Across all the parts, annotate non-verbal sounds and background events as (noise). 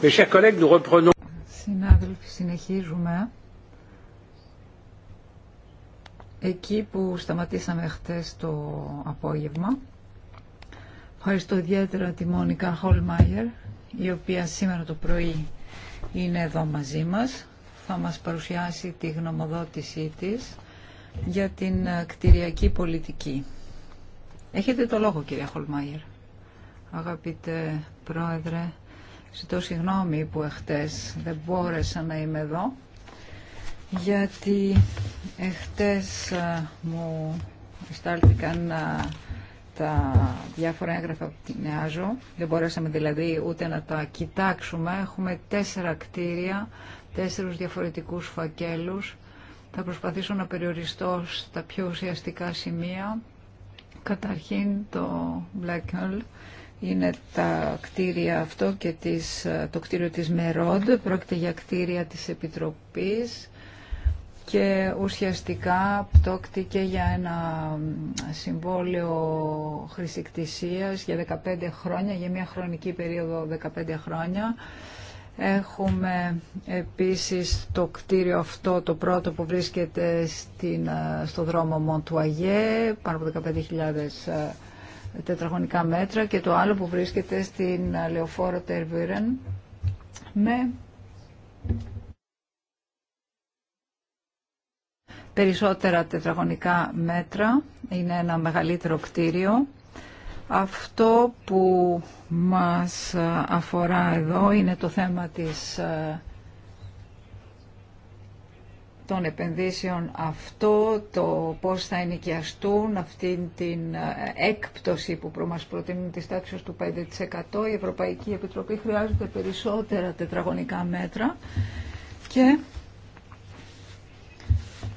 Συνάδελφοι, συνεχίζουμε. Εκεί που σταματήσαμε χτες το απόγευμα, ευχαριστώ ιδιαίτερα τη Μόνικα Χολμάιερ, η οποία σήμερα το πρωί είναι εδώ μαζί μας. Θα μας παρουσιάσει τη γνωμοδότησή της για την κτηριακή πολιτική. Έχετε το λόγο, κυρία Χολμάιερ. Αγαπητέ Πρόεδρε, Ζητώ συγγνώμη που εχθές δεν μπόρεσα να είμαι εδώ, γιατί εχθές ε, μου στάλθηκαν ε, τα διάφορα έγγραφα που την Δεν μπορέσαμε δηλαδή ούτε να τα κοιτάξουμε. Έχουμε τέσσερα κτίρια, τέσσερους διαφορετικούς φακέλους. Θα προσπαθήσω να περιοριστώ στα πιο ουσιαστικά σημεία. Καταρχήν το Black Hole είναι τα κτίρια αυτό και της, το κτίριο της Μερόντ, πρόκειται για κτίρια της Επιτροπής και ουσιαστικά πτώκτηκε για ένα συμβόλαιο χρησικτησίας για 15 χρόνια, για μια χρονική περίοδο 15 χρόνια. Έχουμε επίσης το κτίριο αυτό, το πρώτο που βρίσκεται στην, ε, στο δρόμο Μοντουαγέ, πάνω από 15.000 τετραγωνικά μέτρα και το άλλο που βρίσκεται στην ε, Λεωφόρο Τερβίρεν με περισσότερα τετραγωνικά μέτρα. Είναι ένα μεγαλύτερο κτίριο. Αυτό που μας ε, αφορά εδώ είναι το θέμα της ε, των επενδύσεων αυτό, το πώς θα ενοικιαστούν αυτή την ε, έκπτωση που μας προτείνουν της τάξης του 5%. Η Ευρωπαϊκή Επιτροπή χρειάζεται περισσότερα τετραγωνικά μέτρα και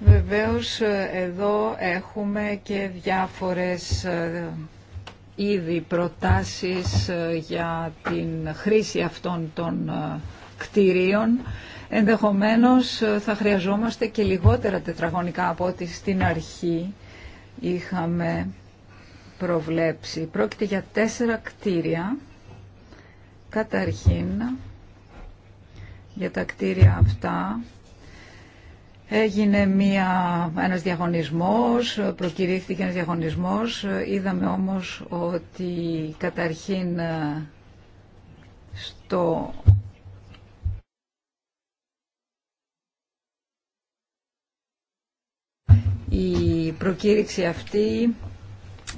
βεβαίως ε, εδώ έχουμε και διάφορες ε, ήδη προτάσεις για την χρήση αυτών των κτηρίων Ενδεχομένως ε, θα χρειαζόμαστε και λιγότερα τετραγωνικά από ό,τι στην αρχή είχαμε προβλέψει. Πρόκειται για τέσσερα κτίρια. Καταρχήν, για τα κτίρια αυτά έγινε μία, ένας διαγωνισμός, προκηρύχθηκε ένας διαγωνισμός. Είδαμε όμως ότι καταρχήν ε, στο Η προκήρυξη αυτή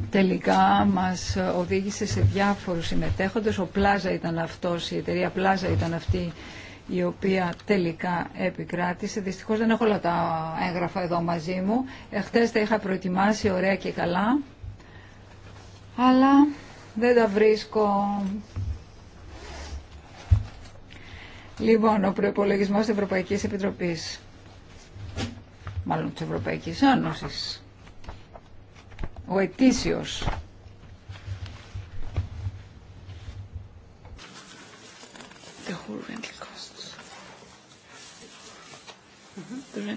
τελικά μας οδήγησε σε διάφορους συμμετέχοντες. Ο Πλάζα ήταν αυτός, η εταιρεία Πλάζα ήταν αυτή η οποία τελικά επικράτησε. Δυστυχώς δεν έχω όλα τα έγγραφα εδώ μαζί μου. Εχθές τα είχα προετοιμάσει ωραία και καλά, αλλά δεν τα βρίσκω. Λοιπόν, ο προπολογισμό της Ευρωπαϊκής Επιτροπής μάλλον της Ευρωπαϊκής Ένωσης. Ο ετήσιος. Mhm.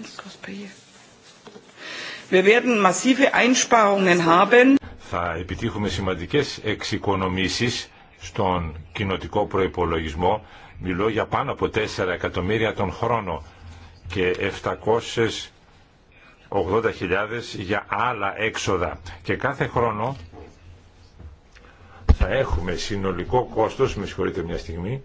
Θα επιτύχουμε σημαντικές εξοικονομήσεις στον κοινοτικό προϋπολογισμό. Μιλώ για πάνω από 4 εκατομμύρια τον χρόνο και 700 80.000 για άλλα έξοδα. Και κάθε χρόνο θα έχουμε συνολικό κόστος, με συγχωρείτε μια στιγμή,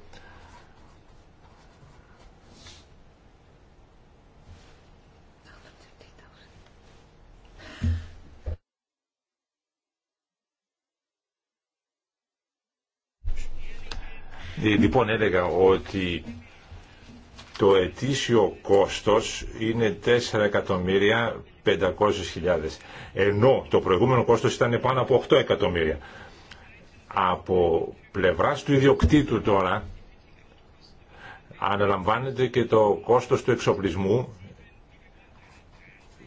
ε, Λοιπόν, έλεγα ότι το ετήσιο κόστος είναι 4 εκατομμύρια 500.000 ενώ το προηγούμενο κόστος ήταν πάνω από 8 εκατομμύρια από πλευράς του ιδιοκτήτου τώρα αναλαμβάνεται και το κόστος του εξοπλισμού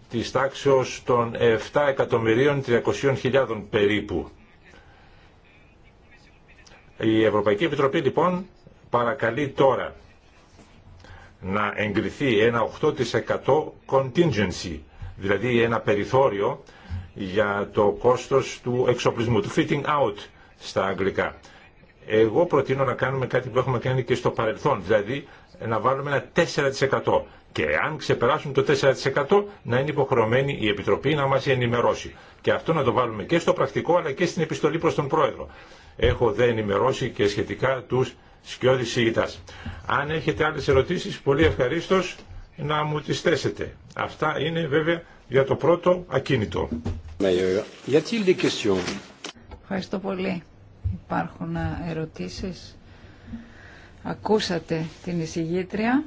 της τάξεως των 7 εκατομμυρίων 300.000 περίπου. Η Ευρωπαϊκή Επιτροπή λοιπόν παρακαλεί τώρα να εγκριθεί ένα 8% contingency, δηλαδή ένα περιθώριο για το κόστος του εξοπλισμού, του fitting out στα αγγλικά. Εγώ προτείνω να κάνουμε κάτι που έχουμε κάνει και στο παρελθόν, δηλαδή να βάλουμε ένα 4%. Και αν ξεπεράσουν το 4% να είναι υποχρεωμένη η Επιτροπή να μας ενημερώσει. Και αυτό να το βάλουμε και στο πρακτικό αλλά και στην επιστολή προς τον Πρόεδρο. Έχω δε ενημερώσει και σχετικά τους Σκιώδη Σίγητα. Αν έχετε άλλες ερωτήσεις, πολύ ευχαρίστω να μου τις θέσετε. Αυτά είναι βέβαια για το πρώτο ακίνητο. Euh, Ευχαριστώ πολύ. Υπάρχουν ε, ερωτήσει. Ακούσατε την εισηγήτρια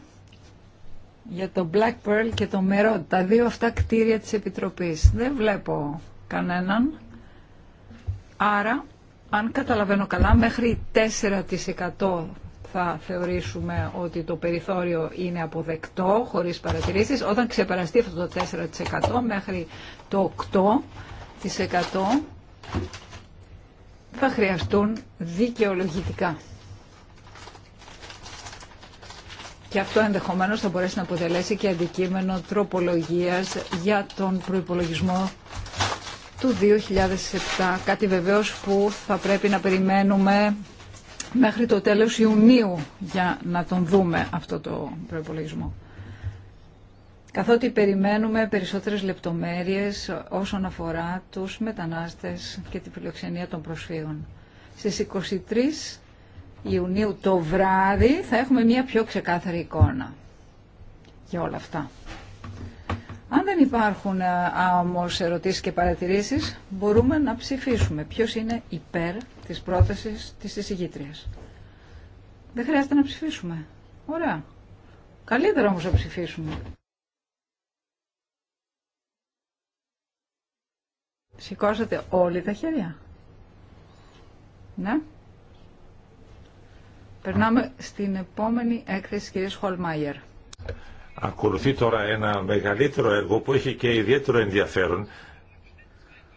για το Black Pearl και το Merod, τα δύο αυτά κτίρια της Επιτροπής. Δεν βλέπω κανέναν. Άρα αν καταλαβαίνω καλά, μέχρι 4% θα θεωρήσουμε ότι το περιθώριο είναι αποδεκτό, χωρίς παρατηρήσεις. Όταν ξεπεραστεί αυτό το 4% μέχρι το 8% θα χρειαστούν δικαιολογητικά. Και αυτό ενδεχομένως θα μπορέσει να αποτελέσει και αντικείμενο τροπολογίας για τον προϋπολογισμό του 2007, κάτι βεβαίως που θα πρέπει να περιμένουμε μέχρι το τέλος Ιουνίου για να τον δούμε αυτό το προϋπολογισμό. Καθότι περιμένουμε περισσότερες λεπτομέρειες όσον αφορά τους μετανάστες και τη φιλοξενία των προσφύγων. Στις 23 Ιουνίου το βράδυ θα έχουμε μια πιο ξεκάθαρη εικόνα για όλα αυτά. Αν δεν υπάρχουν ε, όμω ερωτήσει και παρατηρήσεις, μπορούμε να ψηφίσουμε ποιο είναι υπέρ της πρόταση της εισηγήτριας. Δεν χρειάζεται να ψηφίσουμε. Ωραία. Καλύτερα όμως να ψηφίσουμε. Σηκώσατε όλοι τα χέρια. Ναι. Περνάμε στην επόμενη έκθεση της κυρίας Χολμάγερ. Ακολουθεί τώρα ένα μεγαλύτερο έργο που έχει και ιδιαίτερο ενδιαφέρον.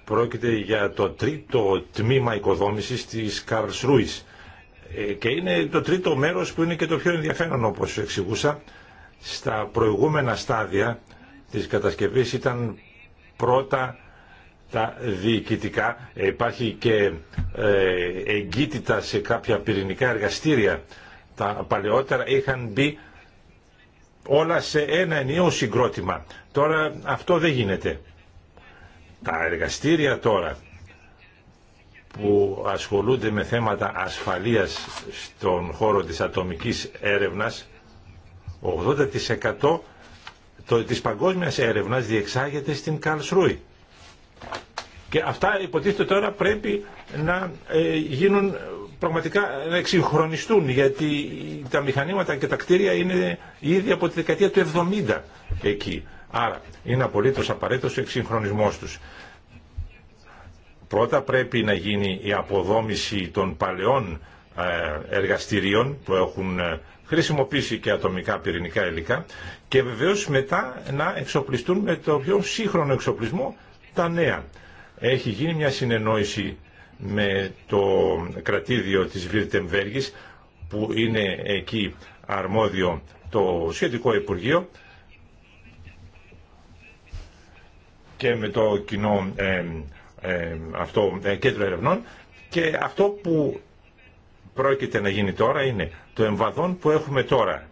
Πρόκειται για το τρίτο τμήμα οικοδόμησης της Καρλσρούης ε, και είναι το τρίτο μέρος που είναι και το πιο ενδιαφέρον όπως εξηγούσα. Στα προηγούμενα στάδια της κατασκευής ήταν πρώτα τα διοικητικά. Ε, υπάρχει και ε, εγκύτητα σε κάποια πυρηνικά εργαστήρια. Τα παλαιότερα είχαν μπει όλα σε ένα ενιαίο συγκρότημα. Τώρα αυτό δεν γίνεται. Τα εργαστήρια τώρα που ασχολούνται με θέματα ασφαλείας στον χώρο της ατομικής έρευνας 80% της παγκόσμιας έρευνας διεξάγεται στην Καλσρούη. Και αυτά υποτίθεται τώρα πρέπει να ε, γίνουν πραγματικά να εξυγχρονιστούν γιατί τα μηχανήματα και τα κτίρια είναι ήδη από τη δεκαετία του 70 εκεί. Άρα είναι απολύτως απαραίτητος ο εξυγχρονισμός τους. Πρώτα πρέπει να γίνει η αποδόμηση των παλαιών ε, εργαστηρίων που έχουν ε, χρησιμοποιήσει και ατομικά πυρηνικά υλικά και βεβαίως μετά να εξοπλιστούν με το πιο σύγχρονο εξοπλισμό τα νέα. Έχει γίνει μια συνεννόηση με το κρατήδιο της Βιρτεμβέργης που είναι εκεί αρμόδιο το σχετικό Υπουργείο και με το κοινό ε, ε, αυτό, ε, κέντρο ερευνών και αυτό που πρόκειται να γίνει τώρα είναι το εμβαδόν που έχουμε τώρα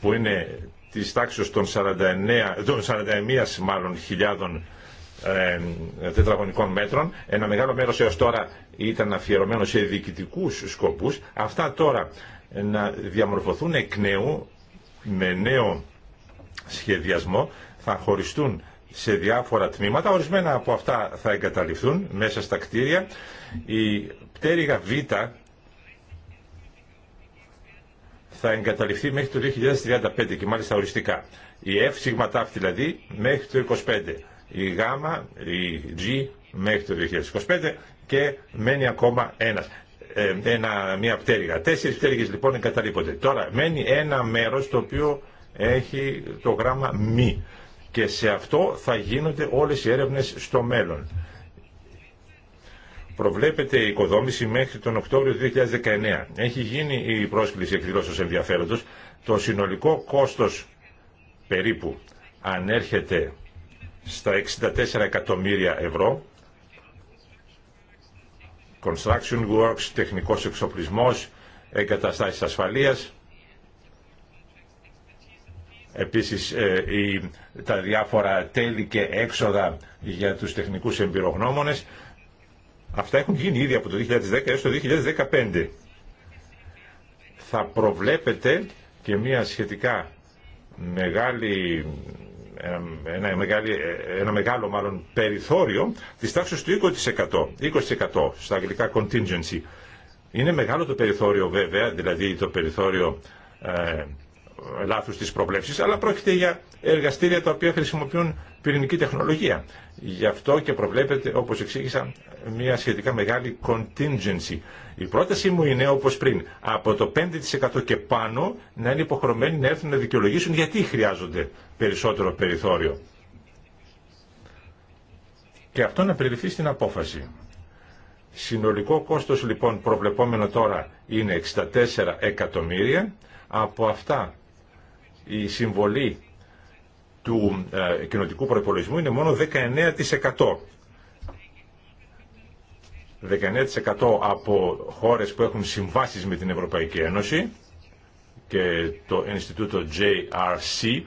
που είναι της τάξης των 49, των 41 μάλλον χιλιάδων ε, τετραγωνικών μέτρων. Ένα μεγάλο μέρος έως τώρα ήταν αφιερωμένο σε διοικητικούς σκοπούς. Αυτά τώρα να διαμορφωθούν εκ νέου με νέο σχεδιασμό θα χωριστούν σε διάφορα τμήματα. Ορισμένα από αυτά θα εγκαταλειφθούν μέσα στα κτίρια. Η πτέρυγα Β θα εγκαταλειφθεί μέχρι το 2035 και μάλιστα οριστικά. Η F δηλαδή μέχρι το 2025 η Γ, η G μέχρι το 2025 και μένει ακόμα ένας. Ε, ένα, μια πτέρυγα. Τέσσερις πτέρυγες λοιπόν εγκαταλείπονται. Τώρα μένει ένα μέρος το οποίο έχει το γράμμα μη και σε αυτό θα γίνονται όλες οι έρευνες στο μέλλον. Προβλέπεται η οικοδόμηση μέχρι τον Οκτώβριο 2019. Έχει γίνει η πρόσκληση εκδηλώσεως ενδιαφέροντος. Το συνολικό κόστος περίπου ανέρχεται στα 64 εκατομμύρια ευρώ. Construction works, τεχνικός εξοπλισμός, εγκαταστάσεις ασφαλείας. Επίσης ε, η, τα διάφορα τέλη και έξοδα για τους τεχνικούς εμπειρογνώμονες. Αυτά έχουν γίνει ήδη από το 2010 έως το 2015. Θα προβλέπετε και μια σχετικά μεγάλη ένα μεγάλο, ε, μεγάλο μάλλον περιθώριο τη τάξη του 20%. 20% στα αγγλικά contingency. Είναι μεγάλο το περιθώριο βέβαια, δηλαδή το περιθώριο ε, λάθους της προβλέψης, αλλά πρόκειται για εργαστήρια τα οποία χρησιμοποιούν πυρηνική τεχνολογία. Γι' αυτό και προβλέπεται, όπως εξήγησα, μια σχετικά μεγάλη contingency. Η πρότασή μου είναι, όπως πριν, από το 5% και πάνω να είναι υποχρεωμένοι να έρθουν να δικαιολογήσουν γιατί χρειάζονται περισσότερο περιθώριο. Και αυτό να περιληφθεί στην απόφαση. Συνολικό κόστος λοιπόν προβλεπόμενο τώρα είναι 64 εκατομμύρια. Από αυτά η συμβολή του ε, κοινοτικού προϋπολογισμού είναι μόνο 19%. 19% από χώρες που έχουν συμβάσεις με την Ευρωπαϊκή Ένωση και το Ινστιτούτο JRC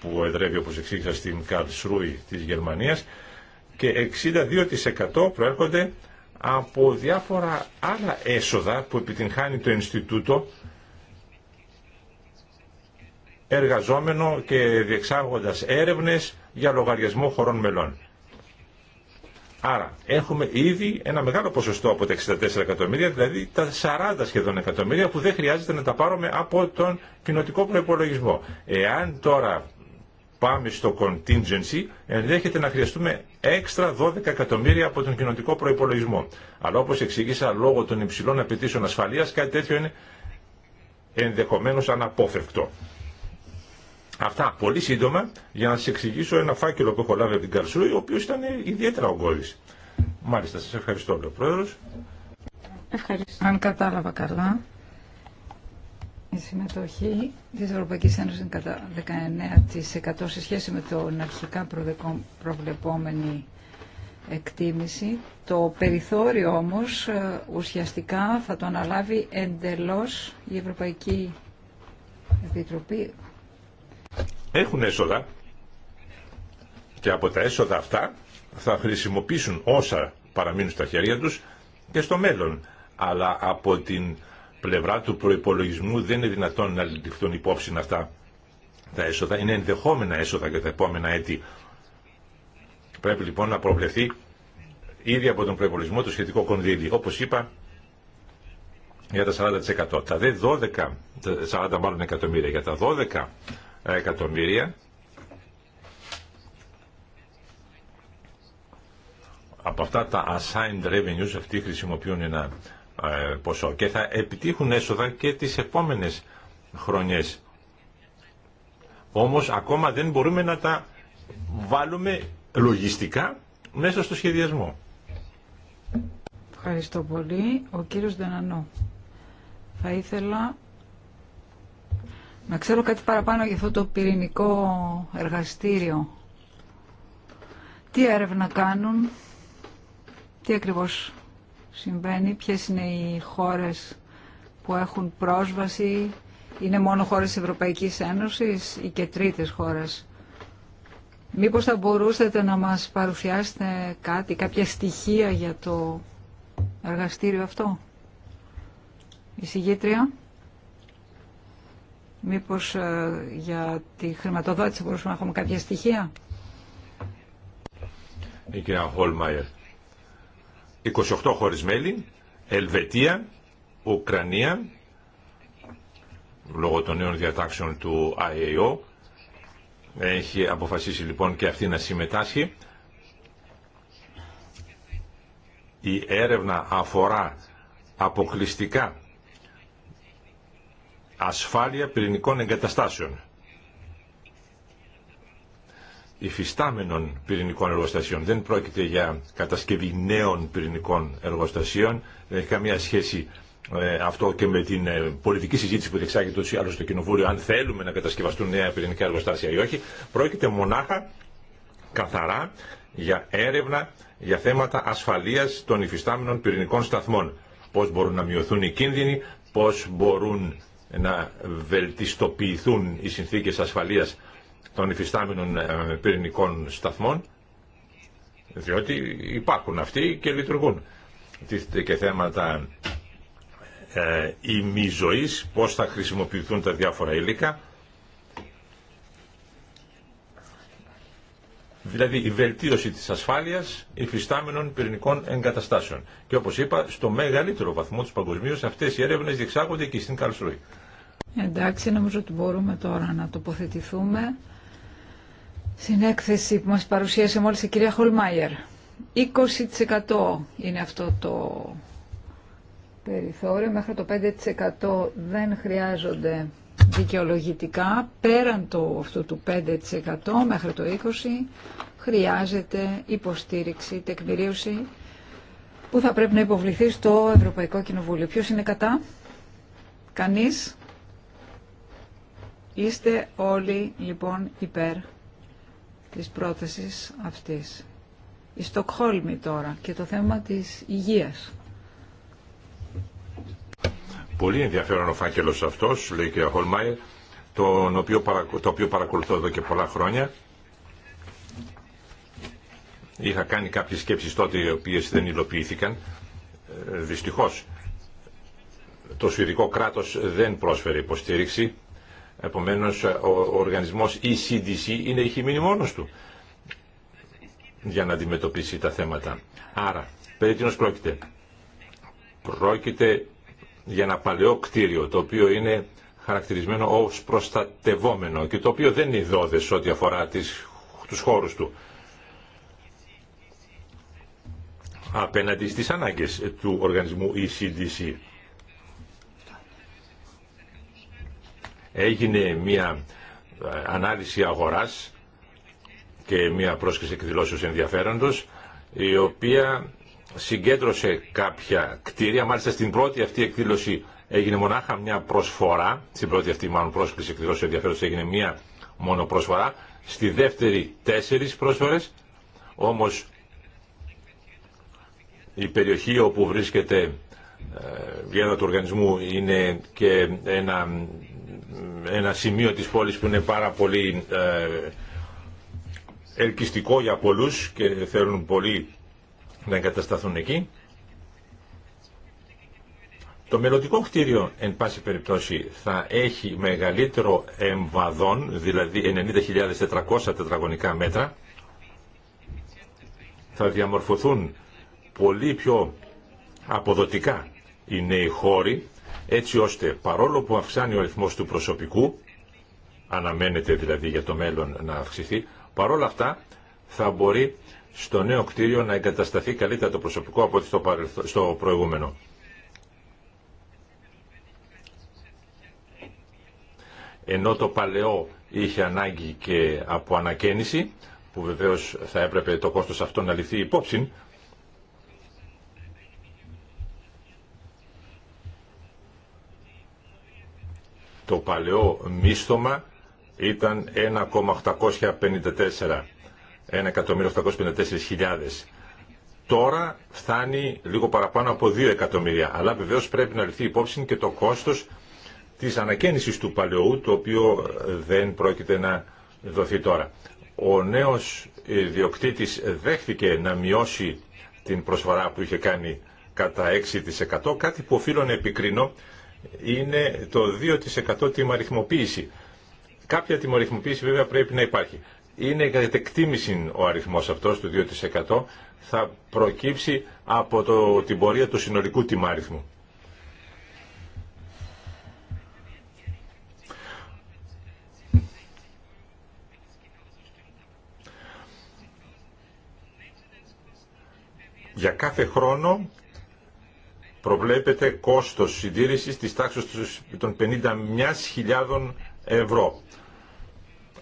που εδρεύει όπως εξήγησα στην Καρλσρούη της Γερμανίας και 62% προέρχονται από διάφορα άλλα έσοδα που επιτυγχάνει το Ινστιτούτο εργαζόμενο και διεξάγοντας έρευνες για λογαριασμό χωρών μελών. Άρα έχουμε ήδη ένα μεγάλο ποσοστό από τα 64 εκατομμύρια, δηλαδή τα 40 σχεδόν εκατομμύρια που δεν χρειάζεται να τα πάρουμε από τον κοινοτικό προπολογισμό. Εάν τώρα πάμε στο contingency, ενδέχεται να χρειαστούμε έξτρα 12 εκατομμύρια από τον κοινοτικό προπολογισμό. Αλλά όπω εξήγησα, λόγω των υψηλών απαιτήσεων ασφαλεία, κάτι τέτοιο είναι ενδεχομένω αναπόφευκτο. Αυτά πολύ σύντομα για να σα εξηγήσω ένα φάκελο που έχω λάβει από την Καρσούη, ο οποίο ήταν ιδιαίτερα ογκώδη. Μάλιστα, σα ευχαριστώ, λέει Πρόεδρο. Ευχαριστώ. Αν κατάλαβα καλά, η συμμετοχή τη Ευρωπαϊκή Ένωση είναι κατά 19% σε σχέση με τον αρχικά προβλεπόμενη εκτίμηση. Το περιθώριο όμως ε, ουσιαστικά θα το αναλάβει εντελώς η Ευρωπαϊκή Επιτροπή. Έχουν έσοδα και από τα έσοδα αυτά θα χρησιμοποιήσουν όσα παραμείνουν στα χέρια τους και στο μέλλον. Αλλά από την πλευρά του προπολογισμού δεν είναι δυνατόν να ληφθούν υπόψη αυτά τα έσοδα. Είναι ενδεχόμενα έσοδα για τα επόμενα έτη. Πρέπει λοιπόν να προβλεφθεί ήδη από τον προπολογισμό το σχετικό κονδύλι. Όπω είπα, για τα 40%. Τα δε 12, 40 μάλλον εκατομμύρια, για τα 12 εκατομμύρια από αυτά τα assigned revenues αυτοί χρησιμοποιούν ένα ε, ποσό και θα επιτύχουν έσοδα και τις επόμενες χρονιές. Όμως ακόμα δεν μπορούμε να τα βάλουμε λογιστικά μέσα στο σχεδιασμό. Ευχαριστώ πολύ. Ο κύριος Δενανό. Θα ήθελα να ξέρω κάτι παραπάνω για αυτό το πυρηνικό εργαστήριο. Τι έρευνα κάνουν, τι ακριβώς συμβαίνει, ποιες είναι οι χώρες που έχουν πρόσβαση, είναι μόνο χώρες Ευρωπαϊκής Ένωσης ή και τρίτες χώρες. Μήπως θα μπορούσατε να μας παρουσιάσετε κάτι, κάποια στοιχεία για το εργαστήριο αυτό. Η συγγήτρια. Μήπως ε, για τη χρηματοδότηση μπορούσαμε να έχουμε κάποια στοιχεία. Η κυρία 28 χώρες μέλη, Ελβετία, Ουκρανία, λόγω των νέων διατάξεων του ΑΕΟ, έχει αποφασίσει λοιπόν και αυτή να συμμετάσχει. Η έρευνα αφορά αποκλειστικά ασφάλεια πυρηνικών εγκαταστάσεων υφιστάμενων πυρηνικών εργοστασίων. Δεν πρόκειται για κατασκευή νέων πυρηνικών εργοστασίων. Δεν έχει καμία σχέση ε, αυτό και με την ε, πολιτική συζήτηση που διεξάγεται ούτω ή άλλω στο Κοινοβούλιο, αν θέλουμε να κατασκευαστούν νέα πυρηνικά εργοστάσια ή όχι. Πρόκειται μονάχα καθαρά για έρευνα για θέματα ασφαλεία των υφιστάμενων πυρηνικών σταθμών. Πώ μπορούν να μειωθούν οι κίνδυνοι, πώ μπορούν να βελτιστοποιηθούν οι συνθήκες ασφαλείας των υφιστάμενων ε, πυρηνικών σταθμών, διότι υπάρχουν αυτοί και λειτουργούν. Τίθεται και θέματα ε, ημιζωής, πώς θα χρησιμοποιηθούν τα διάφορα υλικά. Δηλαδή η βελτίωση της ασφάλειας υφιστάμενων πυρηνικών εγκαταστάσεων. Και όπως είπα, στο μεγαλύτερο βαθμό τους παγκοσμίως αυτές οι έρευνες διεξάγονται και στην Καλσρούη. Εντάξει, νομίζω ότι μπορούμε τώρα να τοποθετηθούμε στην έκθεση που μας παρουσίασε μόλις η κυρία Χολμάιερ. 20% είναι αυτό το περιθώριο, μέχρι το 5% δεν χρειάζονται δικαιολογητικά, πέραν το, αυτού του 5% μέχρι το 20% χρειάζεται υποστήριξη, τεκμηρίωση που θα πρέπει να υποβληθεί στο Ευρωπαϊκό Κοινοβούλιο. Ποιος είναι κατά? Κανείς? Είστε όλοι λοιπόν υπέρ της πρότασης αυτής. Η Στοκχόλμη τώρα και το θέμα της υγείας. Πολύ ενδιαφέρον ο φάκελος αυτός, λέει και ο το οποίο παρακολουθώ εδώ και πολλά χρόνια. Είχα κάνει κάποιες σκέψεις τότε οι οποίες δεν υλοποιήθηκαν. Ε, δυστυχώς το Σουηδικό κράτος δεν πρόσφερε υποστήριξη Επομένω, ο οργανισμός ECDC είναι η μείνει μόνο του για να αντιμετωπίσει τα θέματα. Άρα, περί τίνος πρόκειται. Πρόκειται για ένα παλαιό κτίριο το οποίο είναι χαρακτηρισμένο ως προστατευόμενο και το οποίο δεν είναι ειδώδες ό,τι αφορά τις, τους χώρους του. Απέναντι στις ανάγκες του οργανισμού ECDC. έγινε μια ε, ανάλυση αγοράς και μια πρόσκληση εκδηλώσεως ενδιαφέροντος η οποία συγκέντρωσε κάποια κτίρια. Μάλιστα στην πρώτη αυτή εκδήλωση έγινε μονάχα μια προσφορά. Στην πρώτη αυτή μάλλον πρόσκληση εκδηλώσεως ενδιαφέροντος έγινε μια μόνο προσφορά. Στη δεύτερη τέσσερις πρόσφορες όμως η περιοχή όπου βρίσκεται ε, η του οργανισμού είναι και ένα ένα σημείο της πόλης που είναι πάρα πολύ ε, ελκυστικό για πολλούς και θέλουν πολύ να εγκατασταθούν εκεί. Το μελλοντικό κτίριο, εν πάση περιπτώσει, θα έχει μεγαλύτερο εμβαδόν, δηλαδή 90.400 τετραγωνικά μέτρα. Θα διαμορφωθούν πολύ πιο αποδοτικά οι νέοι χώροι έτσι ώστε παρόλο που αυξάνει ο αριθμός του προσωπικού, αναμένεται δηλαδή για το μέλλον να αυξηθεί, παρόλα αυτά θα μπορεί στο νέο κτίριο να εγκατασταθεί καλύτερα το προσωπικό από ό,τι στο προηγούμενο. Ενώ το παλαιό είχε ανάγκη και από ανακαίνιση, που βεβαίως θα έπρεπε το κόστος αυτό να ληφθεί υπόψη Το παλαιό μίσθωμα ήταν 1,854 1.854.000. Τώρα φτάνει λίγο παραπάνω από 2 εκατομμύρια. Αλλά βεβαίω πρέπει να ληφθεί υπόψη και το κόστο τη ανακαίνιση του παλαιού, το οποίο δεν πρόκειται να δοθεί τώρα. Ο νέο ιδιοκτήτη δέχθηκε να μειώσει την προσφορά που είχε κάνει κατά 6%, κάτι που οφείλω να επικρίνω είναι το 2% τιμαριθμοποίηση. Κάποια τιμαριθμοποίηση βέβαια πρέπει να υπάρχει. Είναι κατά ο αριθμός αυτός του 2% θα προκύψει από το, την πορεία του συνολικού τιμάριθμου. Για κάθε χρόνο προβλέπεται κόστος συντήρησης της τάξης των 51.000 ευρώ.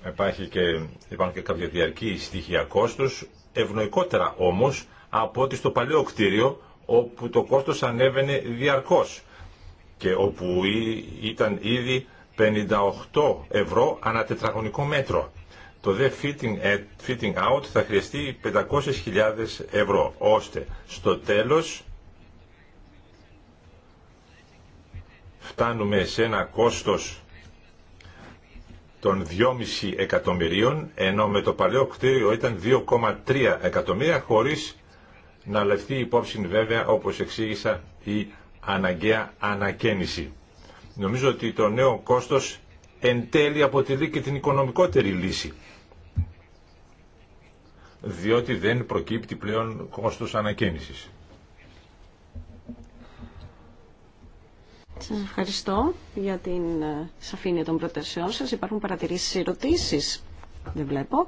Υπάρχει και, υπάρχουν και κάποια διαρκή στοιχεία κόστους, ευνοϊκότερα όμως από ότι στο παλαιό κτίριο όπου το κόστος ανέβαινε διαρκώς και όπου ήταν ήδη 58 ευρώ ανά τετραγωνικό μέτρο. Το δε fitting, out θα χρειαστεί 500.000 ευρώ, ώστε στο τέλος φτάνουμε σε ένα κόστος των 2,5 εκατομμυρίων, ενώ με το παλαιό κτίριο ήταν 2,3 εκατομμύρια, χωρίς να λεφθεί υπόψη βέβαια, όπως εξήγησα, η αναγκαία ανακαίνιση. Νομίζω ότι το νέο κόστος εν τέλει αποτελεί και την οικονομικότερη λύση, διότι δεν προκύπτει πλέον κόστος ανακαίνισης. Σας ευχαριστώ για την ε, σαφήνεια των προτεσιών σας. Υπάρχουν παρατηρήσεις ή ερωτήσεις. Δεν βλέπω.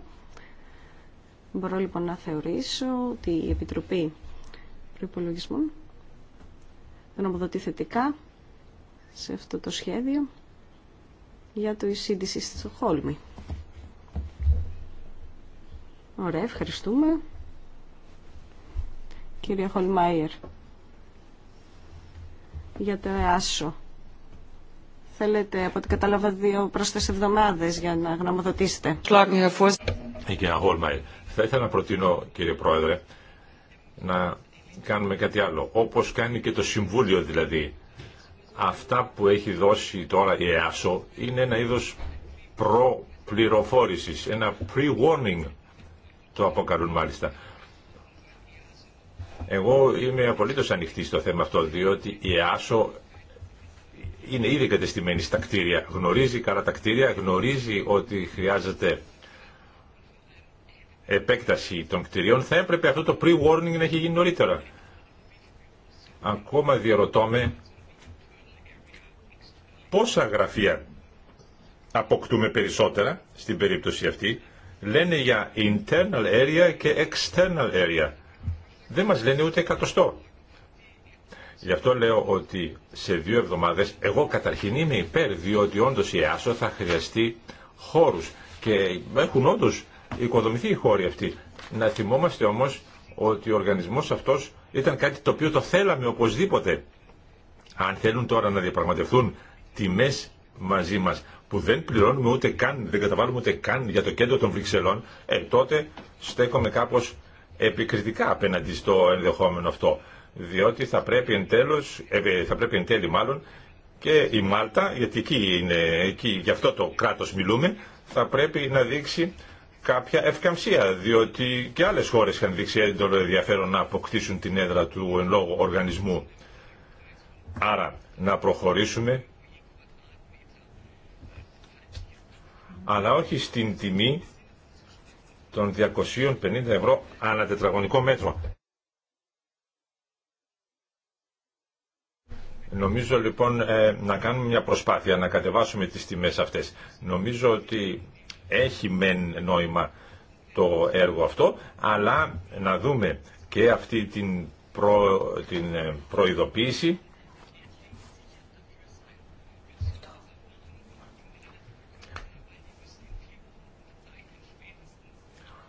Μπορώ λοιπόν να θεωρήσω ότι η Επιτροπή Προϋπολογισμών δεν αποδοτεί θετικά σε αυτό το σχέδιο για το εισήντηση e στη Στοχόλμη. Ωραία, ευχαριστούμε. Κύριε Χολμάιερ για το ΕΑΣΟ. Θέλετε, από ό,τι κατάλαβα, δύο τις εβδομάδες για να γνωμοδοτήσετε. Ε, κυρία θα ήθελα να προτείνω, κύριε Πρόεδρε, να κάνουμε κάτι άλλο. Όπως κάνει και το Συμβούλιο δηλαδή. Αυτά που έχει δώσει τώρα η ΕΑΣΟ είναι ένα είδος προπληροφόρησης, ένα pre-warning το αποκαλούν μάλιστα. Εγώ είμαι απολύτως ανοιχτή στο θέμα αυτό, διότι η ΕΑΣΟ είναι ήδη κατεστημένη στα κτίρια. Γνωρίζει καλά τα κτίρια, γνωρίζει ότι χρειάζεται επέκταση των κτιρίων. Θα έπρεπε αυτό το pre-warning να έχει γίνει νωρίτερα. Ακόμα διαρωτώ πόσα γραφεία αποκτούμε περισσότερα στην περίπτωση αυτή. Λένε για internal area και external area δεν μας λένε ούτε εκατοστό. Γι' αυτό λέω ότι σε δύο εβδομάδες, εγώ καταρχήν είμαι υπέρ, διότι όντως η ΕΑΣΟ θα χρειαστεί χώρους και έχουν όντως οικοδομηθεί οι χώροι αυτοί. Να θυμόμαστε όμως ότι ο οργανισμός αυτός ήταν κάτι το οποίο το θέλαμε οπωσδήποτε. Αν θέλουν τώρα να διαπραγματευτούν τιμές μαζί μας που δεν πληρώνουμε ούτε καν, δεν καταβάλουμε ούτε καν για το κέντρο των Βρυξελών, ε, τότε στέκομαι κάπως επικριτικά απέναντι στο ενδεχόμενο αυτό. Διότι θα πρέπει εν, τέλος, ε, θα πρέπει εν τέλει μάλλον και η Μάλτα, γιατί εκεί είναι, εκεί, γι' αυτό το κράτος μιλούμε, θα πρέπει να δείξει κάποια ευκαμψία, διότι και άλλες χώρες είχαν δείξει έντονο ενδιαφέρον να αποκτήσουν την έδρα του εν λόγω οργανισμού. Άρα, να προχωρήσουμε, αλλά όχι στην τιμή των 250 ευρώ ανά τετραγωνικό μέτρο. Νομίζω λοιπόν ε, να κάνουμε μια προσπάθεια να κατεβάσουμε τις τιμές αυτές. Νομίζω ότι έχει μεν νόημα το έργο αυτό, αλλά να δούμε και αυτή την, προ... την ε, προειδοποίηση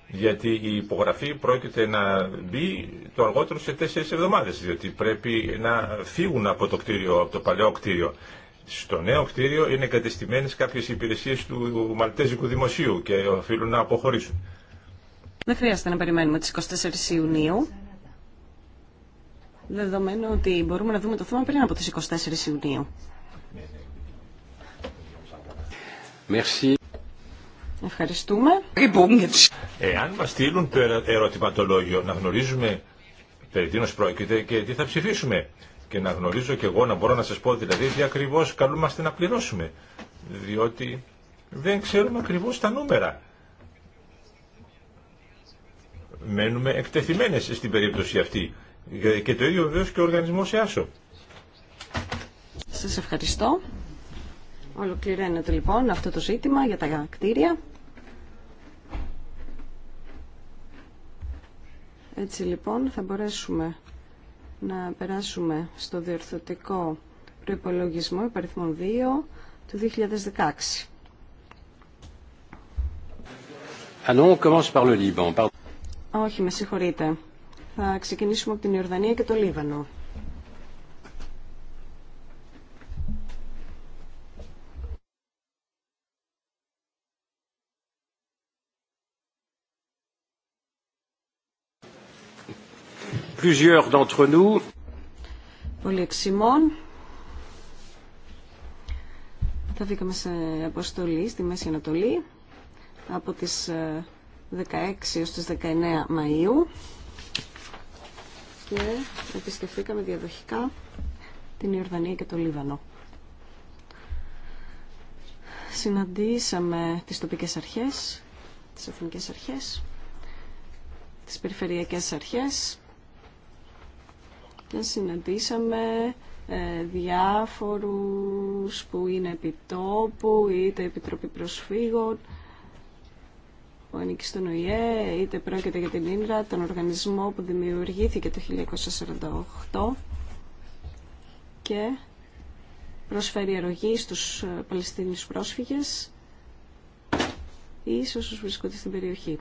γιατί η υπογραφή πρόκειται να μπει το αργότερο σε τέσσερις εβδομάδες, διότι πρέπει να φύγουν από το κτίριο, από το παλαιό κτίριο. Στο νέο κτίριο είναι εγκατεστημένε κάποιες υπηρεσίες του Μαλτέζικου Δημοσίου και οφείλουν να αποχωρήσουν. Δεν χρειάζεται να περιμένουμε τι 24 Ιουνίου, δεδομένου ότι μπορούμε να δούμε το θέμα πριν από τι 24 Ιουνίου. Ευχαριστούμε. Εάν μα στείλουν το ερωτηματολόγιο να γνωρίζουμε περί τίνος πρόκειται και τι θα ψηφίσουμε και να γνωρίζω και εγώ να μπορώ να σας πω δηλαδή τι ακριβώ καλούμαστε να πληρώσουμε διότι δεν ξέρουμε ακριβώς τα νούμερα. Μένουμε εκτεθειμένες στην περίπτωση αυτή και το ίδιο βεβαίω και ο οργανισμό ΕΑΣΟ. Σας ευχαριστώ. Ολοκληρώνεται λοιπόν αυτό το ζήτημα για τα κτίρια. Έτσι λοιπόν θα μπορέσουμε να περάσουμε στο διορθωτικό προϋπολογισμό υπαριθμών 2 του 2016. Ah non, Όχι, με συγχωρείτε. Θα ξεκινήσουμε από την Ιορδανία και το Λίβανο. plusieurs d'entre nous. εξημών. Θα βγήκαμε σε αποστολή στη Μέση Ανατολή από τις 16 ε, έως τις 19 Μαΐου και επισκεφθήκαμε διαδοχικά την Ιορδανία και το Λίβανο. Συναντήσαμε τις τοπικές αρχές, τις εθνικές αρχές, τις περιφερειακές αρχές, και συναντήσαμε ε, διάφορους που είναι επιτόπου, είτε Επιτροπή Προσφύγων, που ανήκει στον ΟΗΕ, είτε πρόκειται για την Ίνρα, τον οργανισμό που δημιουργήθηκε το 1948 και προσφέρει αρρωγή στους ε, Παλαιστίνιους πρόσφυγες ή σε όσους βρίσκονται στην περιοχή.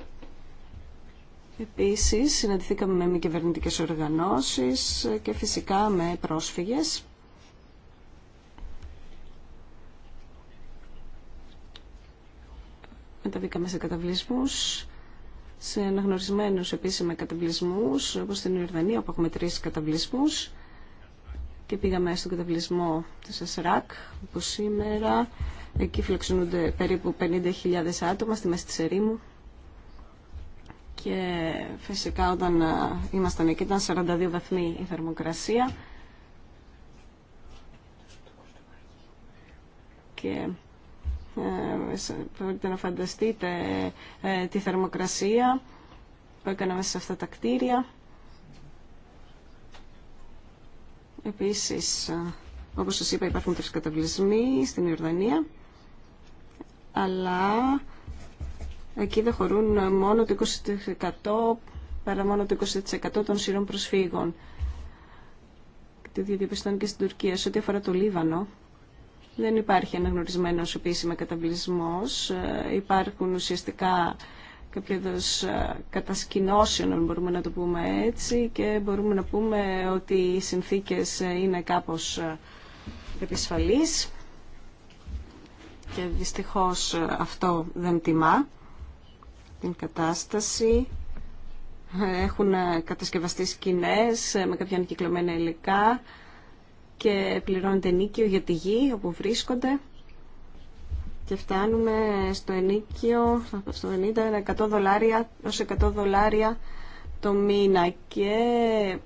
Επίσης, συναντηθήκαμε με μη κυβερνητικέ οργανώσεις και φυσικά με πρόσφυγες. Μεταβήκαμε σε καταβλισμούς, σε αναγνωρισμένους επίσημα καταβλισμούς, όπως στην Ιορδανία, όπου έχουμε τρεις καταβλισμούς. Και πήγαμε στον καταβλισμό της ΑΣΡΑΚ, όπως σήμερα εκεί φιλοξενούνται περίπου 50.000 άτομα στη μέση της ερήμου και φυσικά όταν ε, ήμασταν εκεί ήταν 42 βαθμοί η θερμοκρασία και ε, μπορείτε να φανταστείτε ε, τη θερμοκρασία που έκανα μέσα σε αυτά τα κτίρια. Επίσης, όπως σας είπα, υπάρχουν τρεις καταβλισμοί στην Ιορδανία, αλλά εκεί δεν χωρούν μόνο το 20% παρά μόνο το 20% των σύρων προσφύγων. Το ίδιο και στην Τουρκία. Σε ό,τι αφορά το Λίβανο, δεν υπάρχει αναγνωρισμένος επίσημα καταβλισμό. Ε, υπάρχουν ουσιαστικά κάποιο κατασκηνώσεις, ε, κατασκηνώσεων, αν μπορούμε να το πούμε έτσι, και μπορούμε να πούμε ότι οι συνθήκες ε, είναι κάπως επισφαλεί. και δυστυχώς αυτό δεν τιμά την κατάσταση. Έχουν κατασκευαστεί σκηνέ με κάποια ανακυκλωμένα υλικά και πληρώνεται ενίκιο για τη γη όπου βρίσκονται και φτάνουμε στο ενίκιο στο 90, 100 δολάρια ως 100 δολάρια το μήνα και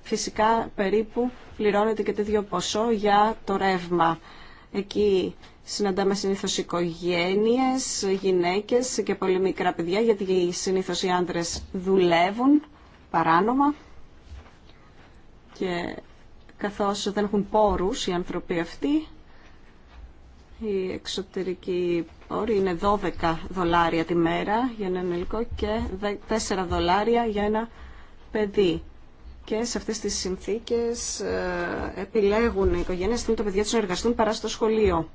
φυσικά περίπου πληρώνεται και ίδιο ποσό για το ρεύμα. Εκεί Συναντάμε συνήθω οικογένειε, γυναίκες και πολύ μικρά παιδιά, γιατί συνήθω οι άντρε δουλεύουν παράνομα και καθώς δεν έχουν πόρους οι άνθρωποι αυτοί, η εξωτερική όρη είναι 12 δολάρια τη μέρα για ένα υλικό και 4 δολάρια για ένα παιδί. Και σε αυτές τις συνθήκες ε, επιλέγουν οι οικογένειες να το παιδιά τους να εργαστούν παρά στο σχολείο.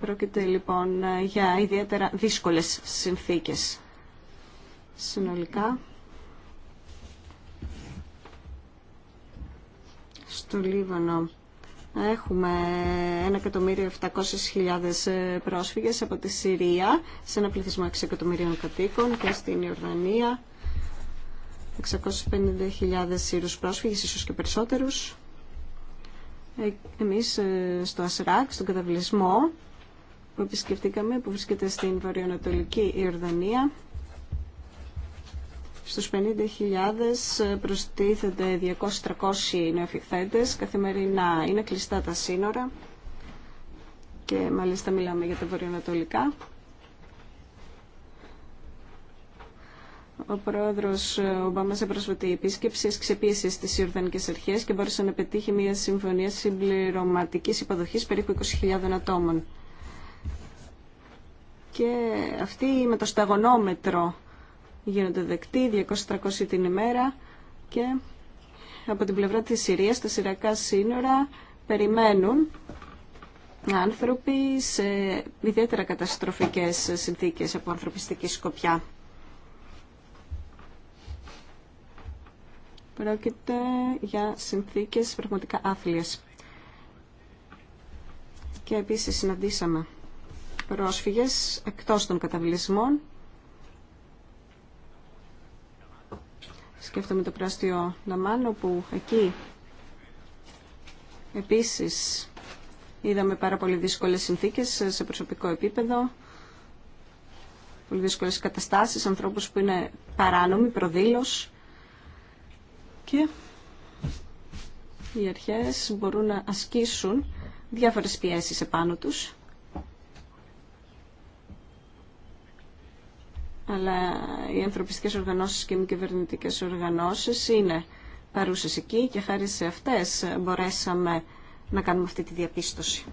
Πρόκειται λοιπόν ε, για ιδιαίτερα δύσκολες συνθήκες. Συνολικά, στο Λίβανο έχουμε 1.700.000 ε, πρόσφυγες από τη Συρία σε ένα πληθυσμό 6 εκατομμυρίων κατοίκων και στην Ιορδανία 650.000 Σύρους πρόσφυγες, ίσως και περισσότερους. Ε, εμείς στο ΑΣΡΑΚ, στον καταβλισμό, που επισκεφτήκαμε, που βρίσκεται στην βορειοανατολική Ιορδανία. Στους 50.000 προστίθενται 200-300 νεοφυχθέντες. Καθημερινά είναι κλειστά τα σύνορα και μάλιστα μιλάμε για τα βορειοανατολικά. Ο πρόεδρο Ομπάμα σε πρόσφατη επίσκεψη ξεπίεσε στι Ιορδανικέ Αρχέ και μπόρεσε να πετύχει μια συμφωνία συμπληρωματική υποδοχή περίπου 20.000 ατόμων και αυτοί με το σταγονόμετρο γίνονται δεκτοί, 200-300 την ημέρα και από την πλευρά της Συρίας, τα Συριακά σύνορα περιμένουν άνθρωποι σε ιδιαίτερα καταστροφικές συνθήκες από ανθρωπιστική σκοπιά. Πρόκειται για συνθήκες πραγματικά άθλιες. Και επίσης συναντήσαμε πρόσφυγες εκτός των καταβλισμών. Σκέφτομαι το πράστιο Λαμάνο που εκεί επίσης είδαμε πάρα πολύ δύσκολες συνθήκες σε προσωπικό επίπεδο, πολύ δύσκολες καταστάσεις, ανθρώπους που είναι παράνομοι, προδήλως και οι αρχές μπορούν να ασκήσουν διάφορες πιέσεις επάνω τους αλλά οι ανθρωπιστικές οργανώσεις και οι μη κυβερνητικέ οργανώσεις είναι παρούσες εκεί και χάρη σε αυτές μπορέσαμε να κάνουμε αυτή τη διαπίστωση.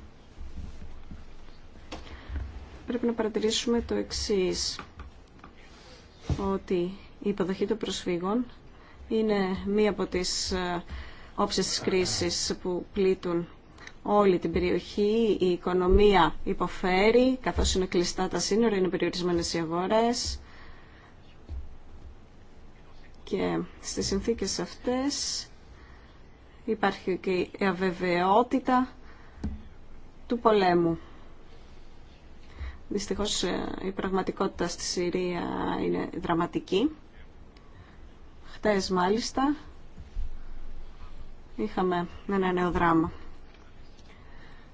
Πρέπει να παρατηρήσουμε το εξής, ότι η υποδοχή των προσφύγων είναι μία από τις ε, όψεις της κρίσης που πλήττουν όλη την περιοχή. Η οικονομία υποφέρει, καθώς είναι κλειστά τα σύνορα, είναι περιορισμένες οι αγορές και στις συνθήκες αυτές υπάρχει και η αβεβαιότητα του πολέμου. Δυστυχώς ε, η πραγματικότητα στη Συρία είναι δραματική. Χτες μάλιστα είχαμε ένα νέο δράμα.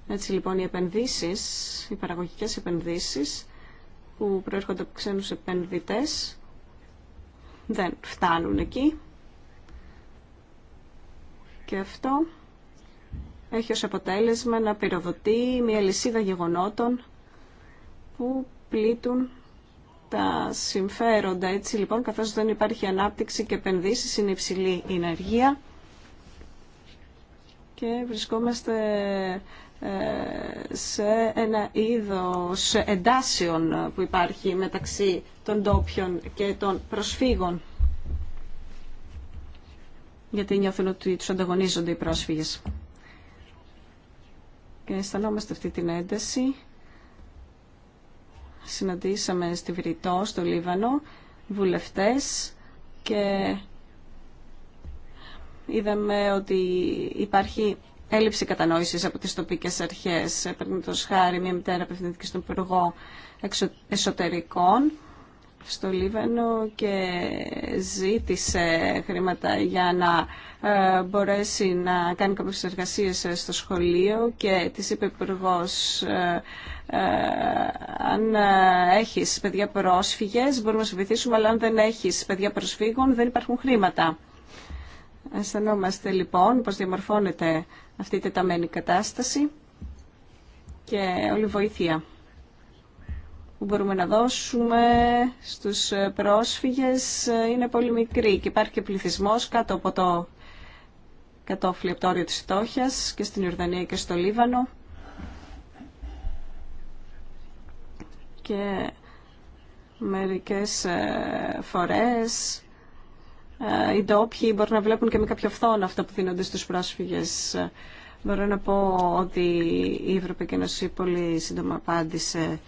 Έτσι λοιπόν οι επενδύσεις, οι παραγωγικές επενδύσεις που προέρχονται από ξένους επενδυτές δεν φτάνουν εκεί. Και αυτό έχει ως αποτέλεσμα να πυροδοτεί μια λυσίδα γεγονότων που πλήττουν τα συμφέροντα. Έτσι λοιπόν, καθώς δεν υπάρχει ανάπτυξη και επενδύσεις, είναι υψηλή η ενεργεία και βρισκόμαστε σε ένα είδος εντάσεων που υπάρχει μεταξύ των ντόπιων και των προσφύγων γιατί νιώθουν ότι τους ανταγωνίζονται οι πρόσφυγες. Και αισθανόμαστε αυτή την ένταση. Συναντήσαμε στη Βρυτό, στο Λίβανο, βουλευτές και είδαμε ότι υπάρχει έλλειψη κατανόηση από τις τοπικές αρχές. Παραδείγματο χάρη, μια μητέρα απευθυνθήκε στον Υπουργό Εσωτερικών στο Λίβανο και ζήτησε χρήματα για να ε, μπορέσει να κάνει κάποιες εργασίες ε, στο σχολείο και της είπε υπουργός ε, αν έχεις παιδιά πρόσφυγες μπορούμε να σε βοηθήσουμε αλλά αν δεν έχεις παιδιά προσφύγων δεν υπάρχουν χρήματα. Αισθανόμαστε λοιπόν πως διαμορφώνεται αυτή η τεταμένη κατάσταση και όλη βοήθεια που μπορούμε να δώσουμε στους πρόσφυγες είναι πολύ μικρή και υπάρχει και πληθυσμός κάτω από το κατόφλι από το της φτώχειας και στην Ιορδανία και στο Λίβανο και μερικές ε, φορές ε, οι ντόπιοι μπορούν να βλέπουν και με κάποιο φθόνο αυτά που δίνονται στους πρόσφυγες. Ε, μπορώ να πω ότι η Ευρωπαϊκή Ένωση πολύ σύντομα απάντησε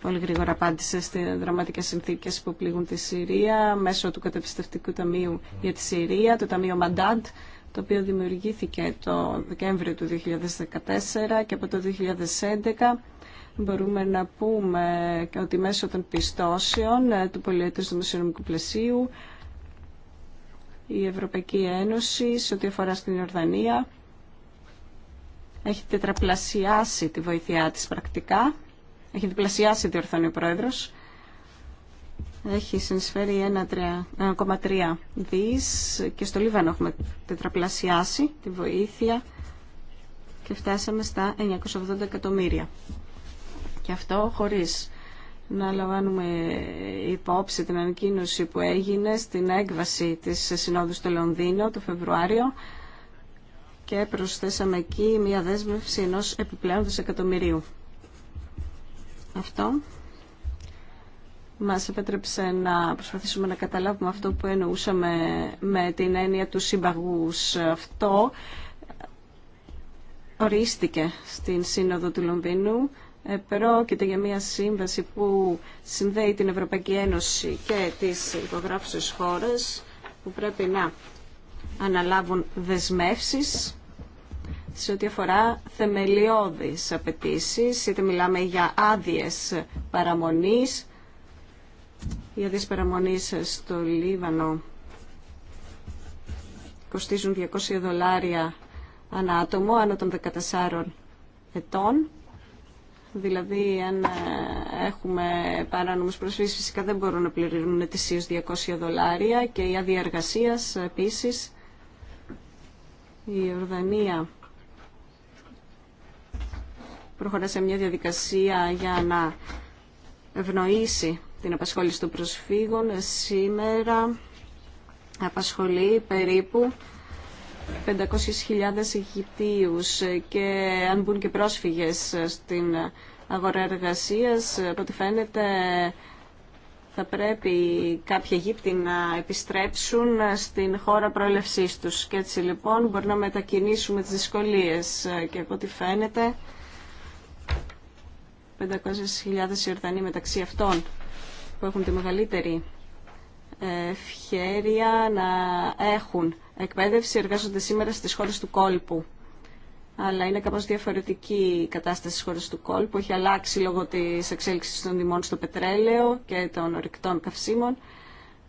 πολύ γρήγορα απάντησε στις δραματικές συνθήκες που πλήγουν τη Συρία μέσω του Κατεπιστευτικού Ταμείου για τη Συρία, το Ταμείο Μαντάντ, το οποίο δημιουργήθηκε το Δεκέμβριο του 2014 και από το 2011 μπορούμε να πούμε ότι μέσω των πιστώσεων ε, του πολιετούς δημοσιονομικού πλαισίου η Ευρωπαϊκή Ένωση σε ό,τι αφορά στην Ιορδανία έχει τετραπλασιάσει τη βοήθειά της πρακτικά. Έχει διπλασιάσει τη ο Πρόεδρος. Έχει συνεισφέρει 1,3 δις και στο Λίβανο έχουμε τετραπλασιάσει τη βοήθεια και φτάσαμε στα 980 εκατομμύρια. Και αυτό χωρίς να λαμβάνουμε υπόψη την ανακοίνωση που έγινε στην έκβαση της Συνόδου στο Λονδίνο το Φεβρουάριο και προσθέσαμε εκεί μια δέσμευση ενός επιπλέον δισεκατομμυρίου. Αυτό μας επέτρεψε να προσπαθήσουμε να καταλάβουμε αυτό που εννοούσαμε με την έννοια του συμπαγούς. Αυτό ορίστηκε στην Σύνοδο του Λονδίνου ε, πρόκειται για μια σύμβαση που συνδέει την Ευρωπαϊκή Ένωση και τις υπογράφουσες χώρες που πρέπει να αναλάβουν δεσμεύσεις σε ό,τι αφορά θεμελιώδεις απαιτήσει, είτε μιλάμε για άδειες παραμονής, οι άδειες παραμονής στο Λίβανο κοστίζουν 200 δολάρια ανά άτομο, άνω των 14 ετών Δηλαδή, αν ε, έχουμε παράνομους προσφύγει, φυσικά δεν μπορούν να πληρώνουν ετησίως 200 δολάρια και η άδεια εργασία Η Ορδανία προχωρά σε μια διαδικασία για να ευνοήσει την απασχόληση των προσφύγων. Σήμερα απασχολεί περίπου 500.000 Αιγυπτίους και αν μπουν και πρόσφυγες στην αγορά εργασίας, από ό,τι φαίνεται θα πρέπει κάποιοι Αιγύπτιοι να επιστρέψουν στην χώρα προέλευσής τους. Και έτσι λοιπόν μπορούμε να μετακινήσουμε τις δυσκολίες και από ό,τι φαίνεται 500.000 Ιορδανοί μεταξύ αυτών που έχουν τη μεγαλύτερη ευχέρεια να έχουν εκπαίδευση εργάζονται σήμερα στις χώρες του κόλπου. Αλλά είναι κάπως διαφορετική η κατάσταση στις χώρες του κόλπου. Έχει αλλάξει λόγω της εξέλιξης των τιμών στο πετρέλαιο και των ορυκτών καυσίμων.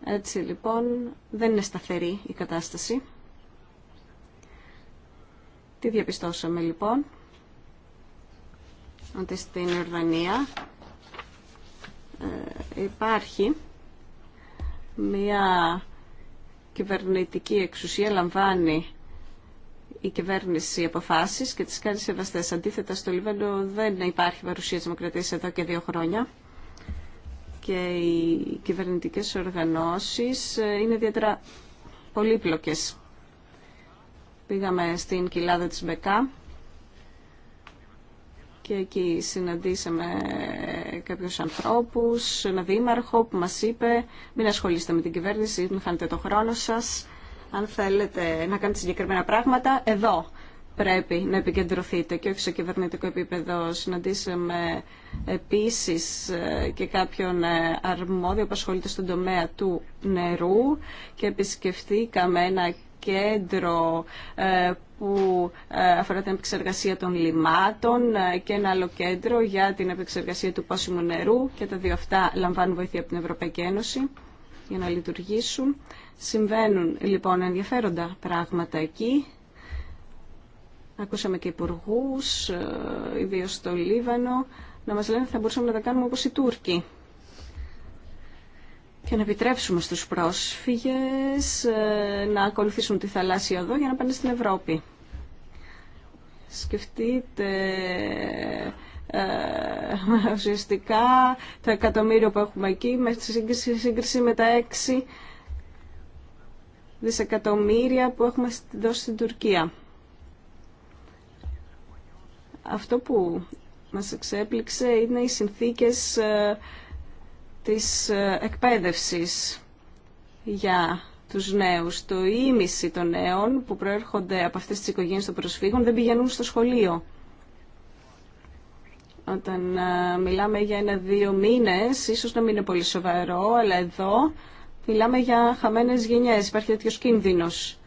Έτσι λοιπόν δεν είναι σταθερή η κατάσταση. Τι διαπιστώσαμε λοιπόν. Ότι στην ε, υπάρχει μία κυβερνητική εξουσία λαμβάνει η κυβέρνηση αποφάσει και τι κάνει σεβαστές. Αντίθετα στο Λίβανο δεν υπάρχει παρουσία τη δημοκρατίας εδώ και δύο χρόνια και οι κυβερνητικέ οργανώσεις είναι ιδιαίτερα πολύπλοκε. Πήγαμε στην κοιλάδα τη Μπεκά και εκεί συναντήσαμε κάποιους ανθρώπους, ένα δήμαρχο που μας είπε μην ασχολείστε με την κυβέρνηση, μην χάνετε το χρόνο σας. Αν θέλετε να κάνετε συγκεκριμένα πράγματα, εδώ πρέπει να επικεντρωθείτε και όχι σε κυβερνητικό επίπεδο. Συναντήσαμε επίσης ε, και κάποιον ε, αρμόδιο που ασχολείται στον τομέα του νερού και επισκεφτήκαμε ένα κέντρο ε, που ε, αφορά την επεξεργασία των λιμάτων ε, και ένα άλλο κέντρο για την επεξεργασία του πόσιμου νερού και τα δύο αυτά λαμβάνουν βοήθεια από την Ευρωπαϊκή Ένωση για να λειτουργήσουν. Συμβαίνουν λοιπόν ενδιαφέροντα πράγματα εκεί. Ακούσαμε και υπουργού, ιδίω στο Λίβανο, να μας λένε ότι θα μπορούσαμε να τα κάνουμε όπως οι Τούρκοι και να επιτρέψουμε στους πρόσφυγες ε, να ακολουθήσουν τη θαλάσσια εδώ για να πάνε στην Ευρώπη. Σκεφτείτε ε, (laughs) ουσιαστικά το εκατομμύριο που έχουμε εκεί με σύγκριση, σύγκριση με τα έξι δισεκατομμύρια που έχουμε δώσει στην Τουρκία. Αυτό που μας εξέπληξε είναι οι συνθήκες ε, της ε, εκπαίδευσης για τους νέους. Το ίμιση των νέων που προέρχονται από αυτές τις οικογένειες των προσφύγων δεν πηγαίνουν στο σχολείο. Όταν ε, μιλάμε για ένα-δύο μήνες, ίσως να μην είναι πολύ σοβαρό, αλλά εδώ μιλάμε για χαμένες γενιές. Υπάρχει τέτοιο κίνδυνος.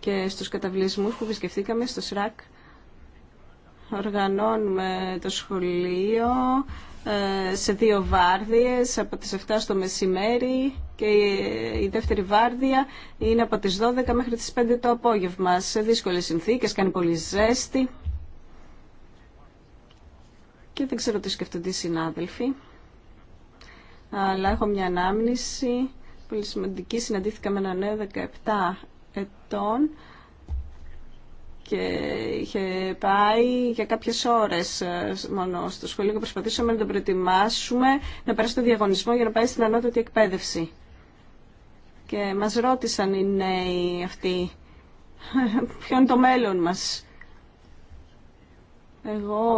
Και στους καταβλισμούς που επισκεφθήκαμε, στο ΣΡΑΚ, οργανώνουμε το σχολείο, ε, σε δύο βάρδιες από τις 7 στο μεσημέρι και η δεύτερη βάρδια είναι από τις 12 μέχρι τις 5 το απόγευμα σε δύσκολες συνθήκες, κάνει πολύ ζέστη και δεν ξέρω τι σκεφτονται οι συνάδελφοι αλλά έχω μια ανάμνηση πολύ σημαντική συναντήθηκα με ένα νέο 17 ετών και είχε πάει για κάποιες ώρες ε, μόνο στο σχολείο και προσπαθήσαμε να τον προετοιμάσουμε να περάσει το διαγωνισμό για να πάει στην ανώτατη εκπαίδευση. Και μας ρώτησαν οι νέοι αυτοί (laughs) ποιο είναι το μέλλον μας. Εγώ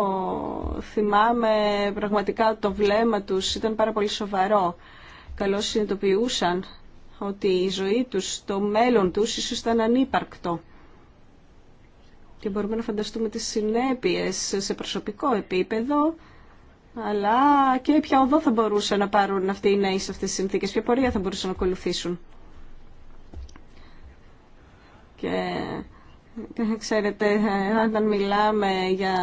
θυμάμαι πραγματικά το βλέμμα τους ήταν πάρα πολύ σοβαρό. Καλώς συνειδητοποιούσαν ότι η ζωή τους, το μέλλον τους ίσως ήταν ανύπαρκτο και μπορούμε να φανταστούμε τις συνέπειες σε προσωπικό επίπεδο, αλλά και ποια οδό θα μπορούσαν να πάρουν αυτοί οι νέοι σε αυτές τις συνθήκες, ποια πορεία θα μπορούσαν να ακολουθήσουν. Και ε, Ξέρετε, ε, όταν μιλάμε για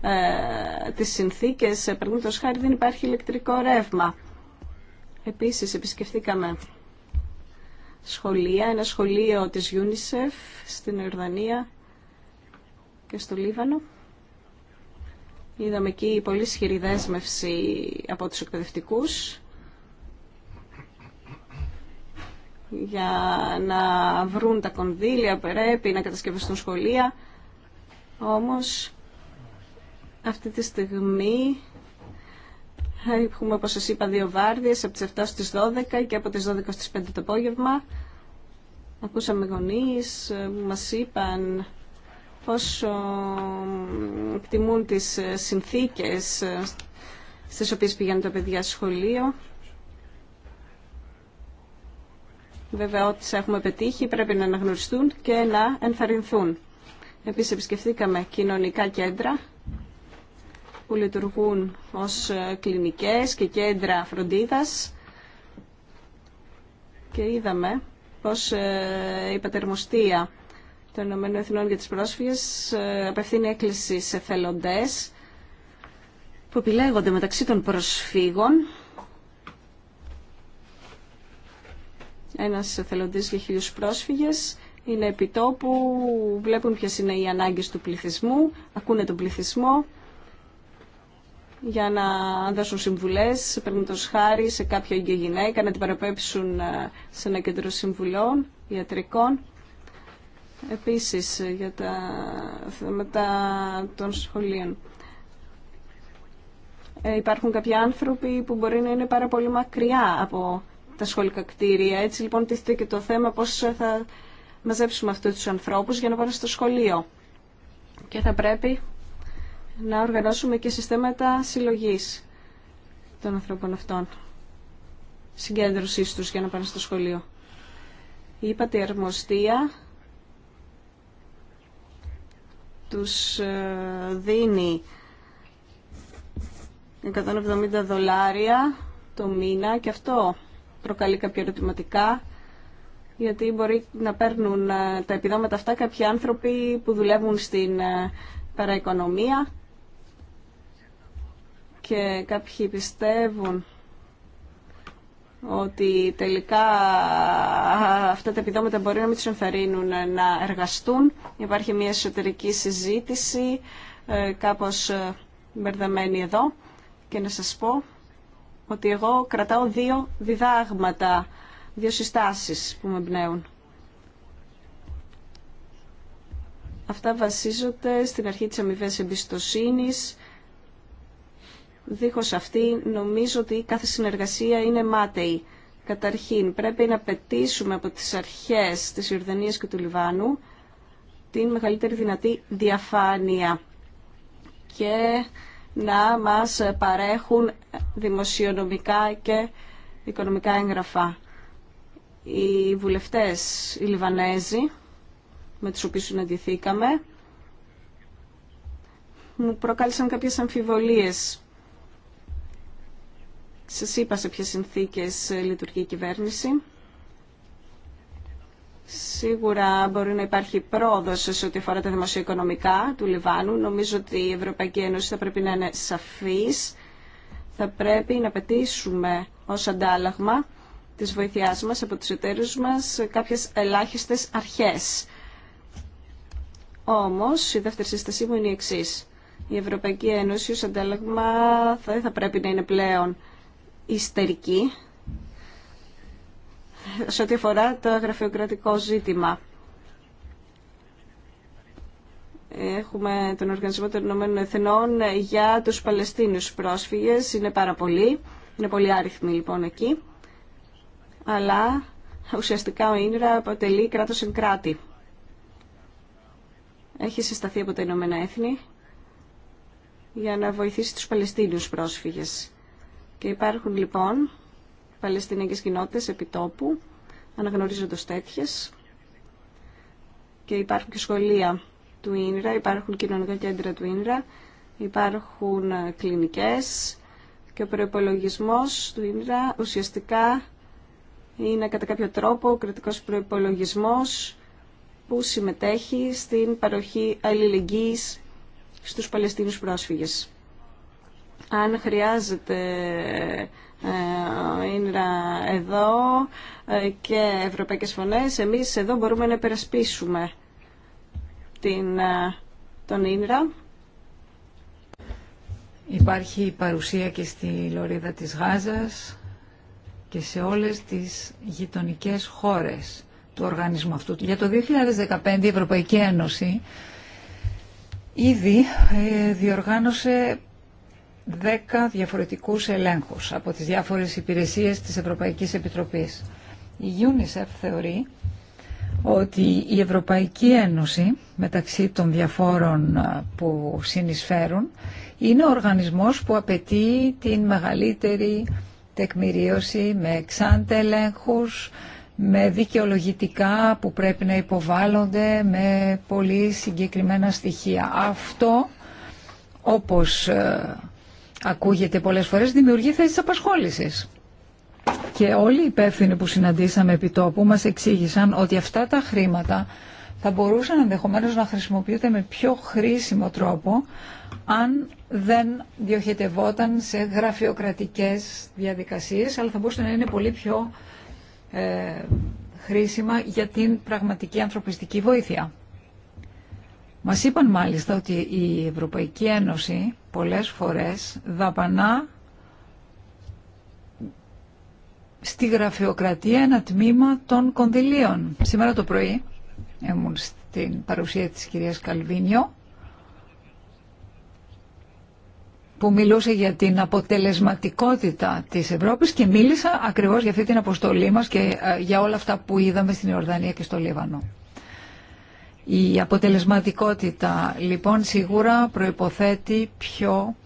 ε, τις συνθήκες, ε, παραδείγματος χάρη δεν υπάρχει ηλεκτρικό ρεύμα. Επίσης, επισκεφτήκαμε σχολεία, ένα σχολείο της UNICEF στην Ιορδανία και στο Λίβανο. Είδαμε εκεί πολύ ισχυρή δέσμευση από τους εκπαιδευτικούς για να βρουν τα κονδύλια, πρέπει να κατασκευαστούν σχολεία. Όμως αυτή τη στιγμή έχουμε όπως σας είπα δύο βάρδιες από τις 7 στις 12 και από τις 12 στις 5 το απόγευμα. Ακούσαμε γονείς που μας είπαν πώς εκτιμούν τις ε, συνθήκες ε, στις οποίες πηγαίνουν τα παιδιά σχολείο. Βέβαια, ό,τι έχουμε πετύχει πρέπει να αναγνωριστούν και να ενθαρρυνθούν. Επίσης, επισκεφθήκαμε κοινωνικά κέντρα που λειτουργούν ως ε, κλινικές και κέντρα φροντίδας και είδαμε πως η πατερμοστία το Ηνωμένων Εθνών για τις Πρόσφυγες ε, απευθύνει έκκληση σε θελοντές που επιλέγονται μεταξύ των προσφύγων. Ένας θελοντής για χίλιους πρόσφυγες είναι επιτόπου, βλέπουν ποιε είναι οι ανάγκες του πληθυσμού, ακούνε τον πληθυσμό για να δώσουν συμβουλές, παίρνουν το σχάρι σε κάποια γυναίκα, να την παραπέψουν ε, σε ένα κέντρο συμβουλών ιατρικών επίσης για τα θέματα των σχολείων. Ε, υπάρχουν κάποιοι άνθρωποι που μπορεί να είναι πάρα πολύ μακριά από τα σχολικά κτίρια. Έτσι λοιπόν τίθεται και το θέμα πώς θα μαζέψουμε αυτούς τους ανθρώπους για να πάνε στο σχολείο. Και θα πρέπει να οργανώσουμε και συστήματα συλλογής των ανθρώπων αυτών. Συγκέντρωσής τους για να πάνε στο σχολείο. Είπατε η αρμοστία τους ε, δίνει 170 δολάρια το μήνα και αυτό προκαλεί κάποια ερωτηματικά γιατί μπορεί να παίρνουν ε, τα επιδόματα αυτά κάποιοι άνθρωποι που δουλεύουν στην ε, παραοικονομία και κάποιοι πιστεύουν ότι τελικά αυτά τα επιδόματα μπορεί να μην τους ενθαρρύνουν να εργαστούν. Υπάρχει μια εσωτερική συζήτηση ε, κάπως ε, μπερδεμένη εδώ και να σας πω ότι εγώ κρατάω δύο διδάγματα, δύο συστάσεις που με εμπνέουν. Αυτά βασίζονται στην αρχή της αμοιβές εμπιστοσύνης Δίχως αυτή νομίζω ότι κάθε συνεργασία είναι μάταιη. Καταρχήν πρέπει να πετύσουμε από τις αρχές της Ιορδανίας και του Λιβάνου την μεγαλύτερη δυνατή διαφάνεια και να μας παρέχουν δημοσιονομικά και οικονομικά έγγραφα. Οι βουλευτές, οι Λιβανέζοι, με τους οποίους συναντηθήκαμε, μου προκάλεσαν κάποιες αμφιβολίες σας είπα σε ποιες συνθήκες ε, λειτουργεί η κυβέρνηση. Σίγουρα μπορεί να υπάρχει πρόοδο σε ό,τι αφορά τα δημοσιοοικονομικά του Λιβάνου. Νομίζω ότι η Ευρωπαϊκή Ένωση θα πρέπει να είναι σαφής. Θα πρέπει να πετήσουμε ως αντάλλαγμα της βοήθειάς μας από τους εταίρους μας κάποιες ελάχιστες αρχές. Όμως, η δεύτερη σύστασή μου είναι η εξής. Η Ευρωπαϊκή Ένωση ως αντάλλαγμα δεν θα πρέπει να είναι πλέον ιστερική σε ό,τι αφορά το γραφειοκρατικό ζήτημα. Έχουμε τον Οργανισμό των Ηνωμένων Εθνών για τους Παλαιστίνιους πρόσφυγες. Είναι πάρα πολλοί. Είναι πολύ άριθμοι λοιπόν εκεί. Αλλά ουσιαστικά ο Ίνρα αποτελεί κράτος εν κράτη. Έχει συσταθεί από τα Ηνωμένα Έθνη για να βοηθήσει τους Παλαιστίνιους πρόσφυγες. Και υπάρχουν λοιπόν παλαιστίνικες κοινότητες επιτόπου, αναγνωρίζοντας τέτοιες. Και υπάρχουν και σχολεία του Ίνρα, υπάρχουν κοινωνικά κέντρα του Ίνρα, υπάρχουν ε, κλινικές και ο προϋπολογισμός του Ίνρα ουσιαστικά είναι κατά κάποιο τρόπο ο κρατικός προϋπολογισμός που συμμετέχει στην παροχή αλληλεγγύης στους Παλαιστίνους πρόσφυγες αν χρειάζεται ε, ίνρα εδώ ε, και ευρωπαϊκές φωνές, εμείς εδώ μπορούμε να υπερασπίσουμε την, ε, τον ίνρα. Υπάρχει παρουσία και στη Λωρίδα της Γάζας και σε όλες τις γειτονικές χώρες του οργανισμού αυτού. Για το 2015 η Ευρωπαϊκή Ένωση ήδη διοργάνωσε δέκα διαφορετικούς ελέγχους από τις διάφορες υπηρεσίες της Ευρωπαϊκής Επιτροπής. Η UNICEF θεωρεί ότι η Ευρωπαϊκή Ένωση μεταξύ των διαφόρων που συνεισφέρουν είναι ο οργανισμός που απαιτεί την μεγαλύτερη τεκμηρίωση με εξάντε ελέγχους, με δικαιολογητικά που πρέπει να υποβάλλονται με πολύ συγκεκριμένα στοιχεία. Αυτό όπως ακούγεται πολλές φορές, δημιουργεί θέσεις απασχόλησης. Και όλοι οι υπεύθυνοι που συναντήσαμε επί τόπου μας εξήγησαν ότι αυτά τα χρήματα θα μπορούσαν ενδεχομένως να χρησιμοποιούνται με πιο χρήσιμο τρόπο αν δεν διοχετευόταν σε γραφειοκρατικές διαδικασίες, αλλά θα μπορούσαν να είναι πολύ πιο ε, χρήσιμα για την πραγματική ανθρωπιστική βοήθεια. Μας είπαν μάλιστα ότι η Ευρωπαϊκή Ένωση πολλές φορές δαπανά στη γραφειοκρατία ένα τμήμα των κονδυλίων. Σήμερα το πρωί ήμουν στην παρουσία της κυρίας Καλβίνιο που μιλούσε για την αποτελεσματικότητα της Ευρώπης και μίλησα ακριβώς για αυτή την αποστολή μας και ε, για όλα αυτά που είδαμε στην Ιορδανία και στο Λίβανο. Η αποτελεσματικότητα λοιπόν σίγουρα προϋποθέτει πιο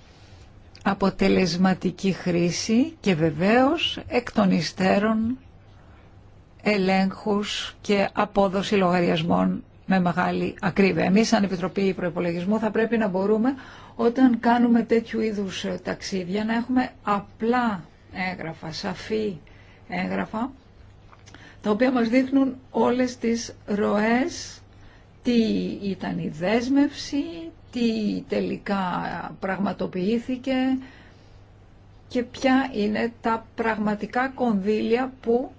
αποτελεσματική χρήση και βεβαίως εκ των υστέρων ελέγχους και απόδοση λογαριασμών με μεγάλη ακρίβεια. Εμείς σαν Επιτροπή Προϋπολογισμού θα πρέπει να μπορούμε όταν κάνουμε τέτοιου είδους ταξίδια να έχουμε απλά έγγραφα, σαφή έγγραφα τα οποία μας δείχνουν όλες τις ροές τι ήταν η δέσμευση, τι τελικά πραγματοποιήθηκε και ποια είναι τα πραγματικά κονδύλια που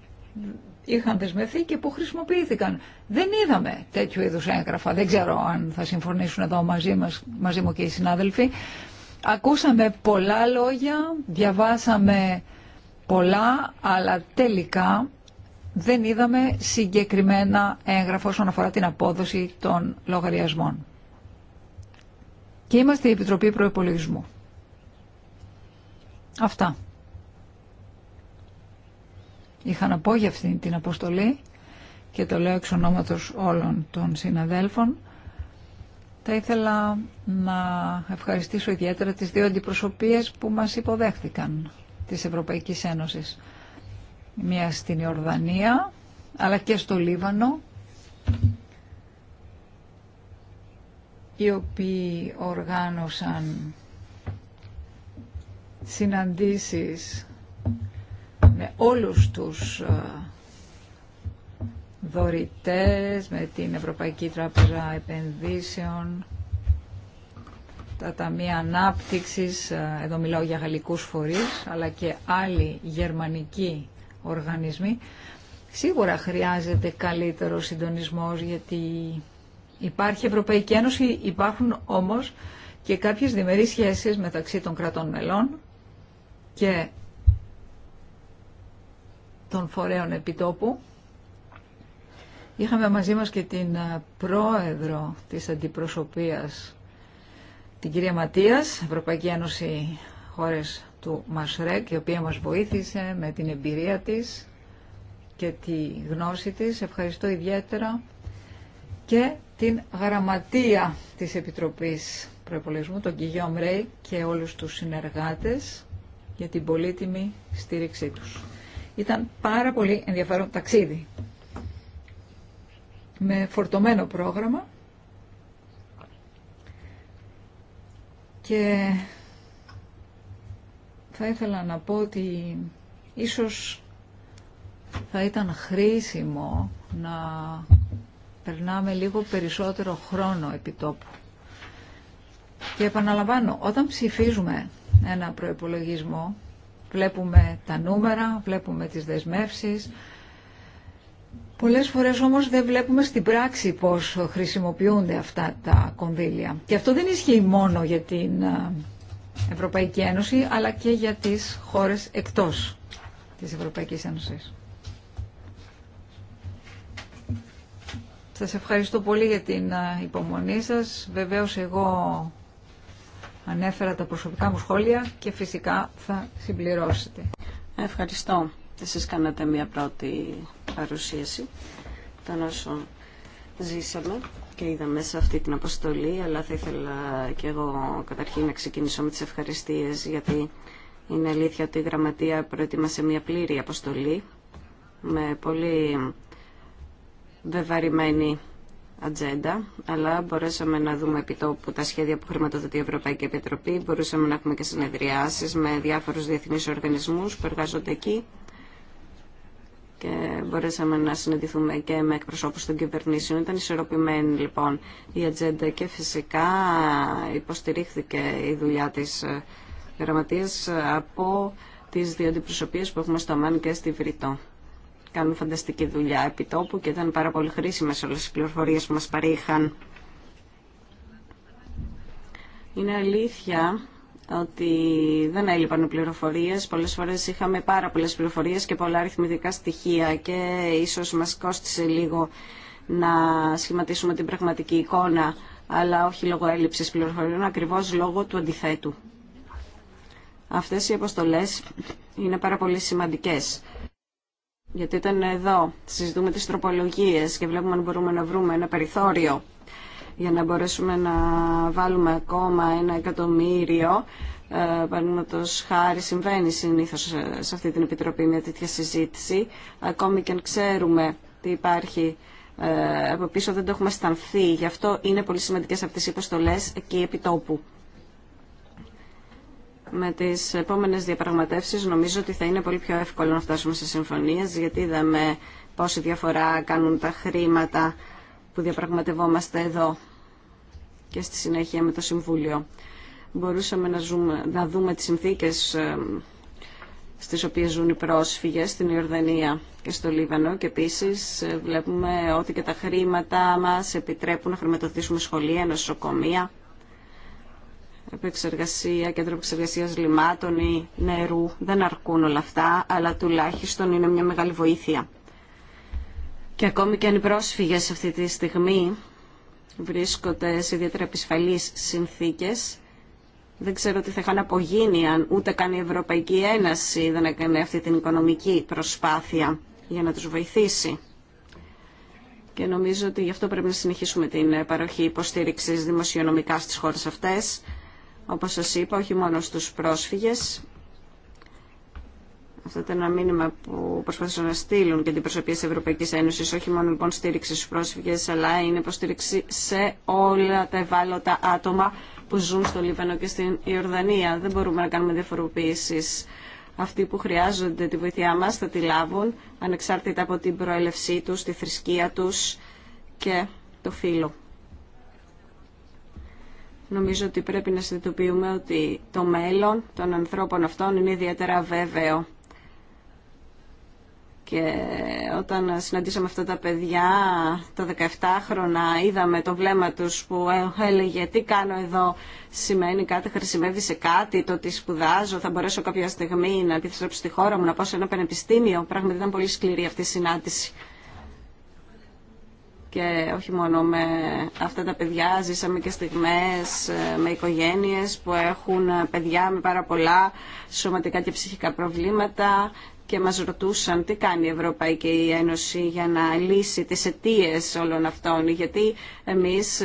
είχαν δεσμευθεί και που χρησιμοποιήθηκαν. Δεν είδαμε τέτοιου είδους έγγραφα. Δεν ξέρω αν θα συμφωνήσουν εδώ μαζί, μας, μαζί μου και οι συνάδελφοι. Ακούσαμε πολλά λόγια, διαβάσαμε πολλά, αλλά τελικά δεν είδαμε συγκεκριμένα έγγραφα όσον αφορά την απόδοση των λογαριασμών. Και είμαστε η Επιτροπή Προϋπολογισμού. Αυτά. Είχα να πω για αυτή την αποστολή και το λέω εξ ονόματος όλων των συναδέλφων. Θα ήθελα να ευχαριστήσω ιδιαίτερα τις δύο αντιπροσωπείες που μας υποδέχθηκαν της Ευρωπαϊκής Ένωσης μία στην Ιορδανία, αλλά και στο Λίβανο, οι οποίοι οργάνωσαν συναντήσεις με όλους τους ε, δωρητές, με την Ευρωπαϊκή Τράπεζα Επενδύσεων, τα Ταμεία Ανάπτυξης, ε, εδώ μιλάω για γαλλικούς φορείς, αλλά και άλλοι γερμανικοί οργανισμοί. Σίγουρα χρειάζεται καλύτερο συντονισμό γιατί υπάρχει Ευρωπαϊκή Ένωση, υπάρχουν όμως και κάποιες διμερείς σχέσεις μεταξύ των κρατών μελών και των φορέων επιτόπου. Είχαμε μαζί μας και την ε, πρόεδρο της αντιπροσωπείας, την κυρία Ματίας, Ευρωπαϊκή Ένωση Χώρες του Μασρέκ, η οποία μας βοήθησε με την εμπειρία της και τη γνώση της. Ευχαριστώ ιδιαίτερα και την γραμματεία της Επιτροπής Προεπολισμού, τον Κιγιόμ Μρέι και όλους τους συνεργάτες για την πολύτιμη στήριξή τους. Ήταν πάρα πολύ ενδιαφέρον ταξίδι με φορτωμένο πρόγραμμα και θα ήθελα να πω ότι ίσως θα ήταν χρήσιμο να περνάμε λίγο περισσότερο χρόνο επί τόπου. Και επαναλαμβάνω, όταν ψηφίζουμε ένα προϋπολογισμό, βλέπουμε τα νούμερα, βλέπουμε τις δεσμεύσεις, Πολλές φορές όμως δεν βλέπουμε στην πράξη πώς χρησιμοποιούνται αυτά τα κονδύλια. Και αυτό δεν ισχύει μόνο για την ε, Ευρωπαϊκή Ένωση αλλά και για τις χώρες εκτός της Ευρωπαϊκής Ένωσης. Σας ευχαριστώ πολύ για την υπομονή σας. Βεβαίως εγώ ανέφερα τα προσωπικά μου σχόλια και φυσικά θα συμπληρώσετε. Ευχαριστώ. Εσείς κάνατε μια πρώτη παρουσίαση των όσων ζήσαμε και είδαμε σε αυτή την αποστολή, αλλά θα ήθελα και εγώ καταρχήν να ξεκινήσω με τις ευχαριστίες, γιατί είναι αλήθεια ότι η Γραμματεία προετοίμασε μια πλήρη αποστολή με πολύ βεβαρημένη ατζέντα, αλλά μπορέσαμε να δούμε τόπου τα σχέδια που χρηματοδοτεί η Ευρωπαϊκή Επιτροπή, μπορούσαμε να έχουμε και συνεδριάσεις με διάφορους διεθνείς οργανισμούς που εργάζονται εκεί και μπορέσαμε να συναντηθούμε και με εκπροσώπους των κυβερνήσεων. Ήταν ισορροπημένη λοιπόν η ατζέντα και φυσικά υποστηρίχθηκε η δουλειά της ε, γραμματείας από τις δύο αντιπροσωπείες που έχουμε στο ΜΑΝ και στη Βρυτό. Κάνουν φανταστική δουλειά επί τόπου και ήταν πάρα πολύ χρήσιμες όλες οι πληροφορίες που μας παρήχαν. Είναι αλήθεια ότι δεν έλειπαν πληροφορίε. Πολλέ φορέ είχαμε πάρα πολλέ πληροφορίε και πολλά αριθμητικά στοιχεία και ίσω μα κόστησε λίγο να σχηματίσουμε την πραγματική εικόνα, αλλά όχι λόγω έλλειψη πληροφοριών, ακριβώ λόγω του αντιθέτου. Αυτέ οι αποστολέ είναι πάρα πολύ σημαντικέ. Γιατί όταν εδώ συζητούμε τις τροπολογίες και βλέπουμε αν μπορούμε να βρούμε ένα περιθώριο για να μπορέσουμε να βάλουμε ακόμα ένα εκατομμύριο ε, Παραδείγματο χάρη συμβαίνει συνήθω σε αυτή την επιτροπή μια τέτοια συζήτηση. Ακόμη και αν ξέρουμε τι υπάρχει ε, από πίσω, δεν το έχουμε αισθανθεί. Γι' αυτό είναι πολύ σημαντικέ αυτέ οι υποστολέ εκεί επί τόπου. Με τι επόμενε διαπραγματεύσει νομίζω ότι θα είναι πολύ πιο εύκολο να φτάσουμε σε συμφωνίε, γιατί είδαμε πόση διαφορά κάνουν τα χρήματα που διαπραγματευόμαστε εδώ και στη συνέχεια με το Συμβούλιο. Μπορούσαμε να, να δούμε τις συνθήκες στις οποίες ζουν οι πρόσφυγες στην Ιορδανία και στο Λίβανο και επίσης ε, βλέπουμε ότι και τα χρήματα μας επιτρέπουν να χρηματοδοτήσουμε σχολεία, νοσοκομεία, επεξεργασία, κέντρο επεξεργασία λιμάτων ή νερού. Δεν αρκούν όλα αυτά, αλλά τουλάχιστον είναι μια μεγάλη βοήθεια. Και ακόμη και αν οι πρόσφυγες αυτή τη στιγμή βρίσκονται σε ιδιαίτερα επισφαλείς συνθήκες. Δεν ξέρω τι θα είχαν απογίνει αν ούτε καν η Ευρωπαϊκή Ένωση δεν έκανε αυτή την οικονομική προσπάθεια για να τους βοηθήσει. Και νομίζω ότι γι' αυτό πρέπει να συνεχίσουμε την παροχή υποστήριξης δημοσιονομικά στις χώρες αυτές. Όπως σας είπα, όχι μόνο στους πρόσφυγες, αυτό ήταν ένα μήνυμα που προσπαθήσαν να στείλουν και την προσωπία τη Ευρωπαϊκή Ένωση. Όχι μόνο λοιπόν στήριξη στου πρόσφυγε, αλλά είναι υποστήριξη σε όλα τα ευάλωτα άτομα που ζουν στο Λίβανο και στην Ιορδανία. Δεν μπορούμε να κάνουμε διαφοροποίησει. Αυτοί που χρειάζονται τη βοήθειά μα θα τη λάβουν ανεξάρτητα από την προέλευσή του, τη θρησκεία του και το φύλλο. Νομίζω ότι πρέπει να συνειδητοποιούμε ότι το μέλλον των ανθρώπων αυτών είναι ιδιαίτερα βέβαιο. Και όταν συναντήσαμε αυτά τα παιδιά, τα 17χρονα, είδαμε το βλέμμα τους που έλεγε «Τι κάνω εδώ, σημαίνει κάτι, χρησιμεύει σε κάτι, το ότι σπουδάζω, θα μπορέσω κάποια στιγμή να επιστρέψω στη χώρα μου, να πάω σε ένα πανεπιστήμιο». Πράγματι ήταν πολύ σκληρή αυτή η συνάντηση. Και όχι μόνο με αυτά τα παιδιά, ζήσαμε και στιγμές ε, με οικογένειες που έχουν ε, παιδιά με πάρα πολλά σωματικά και ψυχικά προβλήματα και μας ρωτούσαν τι κάνει η Ευρωπαϊκή Ένωση για να λύσει τις αιτίε όλων αυτών, γιατί εμείς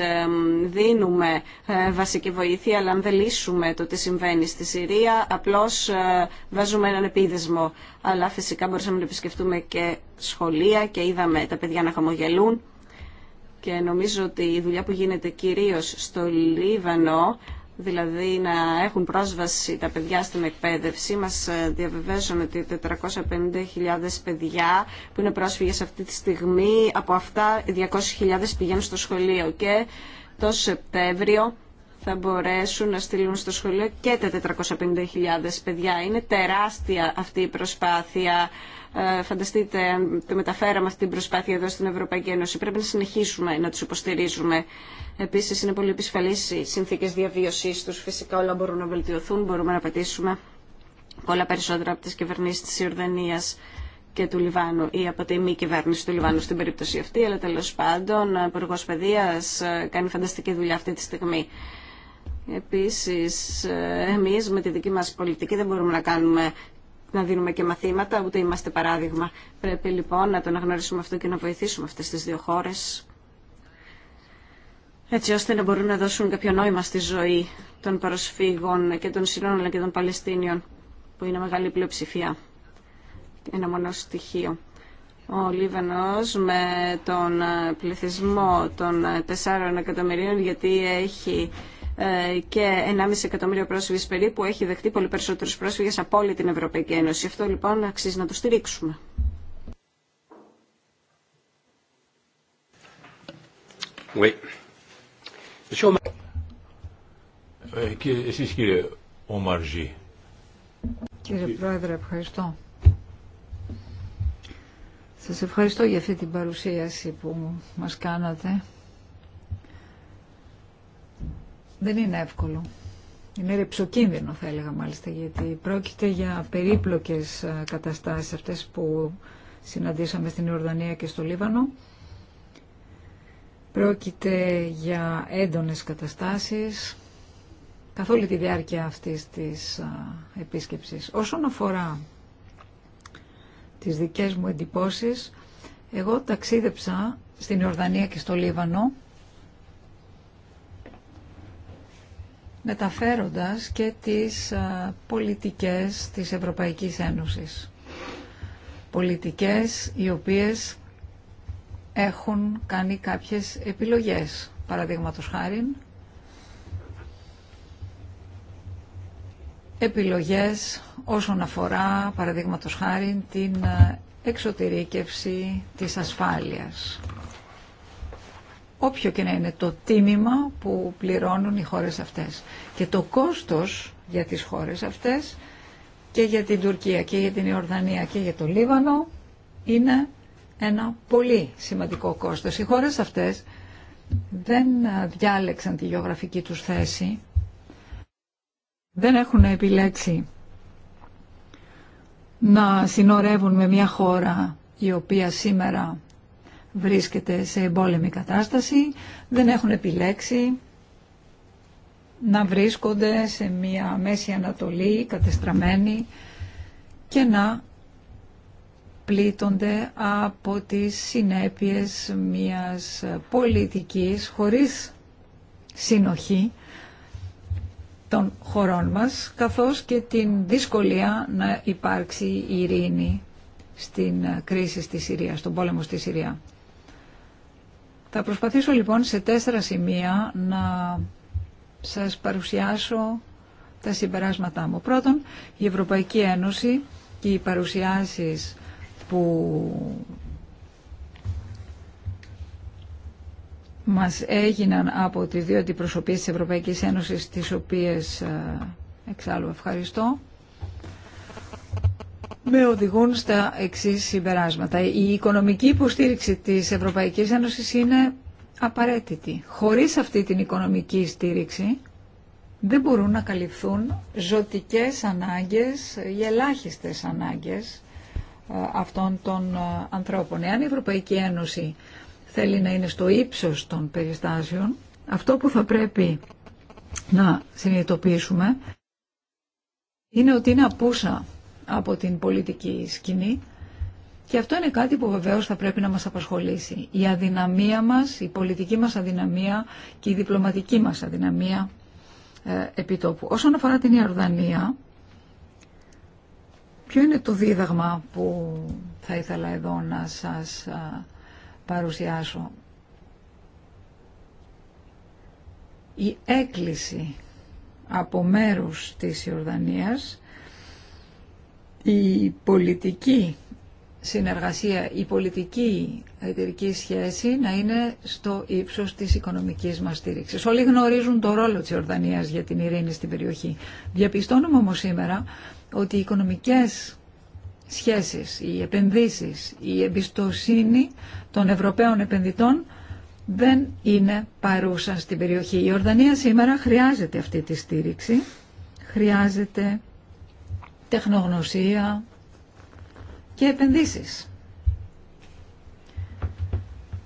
δίνουμε ε, βασική βοήθεια, αλλά αν δεν λύσουμε το τι συμβαίνει στη Συρία, απλώς ε, βάζουμε έναν επίδεσμο. Αλλά φυσικά μπορούσαμε να επισκεφτούμε και σχολεία και είδαμε τα παιδιά να χαμογελούν και νομίζω ότι η δουλειά που γίνεται κυρίως στο Λίβανο δηλαδή να έχουν πρόσβαση τα παιδιά στην εκπαίδευση. Μας ε, διαβεβαίωσαν ότι 450.000 παιδιά που είναι πρόσφυγες αυτή τη στιγμή, από αυτά 200.000 πηγαίνουν στο σχολείο και το Σεπτέμβριο θα μπορέσουν να στείλουν στο σχολείο και τα 450.000 παιδιά. Είναι τεράστια αυτή η προσπάθεια ε, φανταστείτε αν το μεταφέραμε αυτή την προσπάθεια εδώ στην Ευρωπαϊκή Ένωση. Πρέπει να συνεχίσουμε να του υποστηρίζουμε. Επίση είναι πολύ επισφαλεί οι συνθήκε διαβίωσή του. Φυσικά όλα μπορούν να βελτιωθούν, μπορούμε να πετύσουμε πολλά περισσότερα από τι κυβερνήσει τη Ιορδανία και του Λιβάνου ή από τη μη κυβέρνηση του Λιβάνου στην περίπτωση αυτή, αλλά τέλο πάντων ο Υπουργό Παιδεία ε, κάνει φανταστική δουλειά αυτή τη στιγμή. Επίσης, ε, εμείς με τη δική μας πολιτική δεν μπορούμε να κάνουμε να δίνουμε και μαθήματα, ούτε είμαστε παράδειγμα. Πρέπει λοιπόν να το αναγνωρίσουμε αυτό και να βοηθήσουμε αυτές τις δύο χώρες έτσι ώστε να μπορούν να δώσουν κάποιο νόημα στη ζωή των προσφύγων και των Συρών αλλά και των Παλαιστίνιων που είναι μεγάλη πλειοψηφία. Ένα μόνο στοιχείο. Ο Λίβανος με τον πληθυσμό των 4 εκατομμυρίων γιατί έχει ε, και 1,5 εκατομμύριο πρόσφυγε περίπου έχει δεχτεί πολύ περισσότερου πρόσφυγε από όλη την Ευρωπαϊκή Ένωση. Αυτό λοιπόν αξίζει να το στηρίξουμε. Oui. Ε, κύριε Ομαρζή. Κύριε Πρόεδρε, ευχαριστώ. Σας ευχαριστώ για αυτή την παρουσίαση που μας κάνατε δεν είναι εύκολο. Είναι ρεψοκίνδυνο θα έλεγα μάλιστα γιατί πρόκειται για περίπλοκες ε, καταστάσεις αυτές που συναντήσαμε στην Ιορδανία και στο Λίβανο. Πρόκειται για έντονες καταστάσεις καθ' όλη τη διάρκεια αυτής της ε, επίσκεψης. Όσον αφορά τις δικές μου εντυπώσεις, εγώ ταξίδεψα στην Ιορδανία και στο Λίβανο μεταφέροντας και τις πολιτικές της Ευρωπαϊκής Ένωσης. Πολιτικές οι οποίες έχουν κάνει κάποιες επιλογές. Παραδείγματος χάρη, επιλογές όσον αφορά, παραδείγματος χάρη, την εξωτερήκευση της ασφάλειας όποιο και να είναι το τίμημα που πληρώνουν οι χώρες αυτές. Και το κόστος για τις χώρες αυτές και για την Τουρκία και για την Ιορδανία και για το Λίβανο είναι ένα πολύ σημαντικό κόστος. Οι χώρες αυτές δεν διάλεξαν τη γεωγραφική τους θέση, δεν έχουν επιλέξει να συνορεύουν με μια χώρα η οποία σήμερα βρίσκεται σε εμπόλεμη κατάσταση, δεν έχουν επιλέξει να βρίσκονται σε μια Μέση Ανατολή κατεστραμμένη και να πλήττονται από τις συνέπειες μιας πολιτικής χωρίς συνοχή των χωρών μας, καθώς και την δυσκολία να υπάρξει ειρήνη στην κρίση στη Συρία, στον πόλεμο στη Συρία. Θα προσπαθήσω λοιπόν σε τέσσερα σημεία να σας παρουσιάσω τα συμπεράσματά μου. Πρώτον, η Ευρωπαϊκή Ένωση και οι παρουσιάσεις που μας έγιναν από τις δύο αντιπροσωπείες της Ευρωπαϊκής Ένωσης, τις οποίες ε, εξάλλου ευχαριστώ, με οδηγούν στα εξή συμπεράσματα. Η οικονομική υποστήριξη της Ευρωπαϊκής Ένωσης είναι απαραίτητη. Χωρίς αυτή την οικονομική στήριξη δεν μπορούν να καλυφθούν ζωτικές ανάγκες ή ελάχιστες ανάγκες ε, αυτών των ε, ανθρώπων. Εάν η Ευρωπαϊκή Ένωση θέλει να είναι στο ύψος των περιστάσεων, αυτό που θα πρέπει να συνειδητοποιήσουμε είναι ότι είναι απούσα από την πολιτική σκηνή και αυτό είναι κάτι που βεβαίως θα πρέπει να μας απασχολήσει. Η αδυναμία μας, η πολιτική μας αδυναμία και η διπλωματική μας αδυναμία ε, τόπου Όσον αφορά την Ιορδανία, ποιο είναι το δίδαγμα που θα ήθελα εδώ να σας ε, παρουσιάσω. Η έκκληση από μέρους της Ιορδανίας η πολιτική συνεργασία, η πολιτική εταιρική σχέση να είναι στο ύψος της οικονομικής μας στήριξης. Όλοι γνωρίζουν το ρόλο της Ιορδανίας για την ειρήνη στην περιοχή. Διαπιστώνουμε όμως σήμερα ότι οι οικονομικές σχέσεις, οι επενδύσεις, η εμπιστοσύνη των Ευρωπαίων επενδυτών δεν είναι παρούσα στην περιοχή. Η Ορδανία σήμερα χρειάζεται αυτή τη στήριξη, χρειάζεται τεχνογνωσία και επενδύσεις.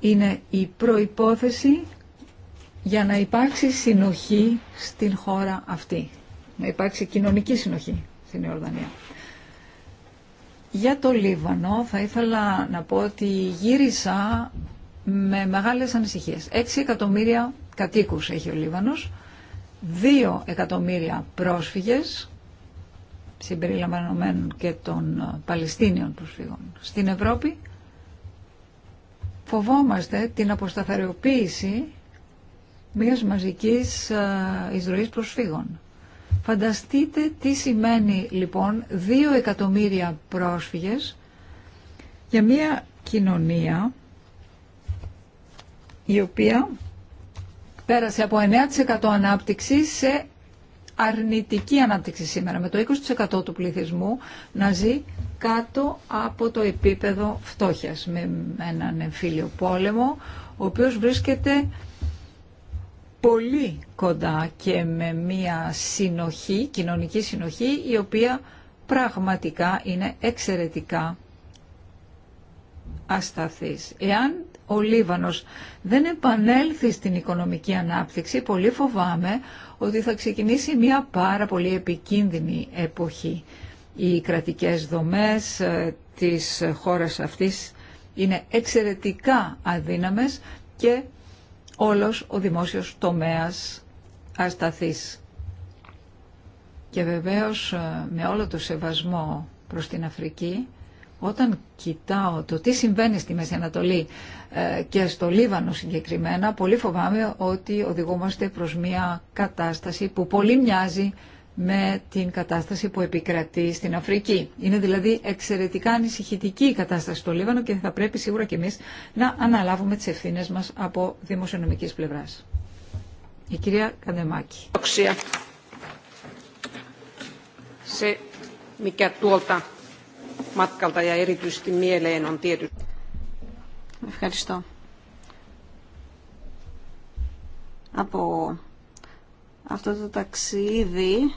Είναι η προϋπόθεση για να υπάρξει συνοχή στην χώρα αυτή. Να υπάρξει κοινωνική συνοχή στην Ιορδανία. Για το Λίβανο θα ήθελα να πω ότι γύρισα με μεγάλες ανησυχίες. 6 εκατομμύρια κατοίκους έχει ο Λίβανος, 2 εκατομμύρια πρόσφυγες συμπεριλαμβανομένων και των ε, Παλαιστίνιων προσφύγων στην Ευρώπη, φοβόμαστε την αποσταθεροποίηση μιας μαζικής ε, εισρωής προσφύγων. Φανταστείτε τι σημαίνει λοιπόν δύο εκατομμύρια πρόσφυγες για μια κοινωνία η οποία πέρασε από 9% ανάπτυξη σε αρνητική ανάπτυξη σήμερα με το 20% του πληθυσμού να ζει κάτω από το επίπεδο φτώχειας με έναν εμφύλιο πόλεμο ο οποίος βρίσκεται πολύ κοντά και με μια συνοχή, κοινωνική συνοχή η οποία πραγματικά είναι εξαιρετικά ασταθής. Εάν ο Λίβανος δεν επανέλθει στην οικονομική ανάπτυξη, πολύ φοβάμαι ότι θα ξεκινήσει μια πάρα πολύ επικίνδυνη εποχή. Οι κρατικές δομές ε, της χώρας αυτής είναι εξαιρετικά αδύναμες και όλος ο δημόσιος τομέας ασταθής. Και βεβαίως ε, με όλο το σεβασμό προς την Αφρική όταν κοιτάω το τι συμβαίνει στη Μέση Ανατολή ε, και στο Λίβανο συγκεκριμένα, πολύ φοβάμαι ότι οδηγούμαστε προς μια κατάσταση που πολύ μοιάζει με την κατάσταση που επικρατεί στην Αφρική. Είναι δηλαδή εξαιρετικά ανησυχητική η κατάσταση στο Λίβανο και θα πρέπει σίγουρα και εμείς να αναλάβουμε τις ευθύνες μας από δημοσιονομικής πλευράς. Η κυρία Κανεμάκη matkalta ja erityisesti mieleen on tietysti... Ευχαριστώ. Από αυτό το ταξίδι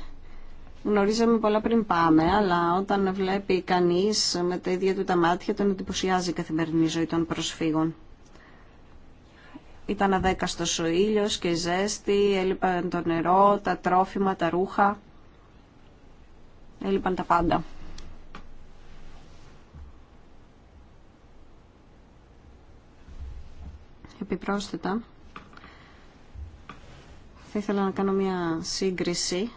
γνωρίζαμε πολλά πριν πάμε, αλλά όταν βλέπει κανείς με τα ίδια του τα μάτια τον εντυπωσιάζει η καθημερινή ζωή των προσφύγων. Ήταν αδέκαστος ο ήλιος και η ζέστη, έλειπαν το νερό, τα τρόφιμα, τα ρούχα, έλειπαν τα πάντα. Επιπρόσθετα, θα ήθελα να κάνω μια σύγκριση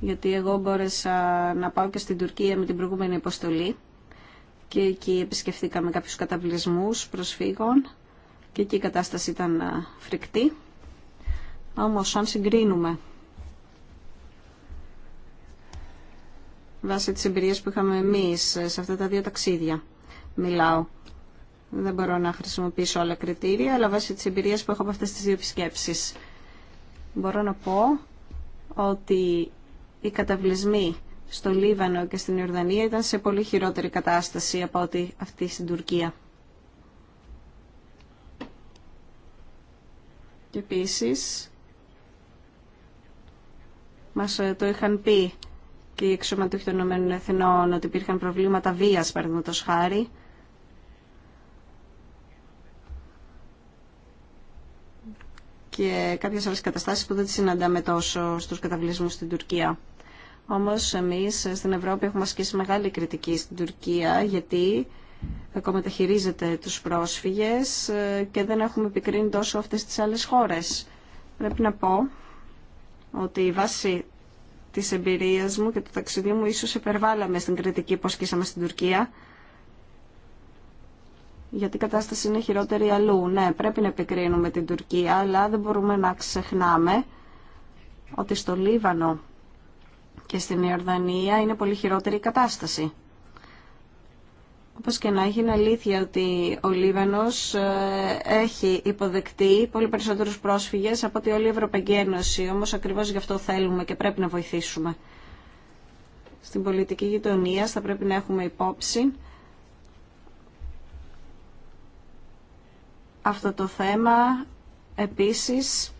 γιατί εγώ μπόρεσα να πάω και στην Τουρκία με την προηγούμενη υποστολή και εκεί επισκεφθήκαμε κάποιους καταβλισμούς προσφύγων και εκεί η κατάσταση ήταν φρικτή. Όμως αν συγκρίνουμε βάσει τις εμπειρίες που είχαμε εμείς ε, σε αυτά τα δύο ταξίδια μιλάω δεν μπορώ να χρησιμοποιήσω όλα κριτήρια, αλλά βάσει της εμπειρίες που έχω από αυτές τις δύο επισκέψεις. Μπορώ να πω ότι οι καταβλισμοί στο Λίβανο και στην Ιορδανία ήταν σε πολύ χειρότερη κατάσταση από ότι αυτή στην Τουρκία. Και επίσης, μας ε, το είχαν πει και οι εξωματούχοι των Ηνωμένων Εθνών ότι υπήρχαν προβλήματα βίας, παραδείγματος χάρη, και κάποιες άλλες καταστάσεις που δεν τις συναντάμε τόσο στους καταβλισμούς στην Τουρκία. Όμως εμείς ε, στην Ευρώπη έχουμε ασκήσει μεγάλη κριτική στην Τουρκία γιατί ακόμα τα χειρίζεται τους πρόσφυγες ε, και δεν έχουμε επικρίνει τόσο αυτές τις άλλες χώρες. Πρέπει να πω ότι η βάση της εμπειρίας μου και του ταξιδιού μου ίσως υπερβάλαμε στην κριτική που ασκήσαμε στην Τουρκία γιατί η κατάσταση είναι χειρότερη αλλού. Ναι, πρέπει να επικρίνουμε την Τουρκία, αλλά δεν μπορούμε να ξεχνάμε ότι στο Λίβανο και στην Ιορδανία είναι πολύ χειρότερη η κατάσταση. Όπως και να έχει, είναι αλήθεια ότι ο Λίβανος ε, έχει υποδεκτεί πολύ περισσότερους πρόσφυγες από ότι όλη η Ευρωπαϊκή Ένωση. Όμως ακριβώς γι' αυτό θέλουμε και πρέπει να βοηθήσουμε. Στην πολιτική γειτονία θα πρέπει να έχουμε υπόψη αυτό το θέμα. Επίσης,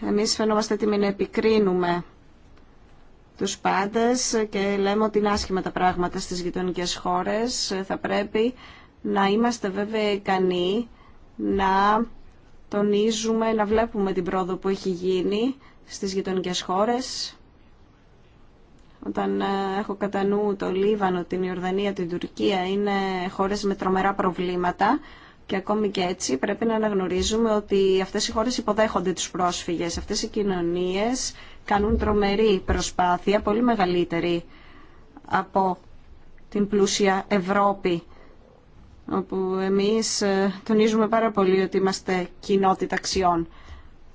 εμείς φαινόμαστε έτοιμοι να επικρίνουμε τους πάντες και λέμε ότι είναι άσχημα τα πράγματα στις γειτονικέ χώρες. Θα πρέπει να είμαστε βέβαια ικανοί να τονίζουμε, να βλέπουμε την πρόοδο που έχει γίνει στις γειτονικέ χώρες. Όταν ε, έχω κατά νου το Λίβανο, την Ιορδανία, την Τουρκία, είναι χώρες με τρομερά προβλήματα και ακόμη και έτσι πρέπει να αναγνωρίζουμε ότι αυτές οι χώρες υποδέχονται τους πρόσφυγες. Αυτές οι κοινωνίες κάνουν τρομερή προσπάθεια, πολύ μεγαλύτερη από την πλούσια Ευρώπη όπου εμείς ε, τονίζουμε πάρα πολύ ότι είμαστε κοινότητα αξιών.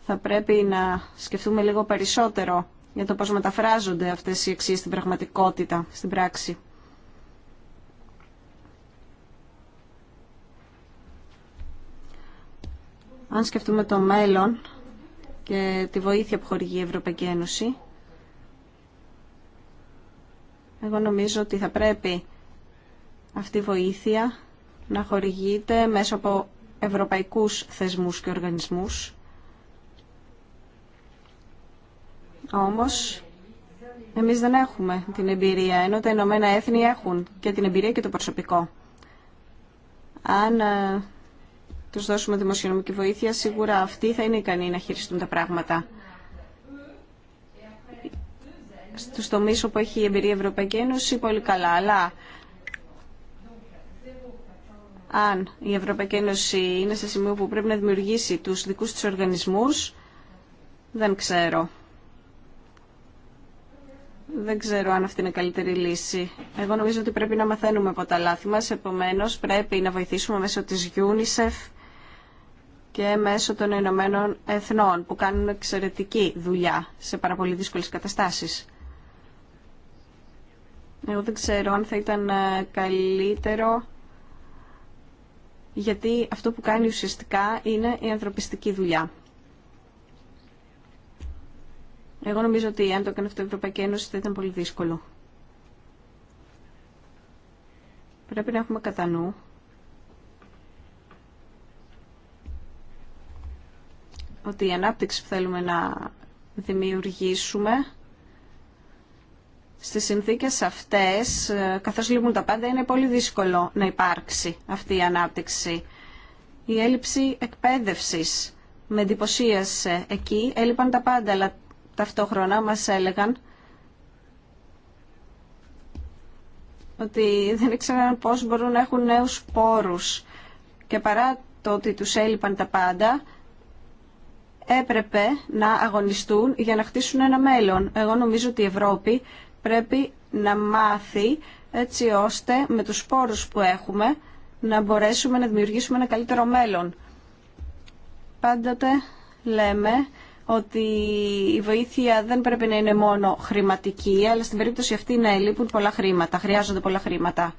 Θα πρέπει να σκεφτούμε λίγο περισσότερο για το πώς μεταφράζονται αυτές οι αξίες στην πραγματικότητα, στην πράξη. Αν σκεφτούμε το μέλλον και τη βοήθεια που χορηγεί η Ευρωπαϊκή Ένωση, εγώ νομίζω ότι θα πρέπει αυτή η βοήθεια να χορηγείται μέσω από ευρωπαϊκούς θεσμούς και οργανισμούς. Όμως, εμείς δεν έχουμε την εμπειρία, ενώ τα Ηνωμένα Έθνη έχουν και την εμπειρία και το προσωπικό. Αν ε, τους δώσουμε δημοσιονομική βοήθεια, σίγουρα αυτοί θα είναι ικανοί να χειριστούν τα πράγματα. Στους τομείς όπου έχει η εμπειρία Ευρωπαϊκή Ένωση, πολύ καλά, αλλά αν η Ευρωπαϊκή Ένωση είναι σε σημείο που πρέπει να δημιουργήσει τους δικούς τη οργανισμούς, δεν ξέρω. Δεν ξέρω αν αυτή είναι η καλύτερη λύση. Εγώ νομίζω ότι πρέπει να μαθαίνουμε από τα λάθη μας, επομένως πρέπει να βοηθήσουμε μέσω της UNICEF και μέσω των Ηνωμένων Εθνών που κάνουν εξαιρετική δουλειά σε πάρα πολύ δύσκολες καταστάσεις. Εγώ δεν ξέρω αν θα ήταν ε, καλύτερο γιατί αυτό που κάνει ουσιαστικά είναι η ανθρωπιστική δουλειά. Εγώ νομίζω ότι αν το έκανε αυτό η Ευρωπαϊκή Ένωση θα ήταν πολύ δύσκολο. Πρέπει να έχουμε κατά νου ότι η ανάπτυξη που θέλουμε να δημιουργήσουμε στις συνθήκες αυτές, ε, καθώς λείπουν τα πάντα, είναι πολύ δύσκολο να υπάρξει αυτή η ανάπτυξη. Η έλλειψη εκπαίδευσης με εντυπωσίασε εκεί, έλειπαν τα πάντα, αλλά ταυτόχρονα μας έλεγαν ότι δεν ήξεραν πώς μπορούν να έχουν νέους πόρους και παρά το ότι τους έλειπαν τα πάντα, έπρεπε να αγωνιστούν για να χτίσουν ένα μέλλον. Εγώ νομίζω ότι η Ευρώπη πρέπει να μάθει έτσι ώστε με τους σπόρους που έχουμε να μπορέσουμε να δημιουργήσουμε ένα καλύτερο μέλλον. Πάντοτε λέμε ότι η βοήθεια δεν πρέπει να είναι μόνο χρηματική, αλλά στην περίπτωση αυτή να λείπουν πολλά χρήματα, χρειάζονται πολλά χρήματα.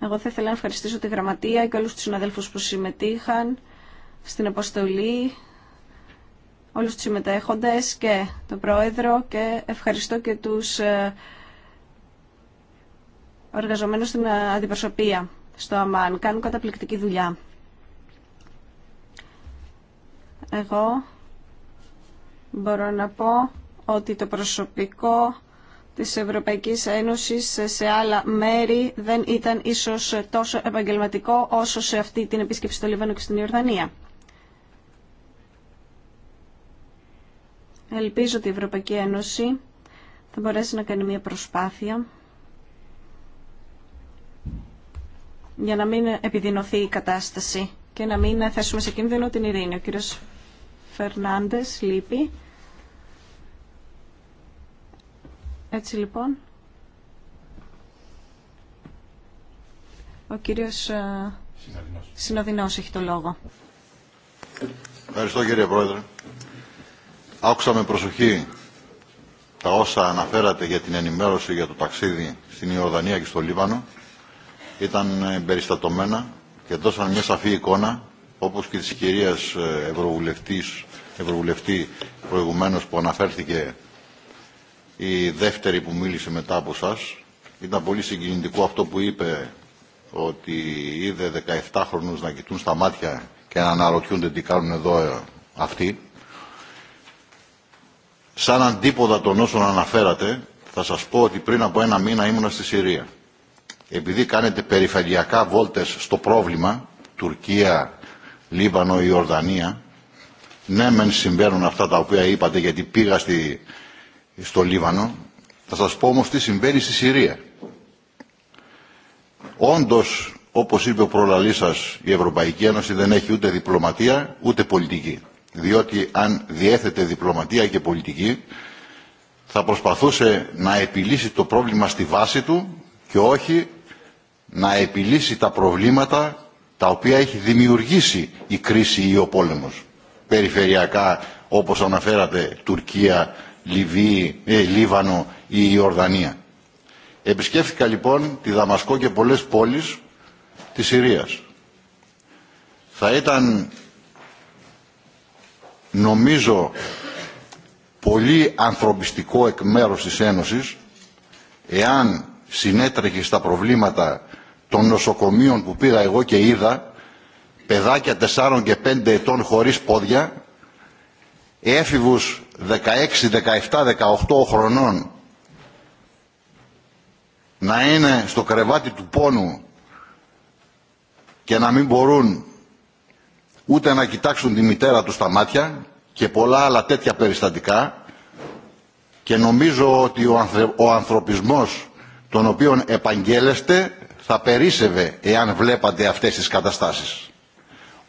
Εγώ θα ήθελα να ευχαριστήσω τη Γραμματεία και όλους τους συναδέλφους που συμμετείχαν στην αποστολή, όλους τους συμμετέχοντες και τον Πρόεδρο και ευχαριστώ και τους εργαζομένους στην αντιπροσωπεία στο ΑΜΑΝ. Κάνουν καταπληκτική δουλειά. Εγώ μπορώ να πω ότι το προσωπικό της Ευρωπαϊκής Ένωσης σε άλλα μέρη δεν ήταν ίσως τόσο επαγγελματικό όσο σε αυτή την επίσκεψη στο Λίβανο και στην Ιορδανία. Ελπίζω ότι η Ευρωπαϊκή Ένωση θα μπορέσει να κάνει μια προσπάθεια για να μην επιδεινωθεί η κατάσταση και να μην θέσουμε σε κίνδυνο την ειρήνη. Ο κύριος Φερνάντες λείπει. Έτσι λοιπόν. Ο κύριος ε, Συνοδεινός έχει το λόγο. Ευχαριστώ κύριε Πρόεδρε. Άκουσα με προσοχή τα όσα αναφέρατε για την ενημέρωση για το ταξίδι στην Ιορδανία και στο Λίβανο. Ήταν περιστατωμένα και δώσαν μια σαφή εικόνα, όπως και της κυρίας ε, Ευρωβουλευτής, Ευρωβουλευτή προηγουμένως που αναφέρθηκε η δεύτερη που μίλησε μετά από εσά. Ήταν πολύ συγκινητικό αυτό που είπε ότι είδε 17χρονους να κοιτούν στα μάτια και να αναρωτιούνται τι κάνουν εδώ ε, αυτοί. Σαν αντίποδα των όσων αναφέρατε, θα σας πω ότι πριν από ένα μήνα ήμουνα στη Συρία. Επειδή κάνετε περιφερειακά βόλτες στο πρόβλημα, Τουρκία, Λίβανο, Ιορδανία, ναι μεν συμβαίνουν αυτά τα οποία είπατε γιατί πήγα στη, στο Λίβανο, θα σας πω όμως τι συμβαίνει στη Συρία. Όντως, όπως είπε ο προλαλής σας, η Ευρωπαϊκή Ένωση δεν έχει ούτε διπλωματία, ούτε πολιτική διότι αν διέθετε διπλωματία και πολιτική θα προσπαθούσε να επιλύσει το πρόβλημα στη βάση του και όχι να επιλύσει τα προβλήματα τα οποία έχει δημιουργήσει η κρίση ή ο πόλεμος. Περιφερειακά, όπως αναφέρατε, Τουρκία, Λιβύη, ε, Λίβανο ή η Ορδανία. τουρκια λιβυη λιβανο η Ιορδανία επισκεφθηκα λοιπον τη Δαμασκό και πολλές πόλεις της Συρίας. Θα ήταν νομίζω πολύ ανθρωπιστικό εκ μέρους της Ένωσης εάν συνέτρεχε στα προβλήματα των νοσοκομείων που πήρα εγώ και είδα παιδάκια 4 και 5 ετών χωρίς πόδια έφηβους 16, 17, 18 χρονών να είναι στο κρεβάτι του πόνου και να μην μπορούν ούτε να κοιτάξουν τη μητέρα του στα μάτια και πολλά άλλα τέτοια περιστατικά και νομίζω ότι ο, ανθρωπισμός τον οποίον επαγγέλεστε θα περίσευε εάν βλέπατε αυτές τις καταστάσεις.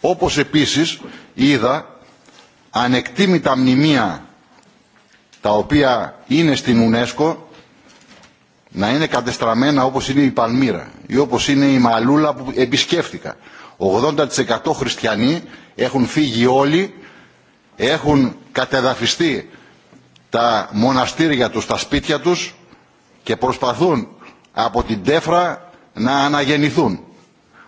Όπως επίσης είδα ανεκτήμητα μνημεία τα οποία είναι στην UNESCO να είναι κατεστραμμένα όπως είναι η Παλμύρα ή όπως είναι η Μαλούλα που επισκέφτηκα. 80% χριστιανοί έχουν φύγει όλοι, έχουν κατεδαφιστεί τα μοναστήρια τους, τα σπίτια τους και προσπαθούν από την τέφρα να αναγεννηθούν.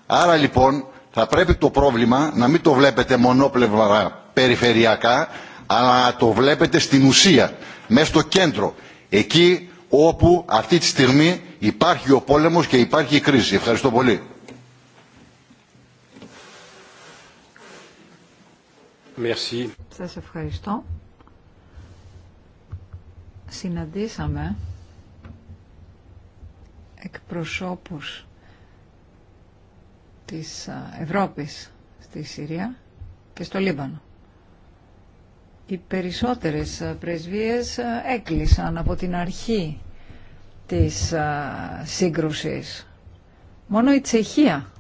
Άρα λοιπόν θα πρέπει το πρόβλημα να μην το βλέπετε μονόπλευρα περιφερειακά, αλλά να το βλέπετε στην ουσία, μέσα στο κέντρο, εκεί όπου αυτή τη στιγμή υπάρχει ο πόλεμος και υπάρχει η κρίση. Ευχαριστώ πολύ. Merci. Σας ευχαριστώ. Συναντήσαμε εκπροσώπους της Ευρώπης στη Συρία και στο Λίβανο. Οι περισσότερες πρεσβείες έκλεισαν από την αρχή της σύγκρουσης. Μόνο η Τσεχία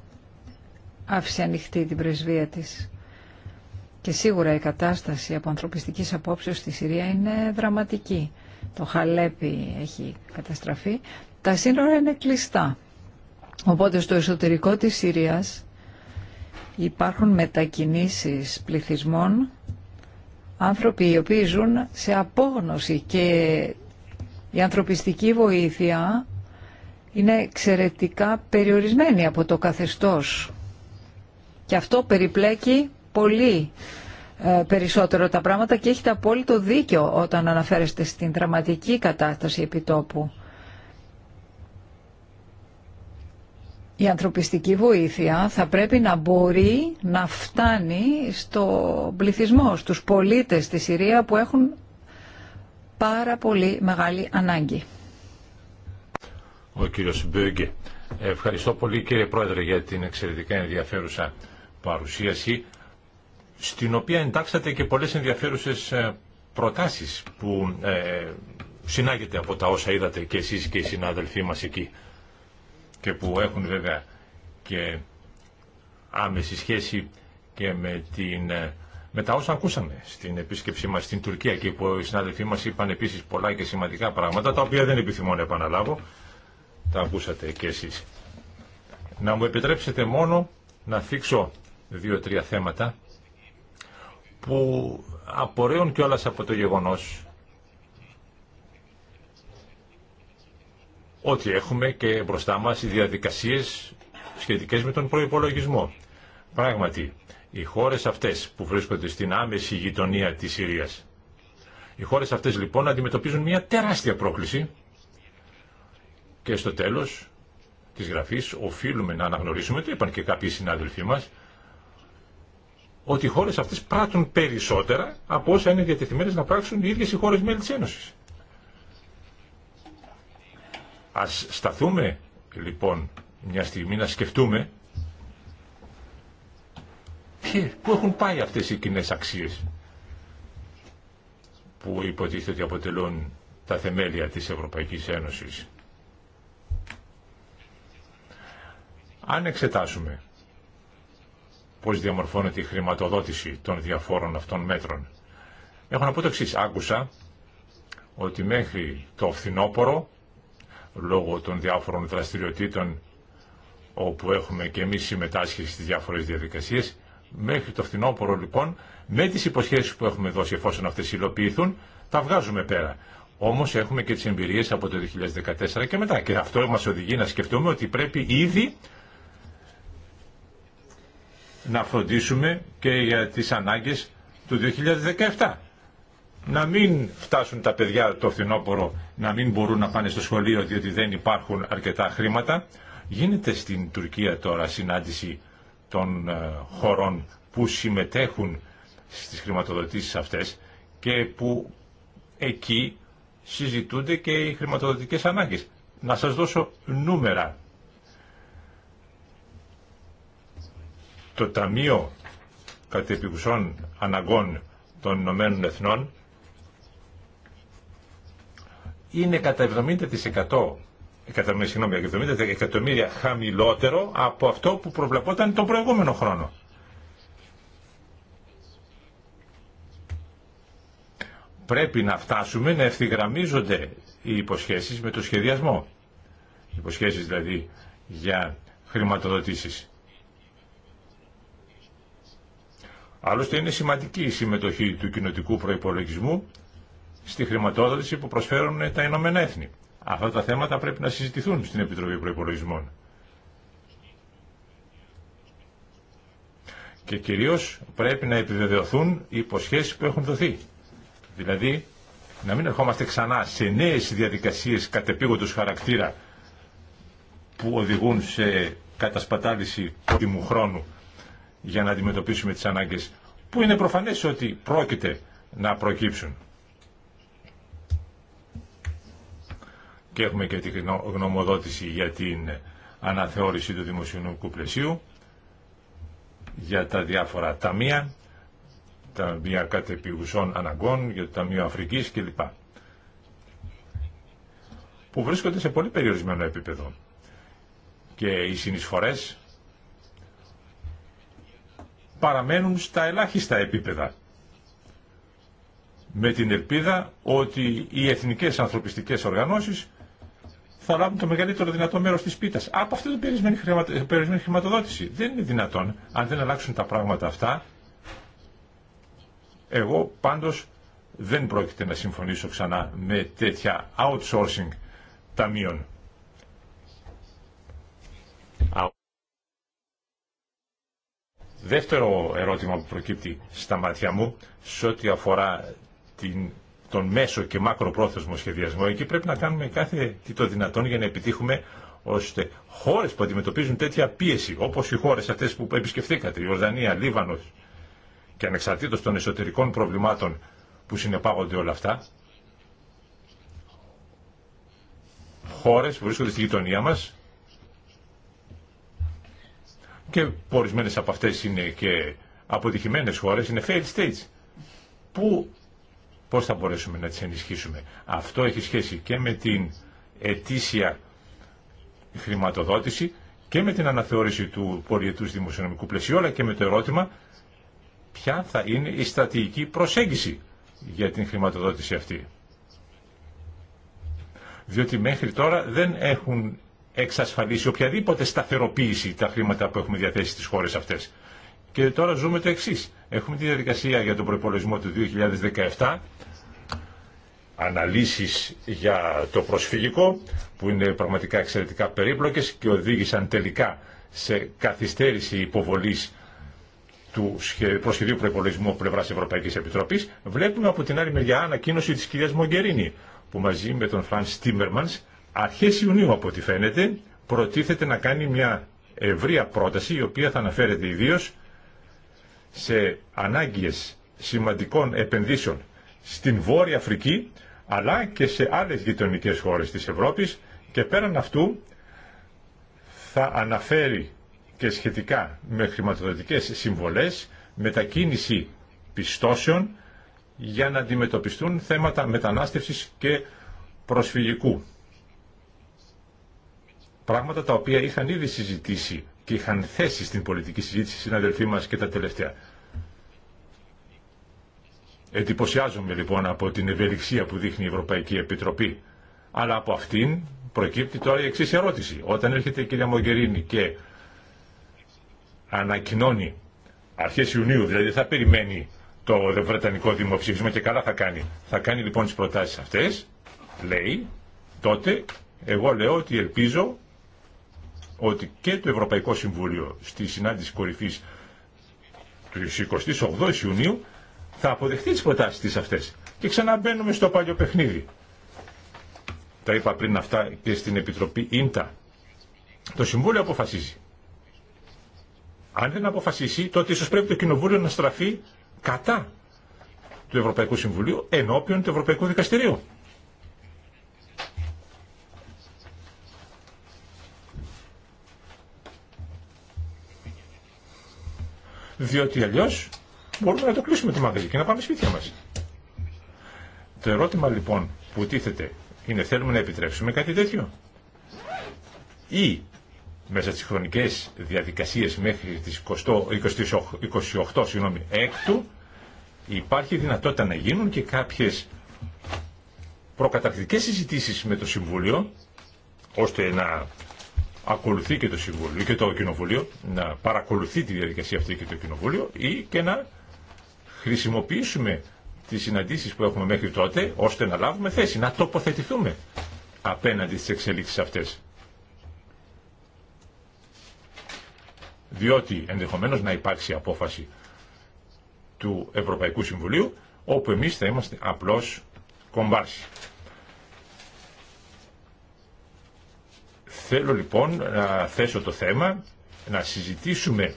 άφησε ανοιχτή την πρεσβεία της. Και σίγουρα η κατάσταση από ανθρωπιστική απόψεως στη Συρία είναι δραματική. Το Χαλέπι έχει καταστραφεί. Τα σύνορα είναι κλειστά. Οπότε στο εσωτερικό της Συρίας υπάρχουν μετακινήσεις πληθυσμών, άνθρωποι οι οποίοι ζουν σε απόγνωση και η ανθρωπιστική βοήθεια είναι εξαιρετικά περιορισμένη από το καθεστώς. Και αυτό περιπλέκει πολύ ε, περισσότερο τα πράγματα και έχετε απόλυτο δίκιο όταν αναφέρεστε στην δραματική κατάσταση επιτόπου. Η ανθρωπιστική βοήθεια θα πρέπει να μπορεί να φτάνει στο πληθυσμό, στους πολίτες στη Συρία που έχουν πάρα πολύ μεγάλη ανάγκη. Ο κύριος Μπέγκε. Ευχαριστώ πολύ κύριε Πρόεδρε για την εξαιρετικά ενδιαφέρουσα παρουσίαση στην οποία εντάξατε και πολλές ενδιαφέρουσες ε, προτάσεις που ε, συνάγεται από τα όσα είδατε και εσείς και οι συνάδελφοί μας εκεί και που έχουν βέβαια και άμεση σχέση και με, την, ε, με τα όσα ακούσαμε στην επίσκεψή μας στην Τουρκία και που οι συνάδελφοί μας είπαν επίσης πολλά και σημαντικά πράγματα τα οποία δεν επιθυμώ να επαναλάβω τα ακούσατε και εσείς να μου επιτρέψετε μόνο να θίξω δύο-τρία θέματα που απορρέουν κιόλας από το γεγονός ότι έχουμε και μπροστά μας οι διαδικασίες σχετικές με τον προϋπολογισμό. Πράγματι, οι χώρες αυτές που βρίσκονται στην άμεση γειτονία της Συρίας, οι χώρες αυτές λοιπόν αντιμετωπίζουν μια τεράστια πρόκληση και στο τέλος της γραφής οφείλουμε να αναγνωρίσουμε, το είπαν και κάποιοι συνάδελφοί μας, ότι οι χώρες αυτές πράττουν περισσότερα από όσα είναι διατεθειμένες να πράξουν οι ίδιες οι χώρες μέλη τη Ένωση. Ας σταθούμε λοιπόν μια στιγμή να σκεφτούμε πού έχουν πάει αυτές οι κοινέ αξίες που υποτίθεται ότι αποτελούν τα θεμέλια της Ευρωπαϊκής Ένωσης. Αν εξετάσουμε πώς διαμορφώνεται η χρηματοδότηση των διαφόρων αυτών μέτρων. Έχω να πω το εξής. Άκουσα ότι μέχρι το φθινόπωρο, λόγω των διάφορων δραστηριοτήτων όπου έχουμε και εμείς συμμετάσχει στις διάφορες διαδικασίες, μέχρι το φθινόπωρο λοιπόν, με τις υποσχέσεις που έχουμε δώσει εφόσον αυτές υλοποιηθούν, τα βγάζουμε πέρα. Όμως έχουμε και τις εμπειρίες από το 2014 και μετά. Και αυτό μας οδηγεί να σκεφτούμε ότι πρέπει ήδη να φροντίσουμε και για τις ανάγκες του 2017. Να μην φτάσουν τα παιδιά το φθινόπωρο να μην μπορούν να πάνε στο σχολείο διότι δεν υπάρχουν αρκετά χρήματα. Γίνεται στην Τουρκία τώρα συνάντηση των ε, χωρών που συμμετέχουν στις χρηματοδοτήσεις αυτές και που εκεί συζητούνται και οι χρηματοδοτικές ανάγκες. Να σας δώσω νούμερα το Ταμείο Κατεπικουσών Αναγκών των Ηνωμένων Εθνών είναι κατά 70% εκατομμύρια, συγγνώμη, 70 εκατομμύρια χαμηλότερο από αυτό που προβλεπόταν τον προηγούμενο χρόνο. Πρέπει να φτάσουμε να ευθυγραμμίζονται οι υποσχέσεις με το σχεδιασμό. Οι υποσχέσεις δηλαδή για χρηματοδοτήσεις. Άλλωστε είναι σημαντική η συμμετοχή του κοινοτικού προϋπολογισμού στη χρηματοδότηση που προσφέρουν τα Ηνωμένα Έθνη. Αυτά τα θέματα πρέπει να συζητηθούν στην Επιτροπή Προϋπολογισμών. Και κυρίως πρέπει να επιβεβαιωθούν οι υποσχέσεις που έχουν δοθεί. Δηλαδή, να μην ερχόμαστε ξανά σε νέες διαδικασίες κατεπίγοντος χαρακτήρα που οδηγούν σε κατασπατάληση του χρόνου για να αντιμετωπίσουμε τις ανάγκες που είναι προφανές ότι πρόκειται να προκύψουν. Και έχουμε και τη γνωμοδότηση για την αναθεώρηση του δημοσιονομικού πλαισίου για τα διάφορα ταμεία, ταμεία κατεπηγουσών αναγκών, για το Ταμείο Αφρικής κλπ. Που βρίσκονται σε πολύ περιορισμένο επίπεδο. Και οι συνεισφορές παραμένουν στα ελάχιστα επίπεδα. Με την ελπίδα ότι οι εθνικές ανθρωπιστικές οργανώσεις θα λάβουν το μεγαλύτερο δυνατό μέρος της πίτας. Από αυτή την περιορισμένη χρηματοδότηση. Δεν είναι δυνατόν. Αν δεν αλλάξουν τα πράγματα αυτά, εγώ πάντως δεν πρόκειται να συμφωνήσω ξανά με τέτοια outsourcing ταμείων. Δεύτερο ερώτημα που προκύπτει στα μάτια μου, σε ό,τι αφορά την, τον μέσο και μακροπρόθεσμο σχεδιασμό, εκεί πρέπει να κάνουμε κάθε τι το δυνατόν για να επιτύχουμε ώστε χώρες που αντιμετωπίζουν τέτοια πίεση, όπως οι χώρες αυτές που επισκεφθήκατε, Ιορδανία, Λίβανος, και ανεξαρτήτως των εσωτερικών προβλημάτων που συνεπάγονται όλα αυτά, χώρες που βρίσκονται στη γειτονία μας, και ορισμένε από αυτέ είναι και αποτυχημένε χώρε είναι failed states. Πού, πώς θα μπορέσουμε να τις ενισχύσουμε. Αυτό έχει σχέση και με την ετήσια χρηματοδότηση και με την αναθεώρηση του πολιετού δημοσιονομικού πλαισίου, αλλά και με το ερώτημα ποια θα είναι η στρατηγική προσέγγιση για την χρηματοδότηση αυτή. Διότι μέχρι τώρα δεν έχουν εξασφαλίσει οποιαδήποτε σταθεροποίηση τα χρήματα που έχουμε διαθέσει στις χώρες αυτές. Και τώρα ζούμε το εξή. Έχουμε τη διαδικασία για τον προπολογισμό του 2017, αναλύσεις για το προσφυγικό, που είναι πραγματικά εξαιρετικά περίπλοκες και οδήγησαν τελικά σε καθυστέρηση υποβολής του προσχεδίου προπολογισμού πλευρά Ευρωπαϊκή Επιτροπή, βλέπουμε από την άλλη μεριά ανακοίνωση τη κυρία Μογκερίνη, που μαζί με τον Φραν αρχές Ιουνίου από ό,τι φαίνεται προτίθεται να κάνει μια ευρία πρόταση η οποία θα αναφέρεται ιδίω σε ανάγκες σημαντικών επενδύσεων στην Βόρεια Αφρική αλλά και σε άλλες γειτονικέ χώρες της Ευρώπης και πέραν αυτού θα αναφέρει και σχετικά με χρηματοδοτικές συμβολές μετακίνηση πιστώσεων για να αντιμετωπιστούν θέματα μετανάστευσης και προσφυγικού. Πράγματα τα οποία είχαν ήδη συζητήσει και είχαν θέσει στην πολιτική συζήτηση συναδελφοί μας και τα τελευταία. Εντυπωσιάζομαι λοιπόν από την ευελιξία που δείχνει η Ευρωπαϊκή Επιτροπή. Αλλά από αυτήν προκύπτει τώρα η εξή ερώτηση. Όταν έρχεται η κυρία Μογκερίνη και ανακοινώνει αρχές Ιουνίου, δηλαδή θα περιμένει το βρετανικό δημοψήφισμα και καλά θα κάνει. Θα κάνει λοιπόν τις προτάσεις αυτές, λέει, τότε εγώ λέω ότι ελπίζω ότι και το Ευρωπαϊκό Συμβούλιο στη συνάντηση κορυφής του 28 Ιουνίου θα αποδεχτεί τις προτάσεις της αυτές. Και ξαναμπαίνουμε στο παλιό παιχνίδι. Τα είπα πριν αυτά και στην Επιτροπή Ίντα. Το Συμβούλιο αποφασίζει. Αν δεν αποφασίσει, τότε ίσως πρέπει το Κοινοβούλιο να στραφεί κατά του Ευρωπαϊκού Συμβουλίου ενώπιον του Ευρωπαϊκού Δικαστηρίου. διότι αλλιώς μπορούμε να το κλείσουμε το μαγαζί και να πάμε σπίτια μα. Το ερώτημα λοιπόν που τίθεται είναι θέλουμε να επιτρέψουμε κάτι τέτοιο ή μέσα στις χρονικές διαδικασίες μέχρι τις 28, 28 συγγνώμη, έκτου υπάρχει δυνατότητα να γίνουν και κάποιες προκαταρκτικές συζητήσεις με το Συμβούλιο ώστε να ακολουθεί και το Συμβούλιο και το Κοινοβούλιο, να παρακολουθεί τη διαδικασία αυτή και το Κοινοβούλιο ή και να χρησιμοποιήσουμε τις συναντήσεις που έχουμε μέχρι τότε ώστε να λάβουμε θέση, να τοποθετηθούμε απέναντι στις εξελίξεις αυτές. Διότι ενδεχομένως να υπάρξει απόφαση του Ευρωπαϊκού Συμβουλίου όπου εμείς θα είμαστε απλώς κομπάρσι. Θέλω λοιπόν να θέσω το θέμα, να συζητήσουμε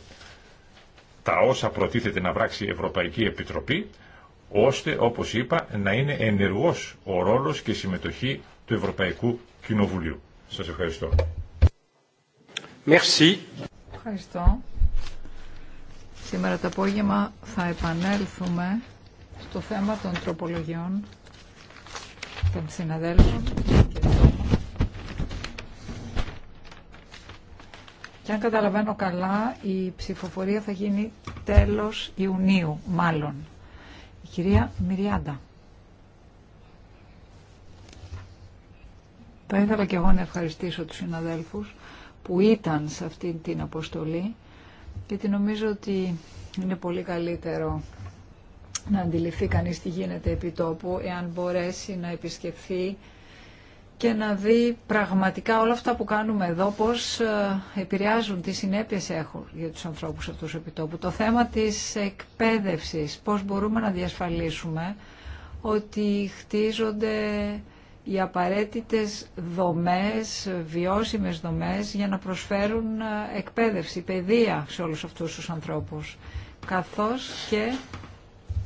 τα όσα προτίθεται να βράξει η Ευρωπαϊκή Επιτροπή, ώστε, όπως είπα, να είναι ενεργός ο ρόλος και συμμετοχή του Ευρωπαϊκού Κοινοβουλίου. Σας ευχαριστώ. Merci. Ευχαριστώ. Σήμερα το απόγευμα θα επανέλθουμε στο θέμα των τροπολογιών των συναδέλφων. Και αν καταλαβαίνω καλά, η ψηφοφορία θα γίνει τέλος Ιουνίου, μάλλον. Η κυρία Μυριάντα. Θα ήθελα και εγώ να ευχαριστήσω τους συναδέλφους που ήταν σε αυτή την αποστολή γιατί νομίζω ότι είναι πολύ καλύτερο να αντιληφθεί κανείς τι γίνεται επί τόπου εάν μπορέσει να επισκεφθεί και να δει πραγματικά όλα αυτά που κάνουμε εδώ πώς ε, επηρεάζουν, τι συνέπειες έχουν για τους ανθρώπους αυτούς επιτόπου. Το θέμα της εκπαίδευσης, πώς μπορούμε να διασφαλίσουμε ότι χτίζονται οι απαραίτητες δομές, βιώσιμες δομές για να προσφέρουν ε, εκπαίδευση, παιδεία σε όλους αυτούς τους ανθρώπους, καθώς και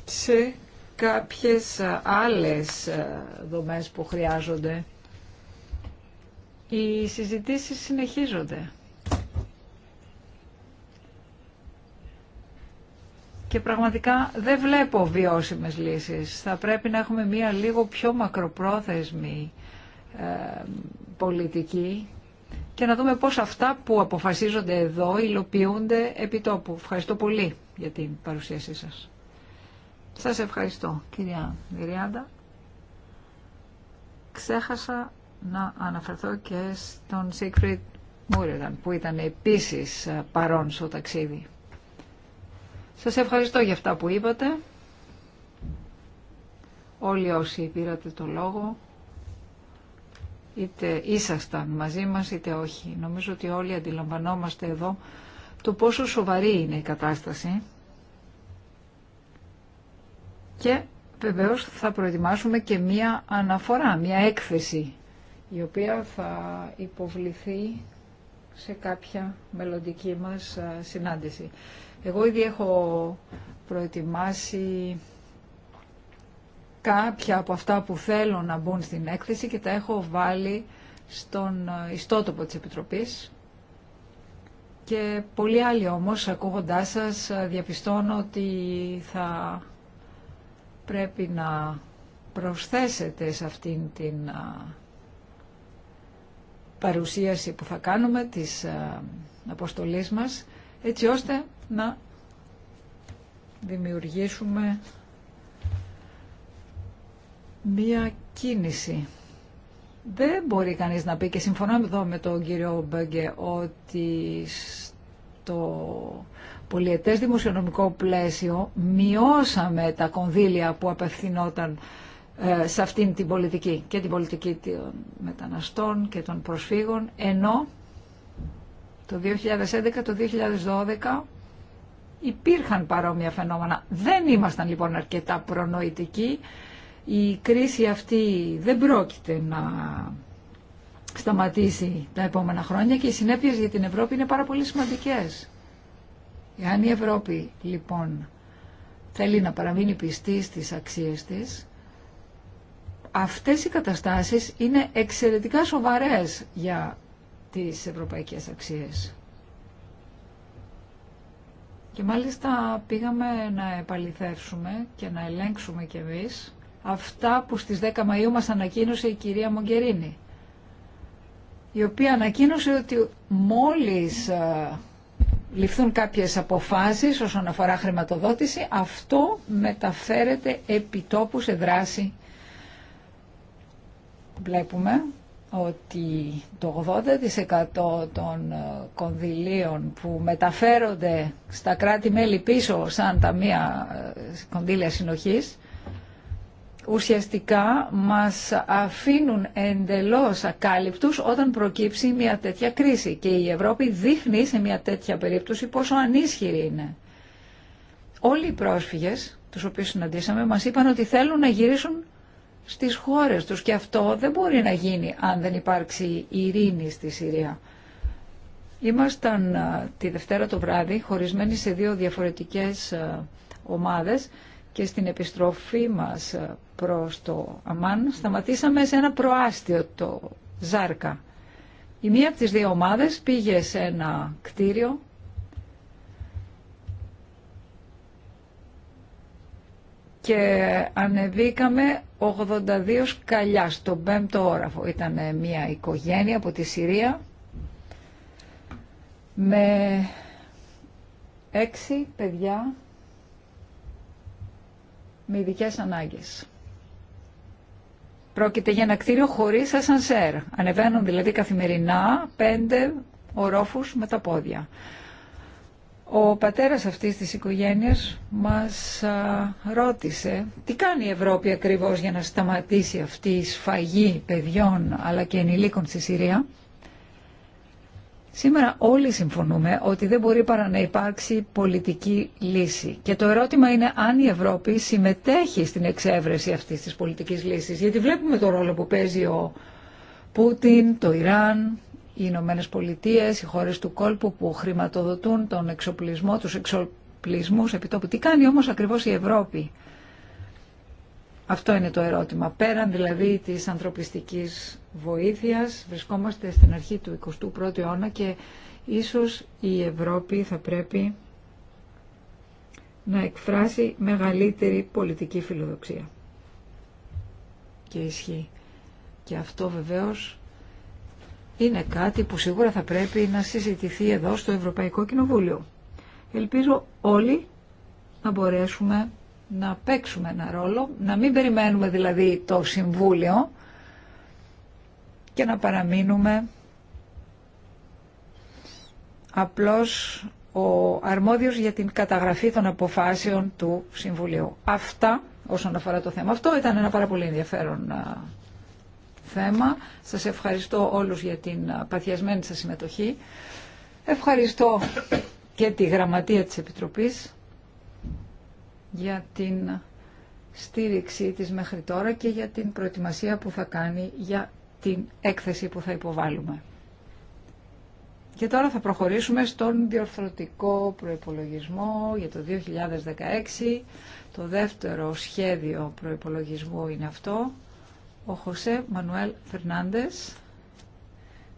σε κάποιες ε, άλλες δομές που χρειάζονται οι συζητήσεις συνεχίζονται. Και πραγματικά δεν βλέπω βιώσιμες λύσεις. Θα πρέπει να έχουμε μία λίγο πιο μακροπρόθεσμη ε, πολιτική και να δούμε πώς αυτά που αποφασίζονται εδώ υλοποιούνται επί τόπου. Ευχαριστώ πολύ για την παρουσίασή σας. Σας ευχαριστώ, κυρία Μυριάντα. Ξέχασα να αναφερθώ και στον Σίκφριντ Μούρεγαν που ήταν επίσης παρόν στο ταξίδι. Σας ευχαριστώ για αυτά που είπατε. Όλοι όσοι πήρατε το λόγο, είτε ήσασταν μαζί μας είτε όχι. Νομίζω ότι όλοι αντιλαμβανόμαστε εδώ το πόσο σοβαρή είναι η κατάσταση και βεβαίως θα προετοιμάσουμε και μία αναφορά, μία έκθεση η οποία θα υποβληθεί σε κάποια μελλοντική μας συνάντηση. Εγώ ήδη έχω προετοιμάσει κάποια από αυτά που θέλω να μπουν στην έκθεση και τα έχω βάλει στον ιστότοπο της Επιτροπής και πολλοί άλλοι όμως ακούγοντάς σας διαπιστώνω ότι θα πρέπει να προσθέσετε σε αυτήν την παρουσίαση που θα κάνουμε της ε, αποστολής μας, έτσι ώστε να δημιουργήσουμε μία κίνηση. Δεν μπορεί κανείς να πει και συμφωνώ εδώ με τον κύριο Μπέγκε ότι στο πολιετές δημοσιονομικό πλαίσιο μειώσαμε τα κονδύλια που απευθυνόταν ε, σε αυτήν την πολιτική και την πολιτική των μεταναστών και των προσφύγων ενώ το 2011, το 2012 υπήρχαν παρόμοια φαινόμενα. Δεν ήμασταν λοιπόν αρκετά προνοητικοί. Η κρίση αυτή δεν πρόκειται να σταματήσει τα επόμενα χρόνια και οι συνέπειες για την Ευρώπη είναι πάρα πολύ σημαντικές. Εάν η Ευρώπη λοιπόν θέλει να παραμείνει πιστή στις αξίες της, αυτές οι καταστάσεις είναι εξαιρετικά σοβαρές για τις ευρωπαϊκές αξίες. Και μάλιστα πήγαμε να επαληθεύσουμε και να ελέγξουμε κι εμείς αυτά που στις 10 Μαΐου μας ανακοίνωσε η κυρία Μογκερίνη, η οποία ανακοίνωσε ότι μόλις ε, ληφθούν κάποιες αποφάσεις όσον αφορά χρηματοδότηση, αυτό μεταφέρεται επιτόπου σε δράση βλέπουμε ότι το 80% των ε, κονδυλίων που μεταφέρονται στα κράτη-μέλη πίσω σαν τα μία ε, κονδύλια συνοχής ουσιαστικά μας αφήνουν εντελώς ακάλυπτους όταν προκύψει μια τέτοια κρίση και η Ευρώπη δείχνει σε μια τέτοια περίπτωση πόσο ανίσχυρη είναι. Όλοι οι πρόσφυγες, τους οποίους συναντήσαμε, μας είπαν ότι θέλουν να γυρίσουν στις χώρες τους και αυτό δεν μπορεί να γίνει αν δεν υπάρξει ειρήνη στη Συρία. Ήμασταν τη Δευτέρα το βράδυ χωρισμένοι σε δύο διαφορετικές ομάδες και στην επιστροφή μας προς το Αμάν σταματήσαμε σε ένα προάστιο το Ζάρκα. Η μία από τις δύο ομάδες πήγε σε ένα κτίριο και ανεβήκαμε 82 σκαλιά, 5 πέμπτο όραφο. Ήταν μια οικογένεια από τη Συρία με έξι παιδιά με ειδικέ ανάγκες. Πρόκειται για ένα κτίριο χωρίς ασανσέρ. Ανεβαίνουν δηλαδή καθημερινά πέντε ορόφους με τα πόδια. Ο πατέρας αυτής της οικογένειας μας ρώτησε τι κάνει η Ευρώπη ακριβώς για να σταματήσει αυτή η σφαγή παιδιών αλλά και ενηλίκων στη Συρία. Σήμερα όλοι συμφωνούμε ότι δεν μπορεί παρά να υπάρξει πολιτική λύση. Και το ερώτημα είναι αν η Ευρώπη συμμετέχει στην εξέβρεση αυτής της πολιτικής λύσης. Γιατί βλέπουμε το ρόλο που παίζει ο Πούτιν, το Ιράν, οι Ηνωμένε Πολιτείε, οι χώρε του κόλπου που χρηματοδοτούν τον εξοπλισμό, τους εξοπλισμούς επιτόπου. Τι κάνει όμως ακριβώς η Ευρώπη. Αυτό είναι το ερώτημα. Πέραν δηλαδή της ανθρωπιστικής βοήθειας, βρισκόμαστε στην αρχή του 21ου αιώνα και ίσως η Ευρώπη θα πρέπει να εκφράσει μεγαλύτερη πολιτική φιλοδοξία. Και ισχύει. Και αυτό βεβαίως είναι κάτι που σίγουρα θα πρέπει να συζητηθεί εδώ στο Ευρωπαϊκό Κοινοβούλιο. Ελπίζω όλοι να μπορέσουμε να παίξουμε ένα ρόλο, να μην περιμένουμε δηλαδή το Συμβούλιο και να παραμείνουμε απλώς ο αρμόδιος για την καταγραφή των αποφάσεων του Συμβουλίου. Αυτά όσον αφορά το θέμα. Αυτό ήταν ένα πάρα πολύ ενδιαφέρον θέμα. Σας ευχαριστώ όλους για την παθιασμένη σας συμμετοχή. Ευχαριστώ και τη Γραμματεία της Επιτροπής για την στήριξή της μέχρι τώρα και για την προετοιμασία που θα κάνει για την έκθεση που θα υποβάλουμε. Και τώρα θα προχωρήσουμε στον διορθωτικό προϋπολογισμό για το 2016. Το δεύτερο σχέδιο προϋπολογισμού είναι αυτό. Ο Χωσέ Μανουέλ Φερνάντες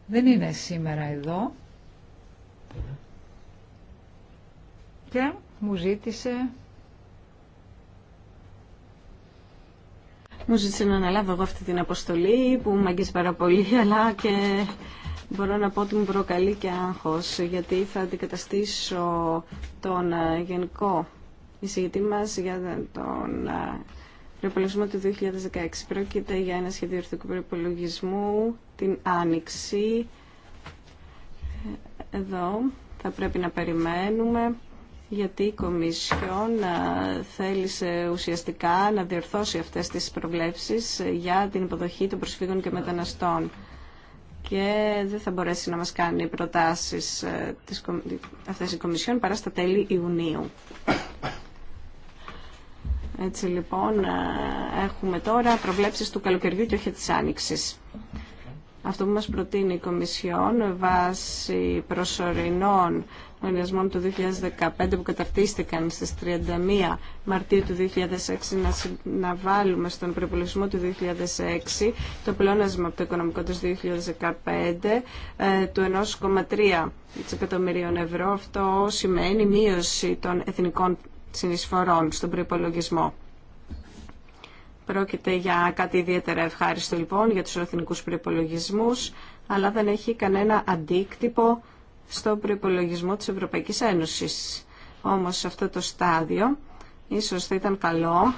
δεν είναι σήμερα εδώ και μου ζήτησε Μου ζήτησε να αναλάβω εγώ αυτή την αποστολή που μου αγγίζει πάρα πολύ, αλλά και μπορώ να πω ότι μου προκαλεί και άγχος, γιατί θα αντικαταστήσω τον ε, γενικό εισηγητή μας για τον ε, προπολογισμό του 2016. Πρόκειται για ένα σχέδιο ορθικού προπολογισμού την Άνοιξη. Εδώ θα πρέπει να περιμένουμε γιατί η Κομισιόν ε, θέλησε ουσιαστικά να διορθώσει αυτές τις προβλέψεις ε, για την υποδοχή των προσφύγων και μεταναστών και δεν θα μπορέσει να μας κάνει προτάσεις ε, αυτές οι Κομισιόν παρά στα τέλη Ιουνίου. Έτσι λοιπόν ε, έχουμε τώρα προβλέψεις του καλοκαιριού και όχι της άνοιξης. Αυτό που μας προτείνει η Κομισιόν βάσει προσωρινών οργανισμών του 2015 που καταρτίστηκαν στις 31 Μαρτίου του 2006 να, βάλουμε στον προπολογισμό του 2006 το πλεόνασμα από το οικονομικό ε, του 2015 του 1,3 εκατομμυρίων ευρώ. Αυτό σημαίνει μείωση των εθνικών συνεισφορών στον προϋπολογισμό. Πρόκειται για κάτι ιδιαίτερα ευχάριστο λοιπόν για τους εθνικούς προϋπολογισμούς, αλλά δεν έχει κανένα αντίκτυπο στο προϋπολογισμό της Ευρωπαϊκής Ένωσης. Όμως σε αυτό το στάδιο ίσως θα ήταν καλό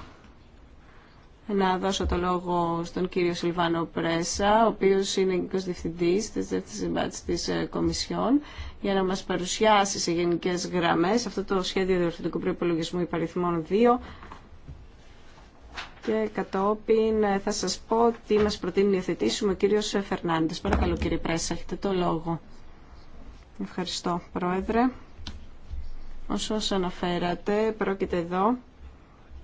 να δώσω το λόγο στον κύριο Σιλβάνο Πρέσα, ο οποίος είναι γενικός διευθυντής της δεύτερης της ε, Κομισιόν, για να μας παρουσιάσει σε γενικές γραμμές αυτό το σχέδιο διορθωτικού προϋπολογισμού υπαριθμών 2 και κατόπιν ε, θα σας πω τι μας προτείνει να υιοθετήσουμε ο κύριος ε, Φερνάντες. Παρακαλώ κύριε Πρέσα, έχετε το λόγο. Ευχαριστώ Πρόεδρε. Όσο αναφέρατε, πρόκειται εδώ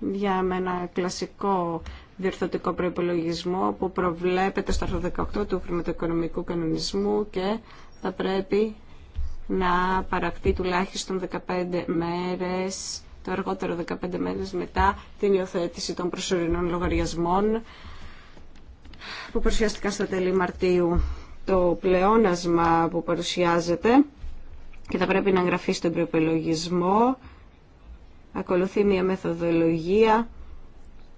για με ένα κλασικό διορθωτικό προϋπολογισμό που προβλέπεται στο άρθρο 18 του χρηματοοικονομικού κανονισμού και θα πρέπει να παρακτεί τουλάχιστον 15 μέρες, το αργότερο 15 μέρες μετά την υιοθέτηση των προσωρινών λογαριασμών που παρουσιάστηκαν στα τέλη Μαρτίου. Το πλεόνασμα που παρουσιάζεται και θα πρέπει να εγγραφεί στον προπολογισμό ακολουθεί μια μεθοδολογία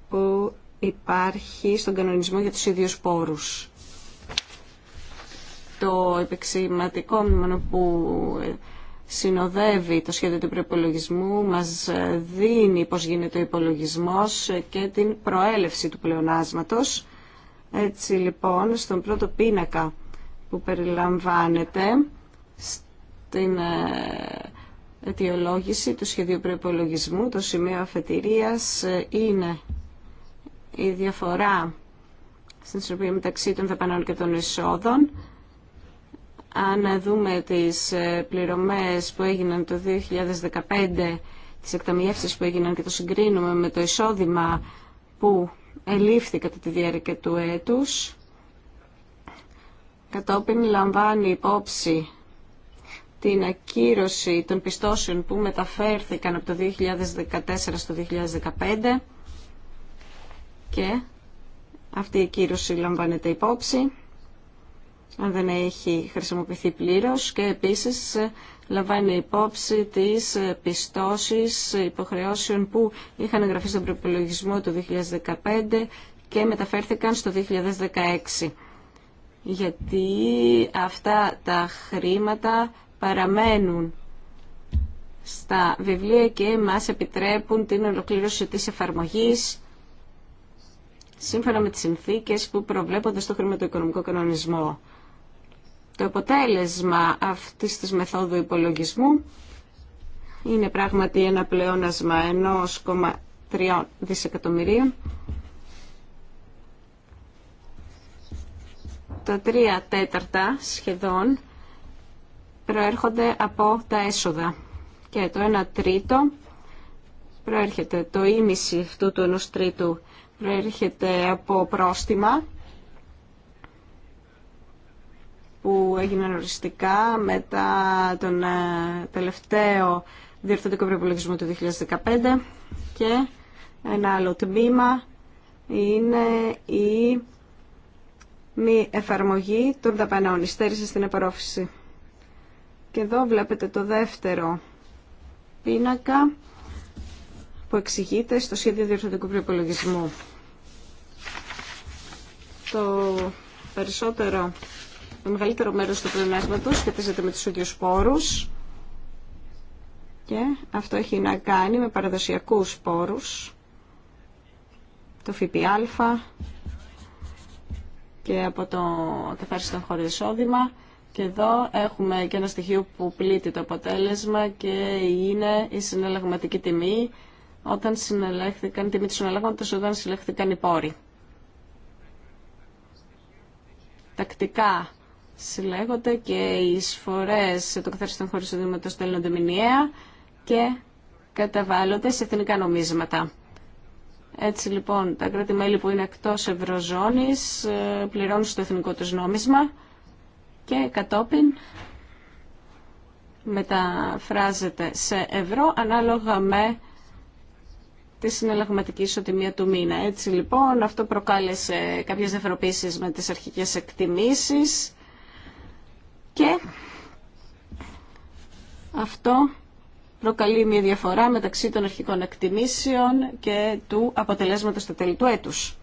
που υπάρχει στον κανονισμό για τους ίδιους πόρους. Το επεξηματικό μήνυμα που ε, συνοδεύει το σχέδιο του προπολογισμού, μας ε, δίνει πώς γίνεται ο υπολογισμός και την προέλευση του πλεονάσματος. Έτσι λοιπόν, στον πρώτο πίνακα που περιλαμβάνεται στην ε, αιτιολόγηση του σχεδίου προπολογισμού, το σημείο αφετηρίας ε, είναι η διαφορά στην ισορροπία μεταξύ των δαπανών και των εισόδων. Αν δούμε τις ε, πληρωμές που έγιναν το 2015, τις εκταμιεύσεις που έγιναν και το συγκρίνουμε με το εισόδημα που ελήφθη κατά τη διάρκεια του έτους, κατόπιν λαμβάνει υπόψη την ακύρωση των πιστώσεων που μεταφέρθηκαν από το 2014 στο 2015 και αυτή η ακύρωση λαμβάνεται υπόψη αν δεν έχει χρησιμοποιηθεί πλήρως και επίσης λαμβάνει υπόψη τις πιστώσεις υποχρεώσεων που είχαν εγγραφεί στον προπολογισμό του 2015 και μεταφέρθηκαν στο 2016. Γιατί αυτά τα χρήματα παραμένουν στα βιβλία και μας επιτρέπουν την ολοκλήρωση της εφαρμογής σύμφωνα με τις συνθήκες που προβλέπονται στο χρηματοοικονομικό κανονισμό. Το αποτέλεσμα αυτής της μεθόδου υπολογισμού είναι πράγματι ένα πλεόνασμα 1,3 δισεκατομμυρίων. Τα τρία τέταρτα σχεδόν προέρχονται από τα έσοδα και το 1 τρίτο προέρχεται, το ίμιση αυτού του 1 τρίτου προέρχεται από πρόστιμα που έγιναν οριστικά μετά τον ε, τελευταίο διορθωτικό προπολογισμό του 2015 και ένα άλλο τμήμα είναι η μη εφαρμογή των δαπανών, η στην απορρόφηση. Και εδώ βλέπετε το δεύτερο πίνακα που εξηγείται στο σχέδιο διορθωτικού προπολογισμού. Το περισσότερο, το μεγαλύτερο μέρος του πλεονάσματος σχετίζεται με τους ίδιους πόρους και αυτό έχει να κάνει με παραδοσιακούς πόρους, το ΦΠΑ και από το καθάριση των χωρίς εισόδημα και εδώ έχουμε και ένα στοιχείο που πλήττει το αποτέλεσμα και είναι η συναλλαγματική τιμή όταν συνελέχθηκαν, τιμή του όταν συλλέχθηκαν οι πόροι. Τακτικά συλλέγονται και οι εισφορές το καθαριστό χωρίς οδήματος στέλνονται μηνιαία και καταβάλλονται σε εθνικά νομίσματα. Έτσι λοιπόν τα κράτη-μέλη που είναι εκτός Ευρωζώνης ε, πληρώνουν στο εθνικό τους νόμισμα και κατόπιν μεταφράζεται σε ευρώ ανάλογα με τη συναλλαγματική ισοτιμία του μήνα. Έτσι λοιπόν αυτό προκάλεσε κάποιες διαφοροποίησεις με τις αρχικές εκτιμήσεις και αυτό προκαλεί μια διαφορά μεταξύ των αρχικών εκτιμήσεων και του αποτελέσματος του τέλη του έτους.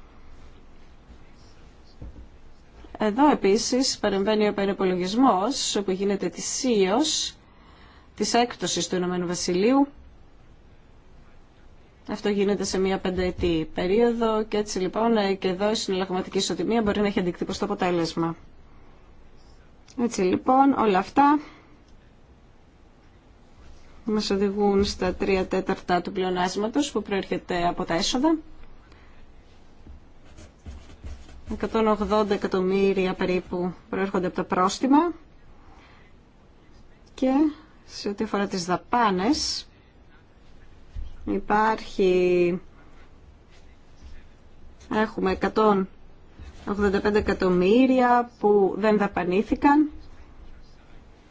Εδώ επίσης παρεμβαίνει ο περιπολογισμός που γίνεται τη ίος, της έκπτωσης του Ηνωμένου Βασιλείου. Αυτό γίνεται σε μία πενταετή περίοδο και έτσι λοιπόν ε, και εδώ η συναλλαγματική ισοτιμία μπορεί να έχει αντικτύπω στο αποτέλεσμα. Έτσι λοιπόν όλα αυτά μας οδηγούν στα τρία τέταρτα του πλεονάσματος που προέρχεται από τα έσοδα. 180 εκατομμύρια περίπου προέρχονται από τα πρόστιμα και σε ό,τι αφορά τις δαπάνες υπάρχει έχουμε 185 εκατομμύρια που δεν δαπανήθηκαν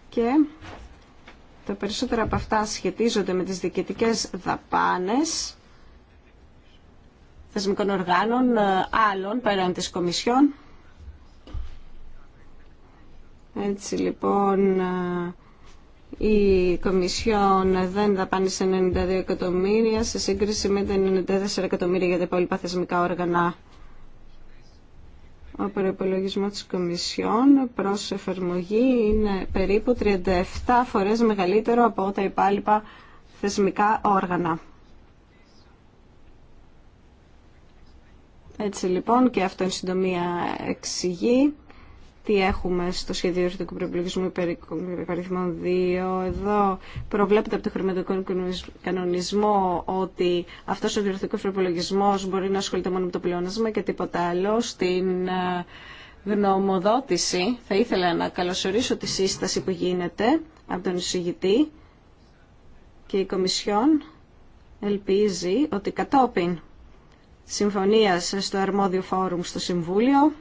και τα περισσότερα από αυτά σχετίζονται με τις διοικητικές δαπάνες θεσμικών οργάνων ε, άλλων πέραν της Κομισιόν. Έτσι λοιπόν ε, η Κομισιόν δεν σε 92 εκατομμύρια σε σύγκριση με τα 94 εκατομμύρια για τα υπόλοιπα θεσμικά όργανα. Ο προπολογισμό της Κομισιόν προς εφαρμογή είναι περίπου 37 φορές μεγαλύτερο από τα υπόλοιπα θεσμικά όργανα. Έτσι λοιπόν και αυτό εν συντομία εξηγεί τι έχουμε στο σχέδιο ερωτικού προπολογισμού υπαριθμών 2. Εδώ προβλέπεται από το χρηματικό κανονισμό ότι αυτό ο ερωτικό προπολογισμό μπορεί να ασχολείται μόνο με το πλεόνασμα και τίποτα άλλο. Στην ε, γνωμοδότηση θα ήθελα να καλωσορίσω τη σύσταση που γίνεται από τον εισηγητή και η Κομισιόν ελπίζει ότι κατόπιν συμφωνίας στο αρμόδιο φόρουμ στο Συμβούλιο.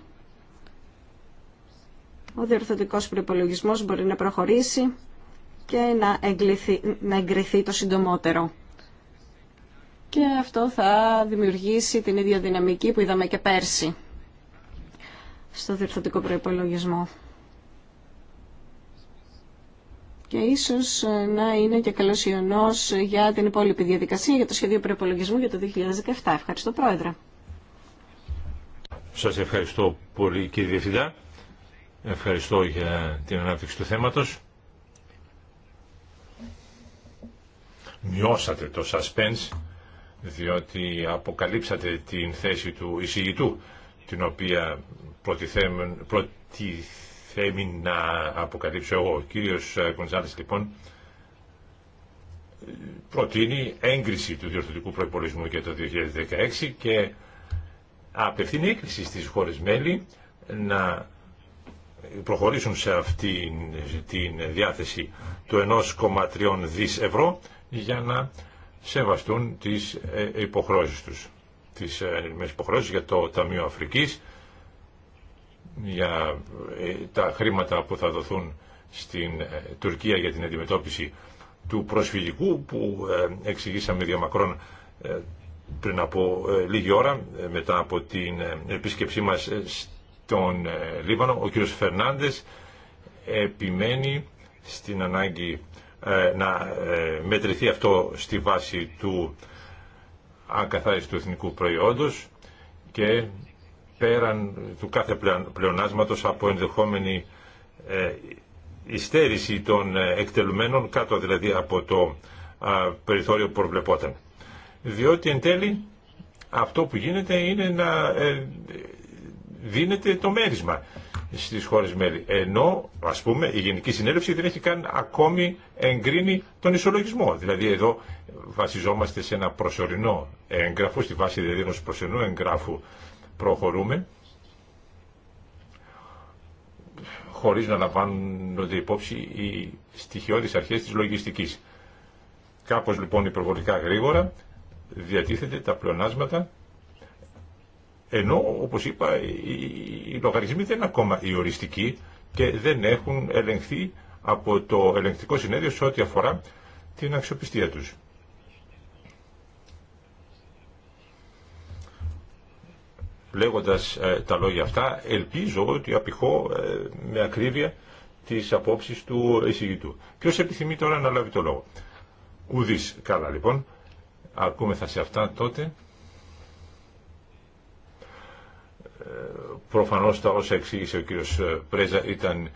Ο διορθωτικός προϋπολογισμός μπορεί να προχωρήσει και να, εγκληθεί, να εγκριθεί το συντομότερο. Και αυτό θα δημιουργήσει την ίδια δυναμική που είδαμε και πέρσι στο διορθωτικό προϋπολογισμό. και ίσω ε, να είναι και καλό ιονό για την υπόλοιπη διαδικασία για το σχέδιο προπολογισμού για το 2017. Ευχαριστώ Πρόεδρε. Σα ευχαριστώ πολύ κύριε Διευθυντά. Ευχαριστώ για την ανάπτυξη του θέματο. Μειώσατε το suspense διότι αποκαλύψατε την θέση του εισηγητού την οποία προτιθέμεν, προτιθέμεν θέμη να αποκαλύψω εγώ. Ο κύριος ε, Κονζάλης λοιπόν προτείνει έγκριση του διορθωτικού προϋπολογισμού για το 2016 και απευθύνει έκκληση στις χώρες μέλη να προχωρήσουν σε αυτή την διάθεση του 1,3 δις ευρώ για να σεβαστούν τις ε, υποχρώσεις τους τις ε, υποχρώσεις για το Ταμείο Αφρικής για ε, τα χρήματα που θα δοθούν στην ε, Τουρκία για την αντιμετώπιση του προσφυγικού που ε, εξηγήσαμε διαμακρόν πριν από λίγη ώρα μετά από την επίσκεψή μας στον Λίβανο. Ο κύριος Φερνάντες επιμένει στην ανάγκη να μετρηθεί αυτό στη βάση του ακαθάριστου εθνικού προϊόντος και πέραν του κάθε πλεονάσματος από ενδεχόμενη ε, υστέρηση των ε, εκτελουμένων, κάτω δηλαδή από το περιθώριο που προβλεπόταν. Διότι εν τέλει αυτό που γίνεται είναι να ε, δίνεται το μέρισμα στις χώρες μέλη. Ενώ, ας πούμε, η Γενική Συνέλευση δεν έχει καν ακόμη εγκρίνει τον ισολογισμό. Δηλαδή εδώ βασιζόμαστε σε ένα προσωρινό έγγραφο, στη βάση δηλαδή ενός προσωρινού εγγράφου προχωρούμε χωρίς να λαμβάνονται υπόψη οι στοιχειώδεις αρχές της λογιστικής. Κάπως λοιπόν υπερβολικά γρήγορα διατίθεται τα πλεονάσματα ενώ όπως είπα οι λογαριασμοί δεν είναι ακόμα οι οριστικοί και δεν έχουν ελεγχθεί από το ελεγκτικό συνέδριο σε ό,τι αφορά την αξιοπιστία τους. Λέγοντας ε, τα λόγια αυτά, ελπίζω ότι απηχώ ε, με ακρίβεια τις απόψεις του εισηγητού. Ποιος επιθυμεί τώρα να λάβει το λόγο. Ουδής. Καλά λοιπόν. Αρκούμεθα σε αυτά τότε. Ε, προφανώς τα όσα εξήγησε ο κύριος Πρέζα ήταν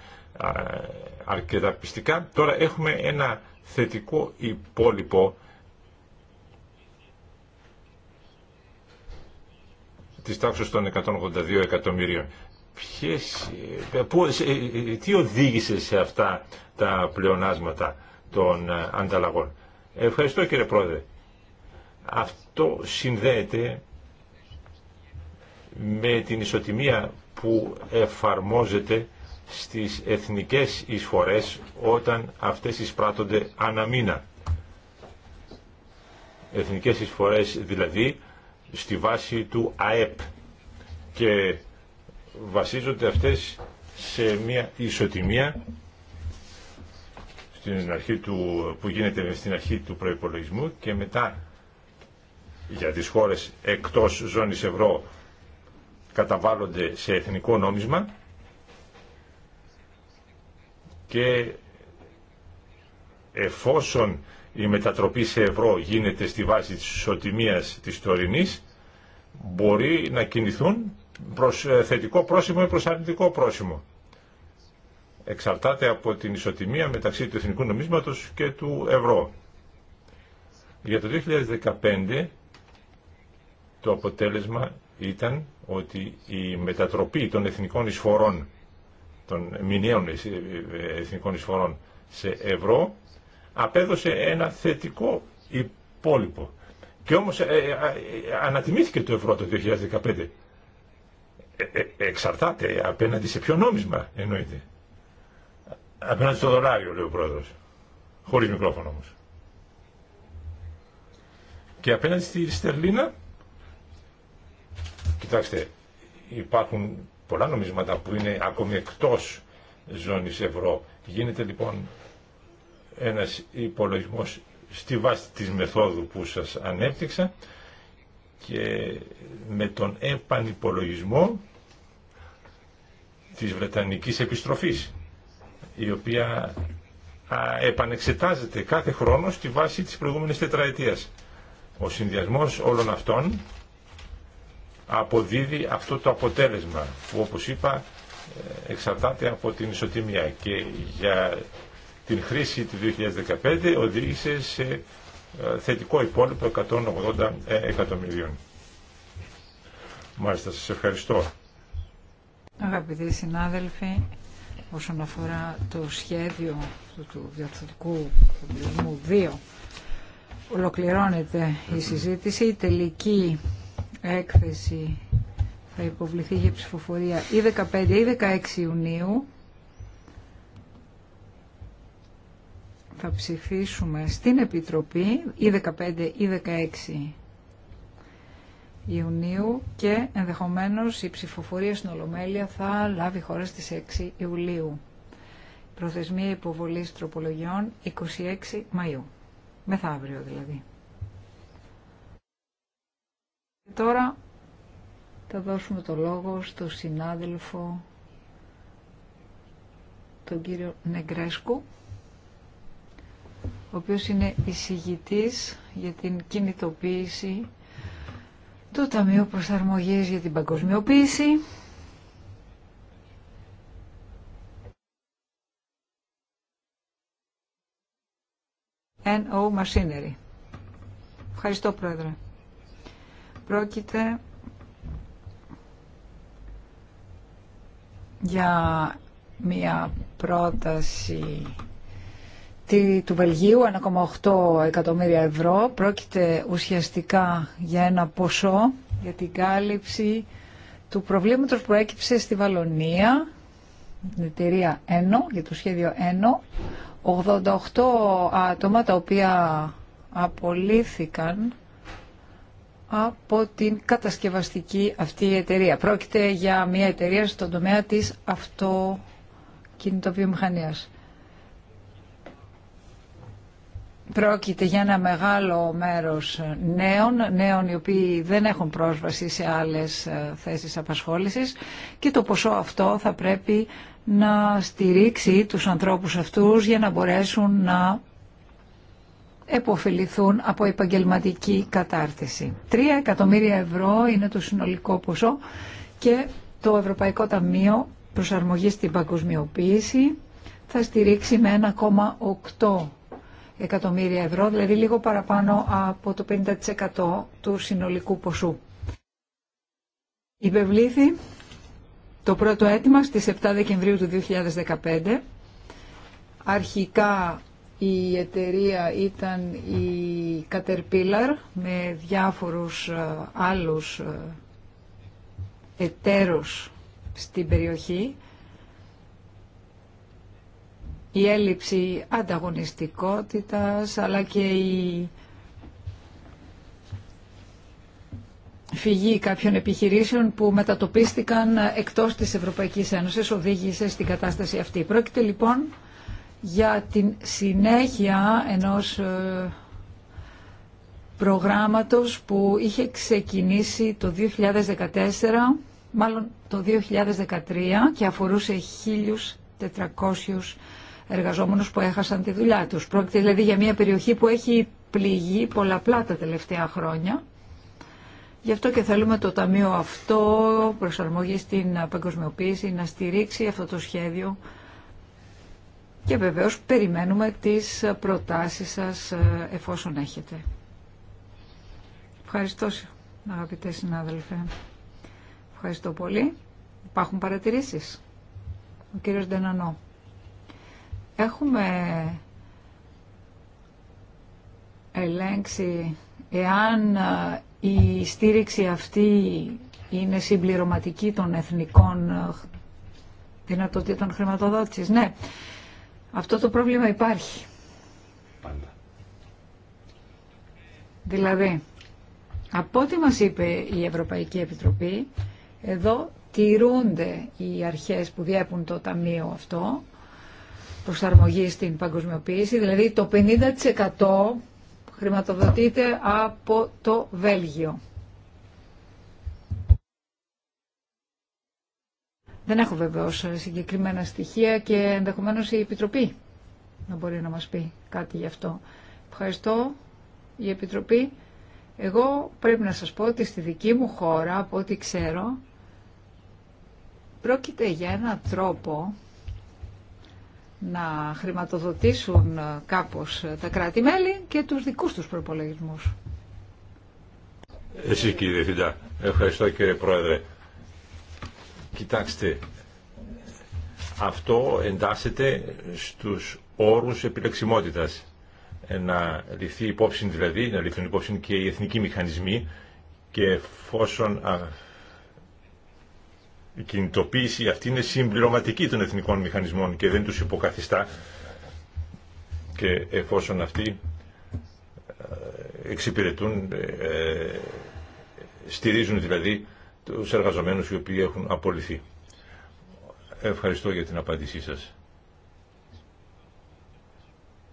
αρκετά πιστικά. Τώρα έχουμε ένα θετικό υπόλοιπο της τάξης των 182 εκατομμυρίων. Ποιες, ε, ε, ε, τι οδήγησε σε αυτά τα πλεονάσματα των ανταλλαγών. Ευχαριστώ κύριε Πρόεδρε. Αυτό συνδέεται με την ισοτιμία που εφαρμόζεται στις εθνικές εισφορές όταν αυτές εισπράττονται αναμίνα. Εθνικές εισφορές δηλαδή στη βάση του ΑΕΠ και βασίζονται αυτές σε μια ισοτιμία στην αρχή του, που γίνεται στην αρχή του προϋπολογισμού και μετά για τις χώρες εκτός ζώνης ευρώ καταβάλλονται σε εθνικό νόμισμα και εφόσον η μετατροπή σε ευρώ γίνεται στη βάση της ισοτιμίας της τωρινής μπορεί να κινηθούν προς ε, θετικό πρόσημο ή προς αρνητικό πρόσημο. Εξαρτάται από την ισοτιμία μεταξύ του εθνικού νομίσματος και του ευρώ. Για το 2015 το αποτέλεσμα ήταν ότι η μετατροπή των εθνικών εισφορών, των μηνιαίων ε, εθνικών εισφορών σε ευρώ, απέδωσε ένα θετικό υπόλοιπο. Και όμως ε, ε, ε, ανατιμήθηκε το ευρώ το 2015. εξαρτάται απέναντι σε ποιο νόμισμα εννοείται. Απέναντι στο δολάριο λέει ο πρόεδρος. Χωρίς μικρόφωνο όμως. Και απέναντι στη Στερλίνα, κοιτάξτε, υπάρχουν πολλά νομίσματα που είναι ακόμη εκτός ζώνης ευρώ. Γίνεται λοιπόν ένας υπολογισμός στη βάση της μεθόδου που σας ανέπτυξα και με τον επανυπολογισμό της Βρετανικής Επιστροφής η οποία επανεξετάζεται κάθε χρόνο στη βάση της προηγούμενης τετραετίας. Ο συνδυασμός όλων αυτών αποδίδει αυτό το αποτέλεσμα που όπως είπα ε, εξαρτάται από την ισοτιμία και για την χρήση του 2015 οδήγησε σε ε, θετικό υπόλοιπο 180 ε, εκατομμυρίων. Μάλιστα, σας ευχαριστώ. Αγαπητοί συνάδελφοι, όσον αφορά το σχέδιο του διαθετικού κομπλισμού 2, ολοκληρώνεται η συζήτηση. Η τελική έκθεση θα υποβληθεί για ψηφοφορία ή 15 ή 16 Ιουνίου θα ψηφίσουμε στην Επιτροπή ή 15 ή 16 Ιουνίου και ενδεχομένως η ψηφοφορία στην Ολομέλεια θα λάβει χώρα στις 6 Ιουλίου. Προθεσμία υποβολής τροπολογιών 26 Μαΐου. Μεθαύριο δηλαδή. Και τώρα θα δώσουμε το λόγο στον συνάδελφο τον κύριο Νεγκρέσκου ο οποίος είναι εισηγητής για την κινητοποίηση του Ταμείου Προσαρμογής για την Παγκοσμιοποίηση. NO Machinery. Ευχαριστώ Πρόεδρε. Πρόκειται για μια πρόταση τη του Βελγίου, 1,8 εκατομμύρια ευρώ. Πρόκειται ουσιαστικά για ένα ποσό για την κάλυψη του προβλήματος που έκυψε στη Βαλονία, την εταιρεία ΕΝΟ, για το σχέδιο ΕΝΟ, 88 άτομα τα οποία απολύθηκαν από την κατασκευαστική αυτή η εταιρεία. Πρόκειται για μια εταιρεία στον τομέα της αυτοκινητοβιομηχανίας. Πρόκειται για ένα μεγάλο μέρος νέων, νέων οι οποίοι δεν έχουν πρόσβαση σε άλλες ε, θέσεις απασχόλησης και το ποσό αυτό θα πρέπει να στηρίξει τους ανθρώπους αυτούς για να μπορέσουν να εποφεληθούν από επαγγελματική κατάρτιση. 3 εκατομμύρια ευρώ είναι το συνολικό ποσό και το Ευρωπαϊκό Ταμείο Προσαρμογής στην Παγκοσμιοποίηση θα στηρίξει με 1,8 εκατομμύρια ευρώ, δηλαδή λίγο παραπάνω από το 50% του συνολικού ποσού. Υπευλήθη το πρώτο αίτημα στις 7 Δεκεμβρίου του 2015. Αρχικά η εταιρεία ήταν η Caterpillar με διάφορους ε, άλλους ε, εταίρους στην περιοχή η έλλειψη ανταγωνιστικότητας αλλά και η φυγή κάποιων επιχειρήσεων που μετατοπίστηκαν εκτός της Ευρωπαϊκής Ένωσης οδήγησε στην κατάσταση αυτή. Πρόκειται λοιπόν για την συνέχεια ενός ε, προγράμματος που είχε ξεκινήσει το 2014, μάλλον το 2013 και αφορούσε 1.400 εργαζόμενους που έχασαν τη δουλειά τους. Πρόκειται δηλαδή για μια περιοχή που έχει πληγεί πολλαπλά τα τελευταία χρόνια. Γι' αυτό και θέλουμε το Ταμείο αυτό προσαρμογή στην παγκοσμιοποίηση να στηρίξει αυτό το σχέδιο και βεβαίως περιμένουμε τις προτάσεις σας ε, εφόσον έχετε. Ευχαριστώ αγαπητέ συνάδελφε. Ευχαριστώ πολύ. Υπάρχουν παρατηρήσεις. Ο κύριος Ντενανό. Έχουμε ελέγξει εάν ε, η στήριξη αυτή είναι συμπληρωματική των εθνικών ε, δυνατοτήτων χρηματοδότησης. Ναι, αυτό το πρόβλημα υπάρχει. Πάντα. Δηλαδή, από ό,τι μας είπε η Ευρωπαϊκή Επιτροπή, εδώ τηρούνται οι αρχές που διέπουν το Ταμείο αυτό προσαρμογή στην παγκοσμιοποίηση, δηλαδή το 50% χρηματοδοτείται από το Βέλγιο. Δεν έχω βεβαίω συγκεκριμένα στοιχεία και ενδεχομένως η Επιτροπή να μπορεί να μας πει κάτι γι' αυτό. Ευχαριστώ η Επιτροπή. Εγώ πρέπει να σας πω ότι στη δική μου χώρα, από ό,τι ξέρω, πρόκειται για ένα τρόπο να χρηματοδοτήσουν ε, κάπως ε, τα κράτη-μέλη και τους δικούς τους προπολογισμούς. Εσύ κύριε Διευθυντά, ευχαριστώ κύριε Πρόεδρε. Κοιτάξτε, αυτό εντάσσεται στους όρους επιλεξιμότητας. Ε, να ληφθεί υπόψη δηλαδή, να ληφθούν υπόψη και οι εθνικοί μηχανισμοί και εφόσον η κινητοποίηση αυτή είναι συμπληρωματική των εθνικών μηχανισμών και δεν τους υποκαθιστά και εφόσον αυτοί ε, εξυπηρετούν, ε, ε, στηρίζουν δηλαδή τους εργαζομένους οι οποίοι έχουν απολυθεί. Ευχαριστώ για την απάντησή σας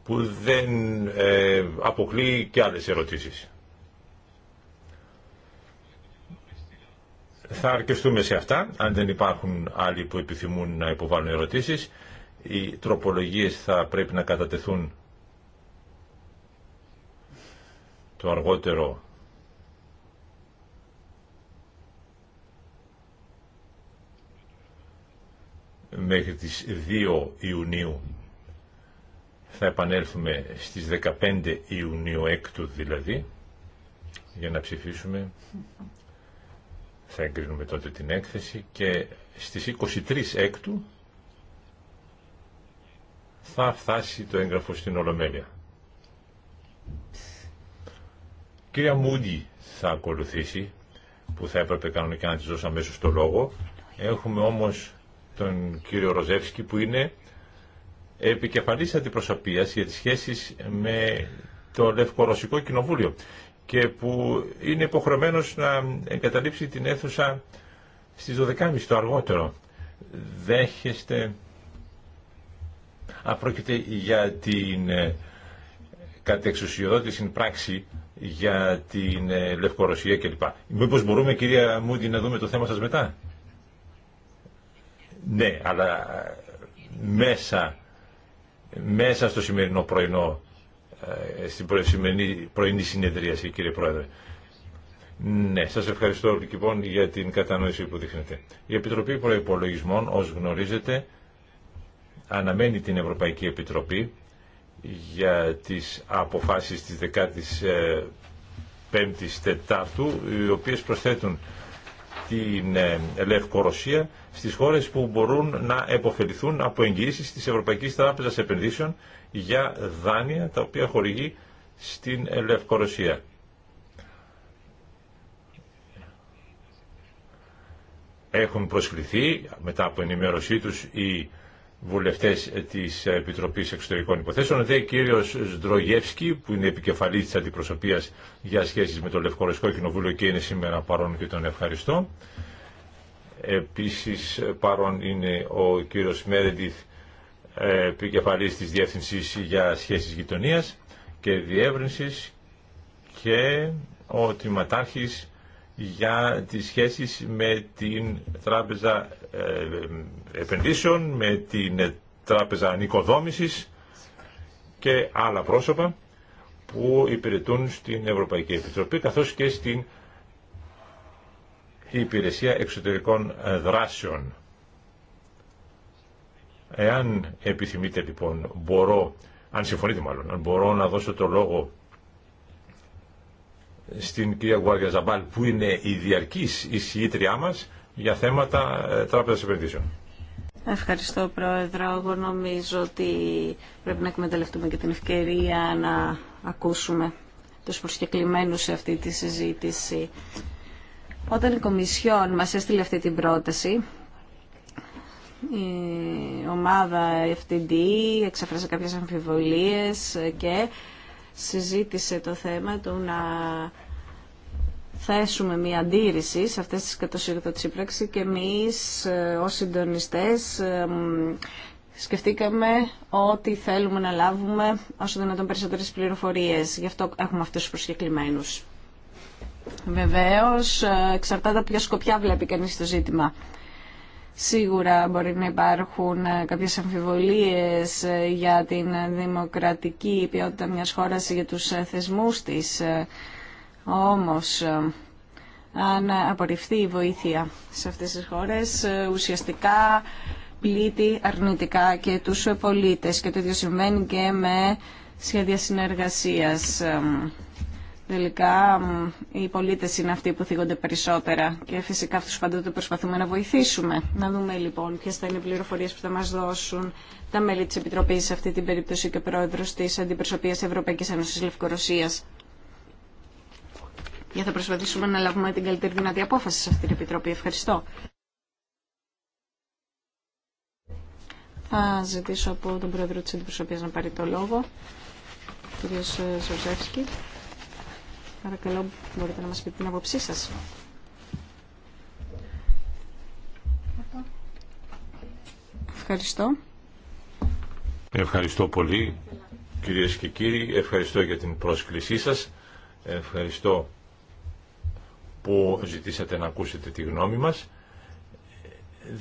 που δεν ε, αποκλείει και άλλες ερωτήσεις. Θα αρκεστούμε σε αυτά. Αν δεν υπάρχουν άλλοι που επιθυμούν να υποβάλουν ερωτήσεις, οι τροπολογίες θα πρέπει να κατατεθούν το αργότερο μέχρι τις 2 Ιουνίου θα επανέλθουμε στις 15 Ιουνίου έκτου δηλαδή για να ψηφίσουμε θα εγκρίνουμε τότε την έκθεση και στις 23 έκτου θα φτάσει το έγγραφο στην Ολομέλεια. Κυρία Μούντι θα ακολουθήσει, που θα έπρεπε κανονικά να της δώσω αμέσω το λόγο. Έχουμε όμως τον κύριο Ροζεύσκη που είναι επικεφαλής αντιπροσωπείας για τις σχέσεις με το Λευκορωσικό Κοινοβούλιο και που είναι υποχρεωμένος να εγκαταλείψει την αίθουσα στις 12.30 το αργότερο. Δέχεστε, απρόκειται για την ε, κατεξουσιοδότηση πράξη για την ε, Λευκορωσία κλπ. Μήπως μπορούμε κυρία Μούντι να δούμε το θέμα σας μετά. Ναι, αλλά ε, μέσα, μέσα στο σημερινό πρωινό ε, στην σημερινή πρωινή συνεδρίαση, κύριε Πρόεδρε. Ναι, σας ευχαριστώ λοιπόν για την κατανόηση που δείχνετε. Η Επιτροπή Προϋπολογισμών, ως γνωρίζετε, αναμένει την Ευρωπαϊκή Επιτροπή για τις αποφάσεις της 15ης ε, Τετάρτου, οι οποίες προσθέτουν την ε, Λευκορωσία στις χώρες που μπορούν να επωφεληθούν από εγγυήσεις της Ευρωπαϊκής Τράπεζας Επενδύσεων για δάνεια τα οποία χορηγεί στην Λευκορωσία. Έχουν προσκληθεί μετά από ενημέρωσή τους οι βουλευτές της Επιτροπής Εξωτερικών Υποθέσεων, δε κύριος Σδρογεύσκη, που είναι επικεφαλής της αντιπροσωπείας για σχέσεις με το Λευκορωσικό Κοινοβούλιο και είναι σήμερα παρόν και τον ευχαριστώ. Επίσης παρόν είναι ο κύριος Μέρεντιθ επικεφαλής της διεύθυνση για Σχέσεις Γειτονίας και Διεύρυνσης και ο Τιματάρχης για τις σχέσεις με την Τράπεζα ε, Επενδύσεων, με την Τράπεζα Νοικοδόμησης και άλλα πρόσωπα που υπηρετούν στην Ευρωπαϊκή Επιτροπή καθώς και στην Υπηρεσία Εξωτερικών Δράσεων. Εάν επιθυμείτε λοιπόν, μπορώ, αν συμφωνείτε μάλλον, μπορώ να δώσω το λόγο στην κυρία Γουάρια Ζαμπάλ που είναι η διαρκής εισηγήτριά μας για θέματα ε, τράπεζας επενδύσεων. Ευχαριστώ Πρόεδρο. Εγώ νομίζω ότι πρέπει να εκμεταλλευτούμε και την ευκαιρία να ακούσουμε τους προσκεκλημένους σε αυτή τη συζήτηση. Όταν η Κομισιόν μας έστειλε αυτή την πρόταση, η ομάδα FTD εξέφρασε κάποιες αμφιβολίες και συζήτησε το θέμα του να θέσουμε μια αντίρρηση σε αυτές τις κατοσυγκροτήσεις και εμείς ε, ως συντονιστές ε, σκεφτήκαμε ότι θέλουμε να λάβουμε όσο δυνατόν περισσότερες πληροφορίες. Γι' αυτό έχουμε αυτούς τους προσκεκλημένους. Βεβαίως, ε, εξαρτάται από ποια σκοπιά βλέπει κανείς το ζήτημα. Σίγουρα μπορεί να υπάρχουν ε, κάποιες αμφιβολίες ε, για την δημοκρατική ποιότητα μιας χώρας για τους ε, θεσμούς της. Όμως, αν απορριφθεί η βοήθεια σε αυτές τις χώρες, ουσιαστικά πλήττει αρνητικά και τους πολίτες. Και το ίδιο συμβαίνει και με σχέδια συνεργασίας. Τελικά οι πολίτες είναι αυτοί που θίγονται περισσότερα και φυσικά αυτούς παντού προσπαθούμε να βοηθήσουμε. Να δούμε λοιπόν ποιες θα είναι οι πληροφορίες που θα μας δώσουν τα μέλη της Επιτροπής σε αυτή την περίπτωση και ο πρόεδρος της Αντιπροσωπείας Ευρωπαϊκής Ένωσης Λευκορωσίας. Για θα προσπαθήσουμε να λάβουμε την καλύτερη δυνατή απόφαση σε αυτή την Επιτροπή. Ευχαριστώ. Θα ζητήσω από τον Πρόεδρο της Αντιπροσωπείας να πάρει το λόγο, κ. Σοζεύσκη. Παρακαλώ, μπορείτε να μας πείτε την άποψή σας. Ευχαριστώ. Ευχαριστώ πολύ, κυρίες και κύριοι. Ευχαριστώ για την πρόσκλησή σας. Ευχαριστώ που ζητήσατε να ακούσετε τη γνώμη μας.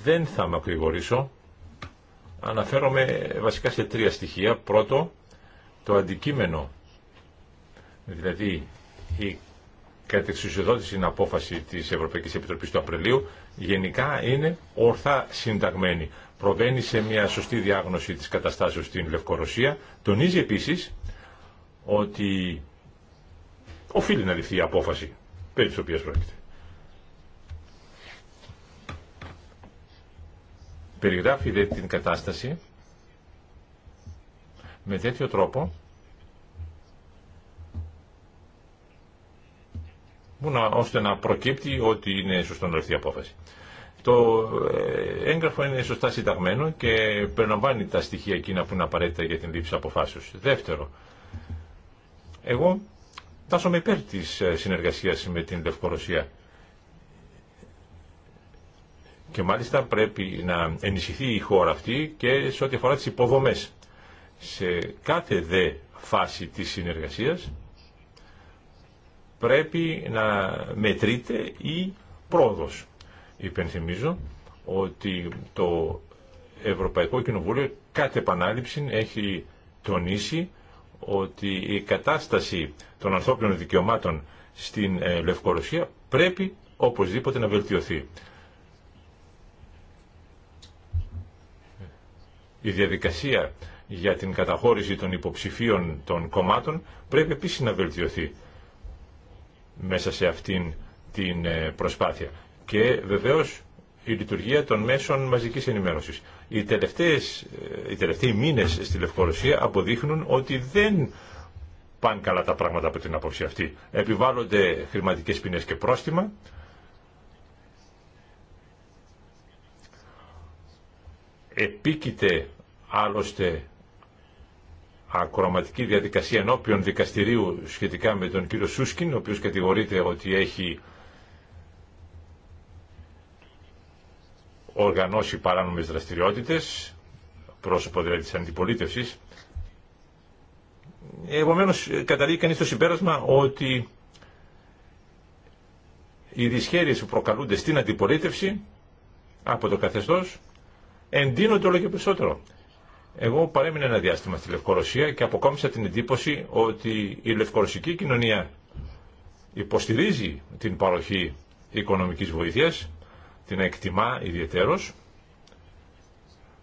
Δεν θα με Αναφέρομαι βασικά σε τρία στοιχεία. Πρώτο, το αντικείμενο, δηλαδή η κατεξουσιοδότηση στην απόφαση της Ευρωπαϊκής Επιτροπής του Απριλίου, γενικά είναι ορθά συνταγμένη. Προβαίνει σε μια σωστή διάγνωση της καταστάσεως στην Λευκορωσία. Τονίζει επίσης ότι οφείλει να ληφθεί η απόφαση περί της οποίας πρόκειται. Περιγράφει δε την κατάσταση με τέτοιο τρόπο ώστε να προκύπτει ότι είναι σωστό να ληφθεί απόφαση. Το ε, έγγραφο είναι σωστά συνταγμένο και περιλαμβάνει τα στοιχεία εκείνα που είναι απαραίτητα για την λήψη αποφάσεως. Δεύτερο, εγώ τάσομαι υπέρ τη ε, συνεργασία με την Λευκορωσία και μάλιστα πρέπει να ενισχυθεί η χώρα αυτή και σε ό,τι αφορά τις υποδομές. Σε κάθε δε φάση της συνεργασίας πρέπει να μετρείται η πρόοδος. Υπενθυμίζω ότι το Ευρωπαϊκό Κοινοβούλιο κάθε επανάληψη έχει τονίσει ότι η κατάσταση των ανθρώπινων δικαιωμάτων στην ε, Λευκορωσία πρέπει οπωσδήποτε να βελτιωθεί. Η διαδικασία για την καταχώρηση των υποψηφίων των κομμάτων πρέπει επίσης να βελτιωθεί μέσα σε αυτήν την ε, προσπάθεια. Και βεβαίως η λειτουργία των μέσων μαζικής ενημέρωσης. Οι, ε, οι τελευταίοι μήνες στη Λευκορωσία αποδείχνουν ότι δεν πάνε καλά τα πράγματα από την απόψη αυτή. Επιβάλλονται χρηματικές ποινές και πρόστιμα. Επίκειται άλλωστε ακροματική διαδικασία ενώπιον δικαστηρίου σχετικά με τον κύριο Σούσκιν, ο οποίος κατηγορείται ότι έχει οργανώσει παράνομες δραστηριότητες, πρόσωπο δηλαδή της αντιπολίτευσης. Επομένως, καταλήγει κανείς το συμπέρασμα ότι οι δυσχέρειες που προκαλούνται στην αντιπολίτευση από το καθεστώς εντείνονται όλο και περισσότερο. Εγώ παρέμεινα ένα διάστημα στη Λευκορωσία και αποκόμισα την εντύπωση ότι η λευκορωσική κοινωνία υποστηρίζει την παροχή οικονομικής βοήθειας, την εκτιμά ιδιαίτερος.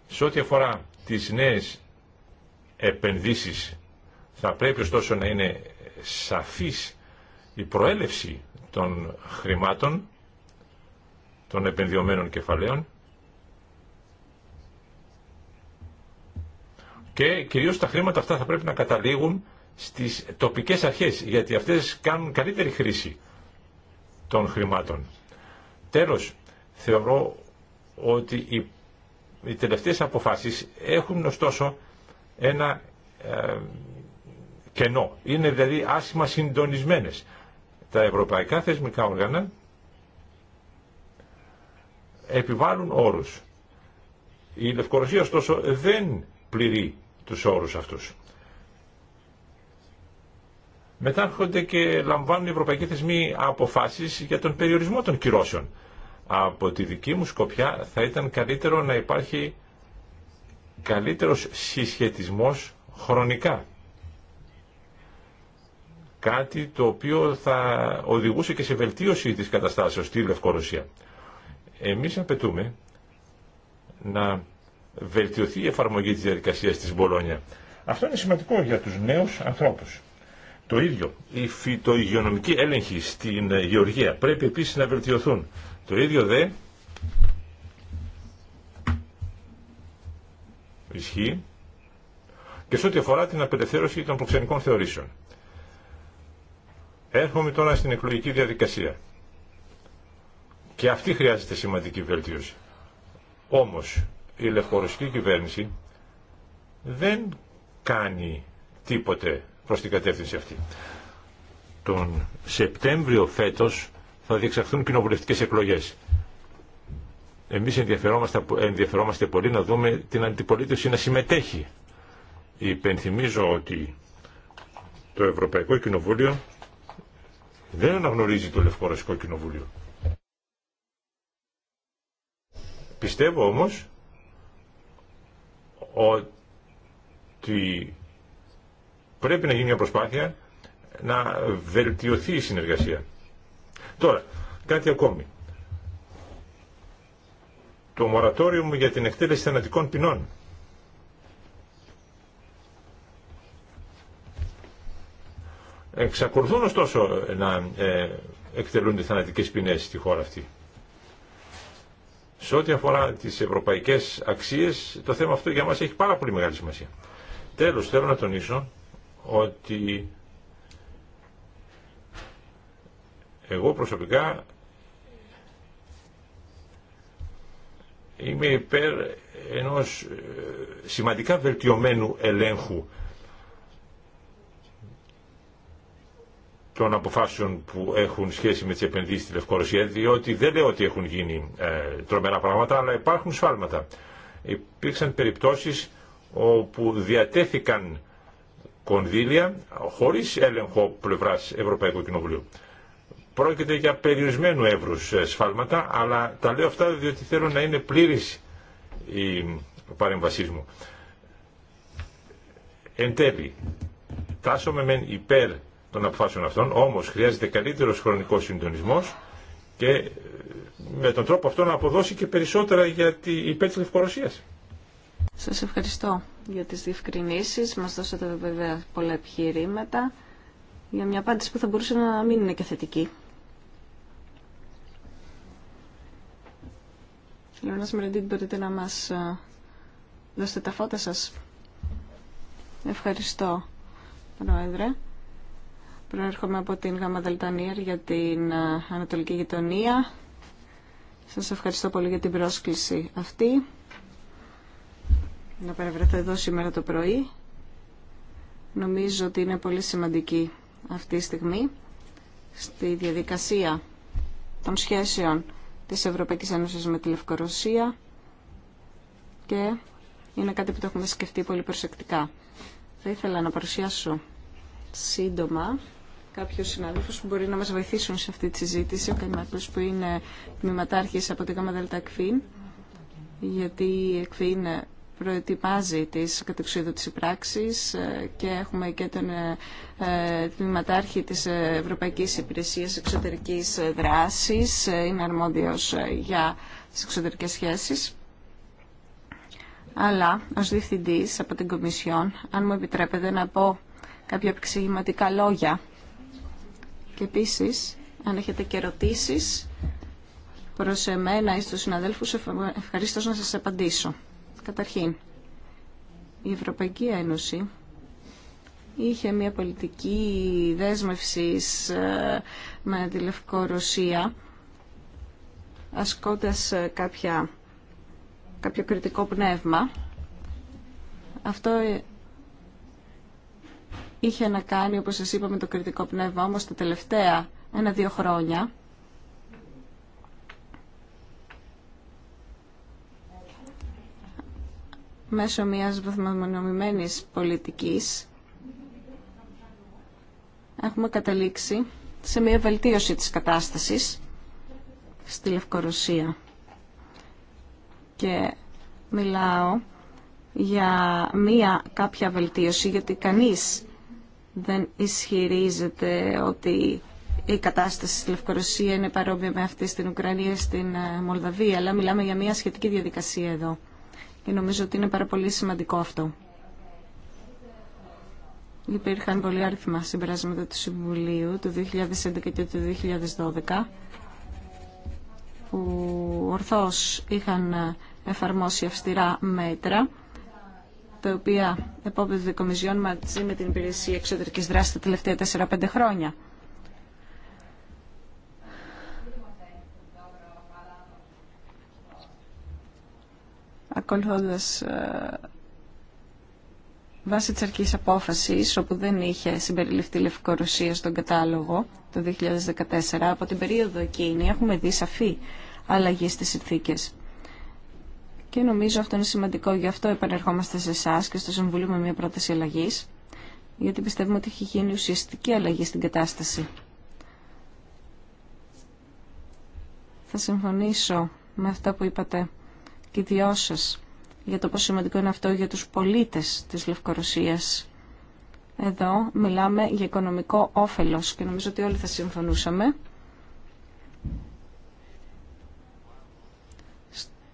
Σε ό,τι αφορά τις νέες επενδύσεις θα πρέπει ωστόσο να είναι σαφής η προέλευση των χρημάτων των επενδυωμένων κεφαλαίων και κυρίως τα χρήματα αυτά θα πρέπει να καταλήγουν στις τοπικές αρχές, γιατί αυτές κάνουν καλύτερη χρήση των χρημάτων. Τέλος, θεωρώ ότι οι, οι τελευταίες αποφάσεις έχουν ωστόσο ένα ε, κενό. Είναι δηλαδή άσχημα συντονισμένες. Τα ευρωπαϊκά θεσμικά όργανα επιβάλλουν όρους. Η Λευκορωσία ωστόσο δεν πληρεί τους όρους αυτούς. Μετά έρχονται και λαμβάνουν οι ευρωπαϊκοί θεσμοί αποφάσεις για τον περιορισμό των κυρώσεων. Από τη δική μου σκοπιά θα ήταν καλύτερο να υπάρχει καλύτερος συσχετισμός χρονικά. Κάτι το οποίο θα οδηγούσε και σε βελτίωση της καταστάσεως στη Λευκορωσία. Εμείς απαιτούμε να βελτιωθεί η εφαρμογή της διαδικασίας της Μπολόνια. Αυτό είναι σημαντικό για τους νέους ανθρώπους. Το ίδιο, οι φυτοϊγειονομικοί έλεγχοι στην γεωργία πρέπει επίσης να βελτιωθούν. Το ίδιο δε ισχύει και σε ό,τι αφορά την απελευθέρωση των προξενικών θεωρήσεων. Έρχομαι τώρα στην εκλογική διαδικασία. Και αυτή χρειάζεται σημαντική βελτίωση. Όμως, η λευκορωσική κυβέρνηση δεν κάνει τίποτε προς την κατεύθυνση αυτή. Τον Σεπτέμβριο φέτος θα διεξαχθούν κοινοβουλευτικές εκλογές. Εμείς ενδιαφερόμαστε, ενδιαφερόμαστε πολύ να δούμε την αντιπολίτευση να συμμετέχει. Υπενθυμίζω ότι το Ευρωπαϊκό Κοινοβούλιο δεν αναγνωρίζει το Λευκορωσικό Κοινοβούλιο. Πιστεύω όμως ότι πρέπει να γίνει μια προσπάθεια να βελτιωθεί η συνεργασία. Τώρα, κάτι ακόμη. Το μορατόριο μου για την εκτέλεση θανατικών ποινών. Εξακολουθούν ωστόσο να ε, εκτελούνται θανατικές ποινές στη χώρα αυτή. Σε ό,τι αφορά τις ευρωπαϊκές αξίες, το θέμα αυτό για μας έχει πάρα πολύ μεγάλη σημασία. Τέλος, θέλω να τονίσω ότι εγώ προσωπικά είμαι υπέρ ενός ε, σημαντικά βελτιωμένου ελέγχου των αποφάσεων που έχουν σχέση με τις επενδύσεις στη Λευκορωσία, διότι δεν λέω ότι έχουν γίνει ε, τρομερά πράγματα, αλλά υπάρχουν σφάλματα. Υπήρξαν περιπτώσεις όπου διατέθηκαν κονδύλια χωρίς έλεγχο πλευράς Ευρωπαϊκού Κοινοβουλίου. Πρόκειται για περιορισμένου εύρους ε, σφάλματα, αλλά τα λέω αυτά διότι θέλω να είναι πλήρης η παρέμβασή μου. Εν τέλει, μεν υπέρ των αποφάσεων αυτών, όμως χρειάζεται καλύτερος χρονικός συντονισμός και ε, με τον τρόπο αυτό να αποδώσει και περισσότερα για την υπέρ της Λευκορωσίας. Σας ευχαριστώ για τις διευκρινήσεις. Μας δώσατε βέβαια πολλά επιχειρήματα για μια απάντηση που θα μπορούσε να μην είναι και θετική. Λεωνά Μερεντίν, μπορείτε να μας ε, δώσετε τα φώτα σας. Ευχαριστώ, Πρόεδρε. Προέρχομαι από την ΓΑΜΑ Δελτανίερ για την ε, Ανατολική Γειτονία. Σας ευχαριστώ πολύ για την πρόσκληση αυτή. Να παρευρεθώ εδώ σήμερα το πρωί. Νομίζω ότι είναι πολύ σημαντική αυτή η στιγμή στη διαδικασία των σχέσεων της Ευρωπαϊκής Ένωσης με τη Λευκορωσία και είναι κάτι που το έχουμε σκεφτεί πολύ προσεκτικά. Θα ήθελα να παρουσιάσω σύντομα κάποιους συναδέλφους που μπορεί να μα βοηθήσουν σε αυτή τη συζήτηση. Ο Καλμάτος που είναι τμήματάρχης από την ΔΕΛΤΑ εκφίν, γιατί η ΕΚΦΙΝ προετοιμάζει τις της πράξης ε, και έχουμε και τον ε, ε, τμήματάρχη της Ευρωπαϊκής Υπηρεσίας Εξωτερικής Δράσης, είναι αρμόδιο για τις εξωτερικές σχέσεις. Αλλά ως διευθυντής από την Κομισιόν, αν μου επιτρέπετε να πω κάποια επεξηγηματικά λόγια και επίσης, αν έχετε και ερωτήσει προ εμένα ή στους συναδέλφου, ευχαριστώ να σας απαντήσω. Καταρχήν, η Ευρωπαϊκή Ένωση είχε μια πολιτική δέσμευση ε, με τη Λευκορωσία ασκώντας ε, κάποια, κάποιο κριτικό πνεύμα. Αυτό ε, είχε να κάνει, όπως σας είπα, με το κριτικό πνεύμα, όμως τα τελευταία ένα-δύο χρόνια μέσω μιας βαθμονομημένης πολιτικής έχουμε καταλήξει σε μια βελτίωση της κατάστασης στη Λευκορωσία. Και μιλάω για μία κάποια βελτίωση, γιατί κανείς δεν ισχυρίζεται ότι η κατάσταση στη Λευκορωσία είναι παρόμοια με αυτή στην Ουκρανία, στην ε, Μολδαβία, αλλά μιλάμε για μια σχετική διαδικασία εδώ. Και νομίζω ότι είναι πάρα πολύ σημαντικό αυτό. Υπήρχαν πολλοί άριθμα συμπεράσματα του Συμβουλίου του 2011 και του 2012 που ορθώς είχαν ε, εφαρμόσει αυστηρά μέτρα τα οποία επόπτευε η μαζί με την υπηρεσία εξωτερικής δράσης τα τελευταία 4-5 χρόνια. Ακολουθώντας ε, βάσει της αρχής απόφασης, όπου δεν είχε συμπεριληφθεί η Λευκορωσία στον κατάλογο το 2014, από την περίοδο εκείνη έχουμε δει σαφή αλλαγή στις συνθήκες. Και νομίζω αυτό είναι σημαντικό, γι' αυτό επανερχόμαστε σε εσά και στο Συμβουλίο με μια πρόταση αλλαγή, γιατί πιστεύουμε ότι έχει γίνει ουσιαστική αλλαγή στην κατάσταση. Θα συμφωνήσω με αυτά που είπατε και οι δυο σα για το πόσο σημαντικό είναι αυτό για τους πολίτες της Λευκορωσίας. Εδώ μιλάμε για οικονομικό όφελος και νομίζω ότι όλοι θα συμφωνούσαμε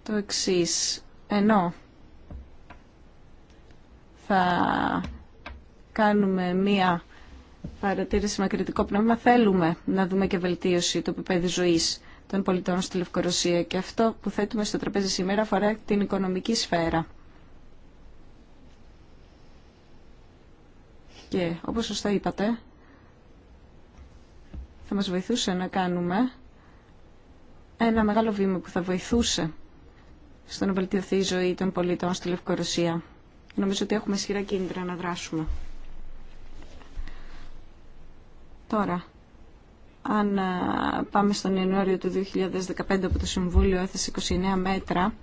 το εξής. Ενώ θα κάνουμε μία παρατήρηση με κριτικό πνεύμα, θέλουμε να δούμε και βελτίωση του επίπεδου ζωής των πολιτών στη Λευκορωσία και αυτό που θέτουμε στο τραπέζι σήμερα αφορά την οικονομική σφαίρα. Και όπως σωστά είπατε, θα μας βοηθούσε να κάνουμε ένα μεγάλο βήμα που θα βοηθούσε στο να βελτιωθεί η ζωή των πολιτών στη Λευκορωσία. Νομίζω ότι έχουμε ισχυρά κίνητρα να δράσουμε. Τώρα, αν πάμε στον Ιανουάριο του 2015 από το Συμβούλιο έθεσε 29 μέτρα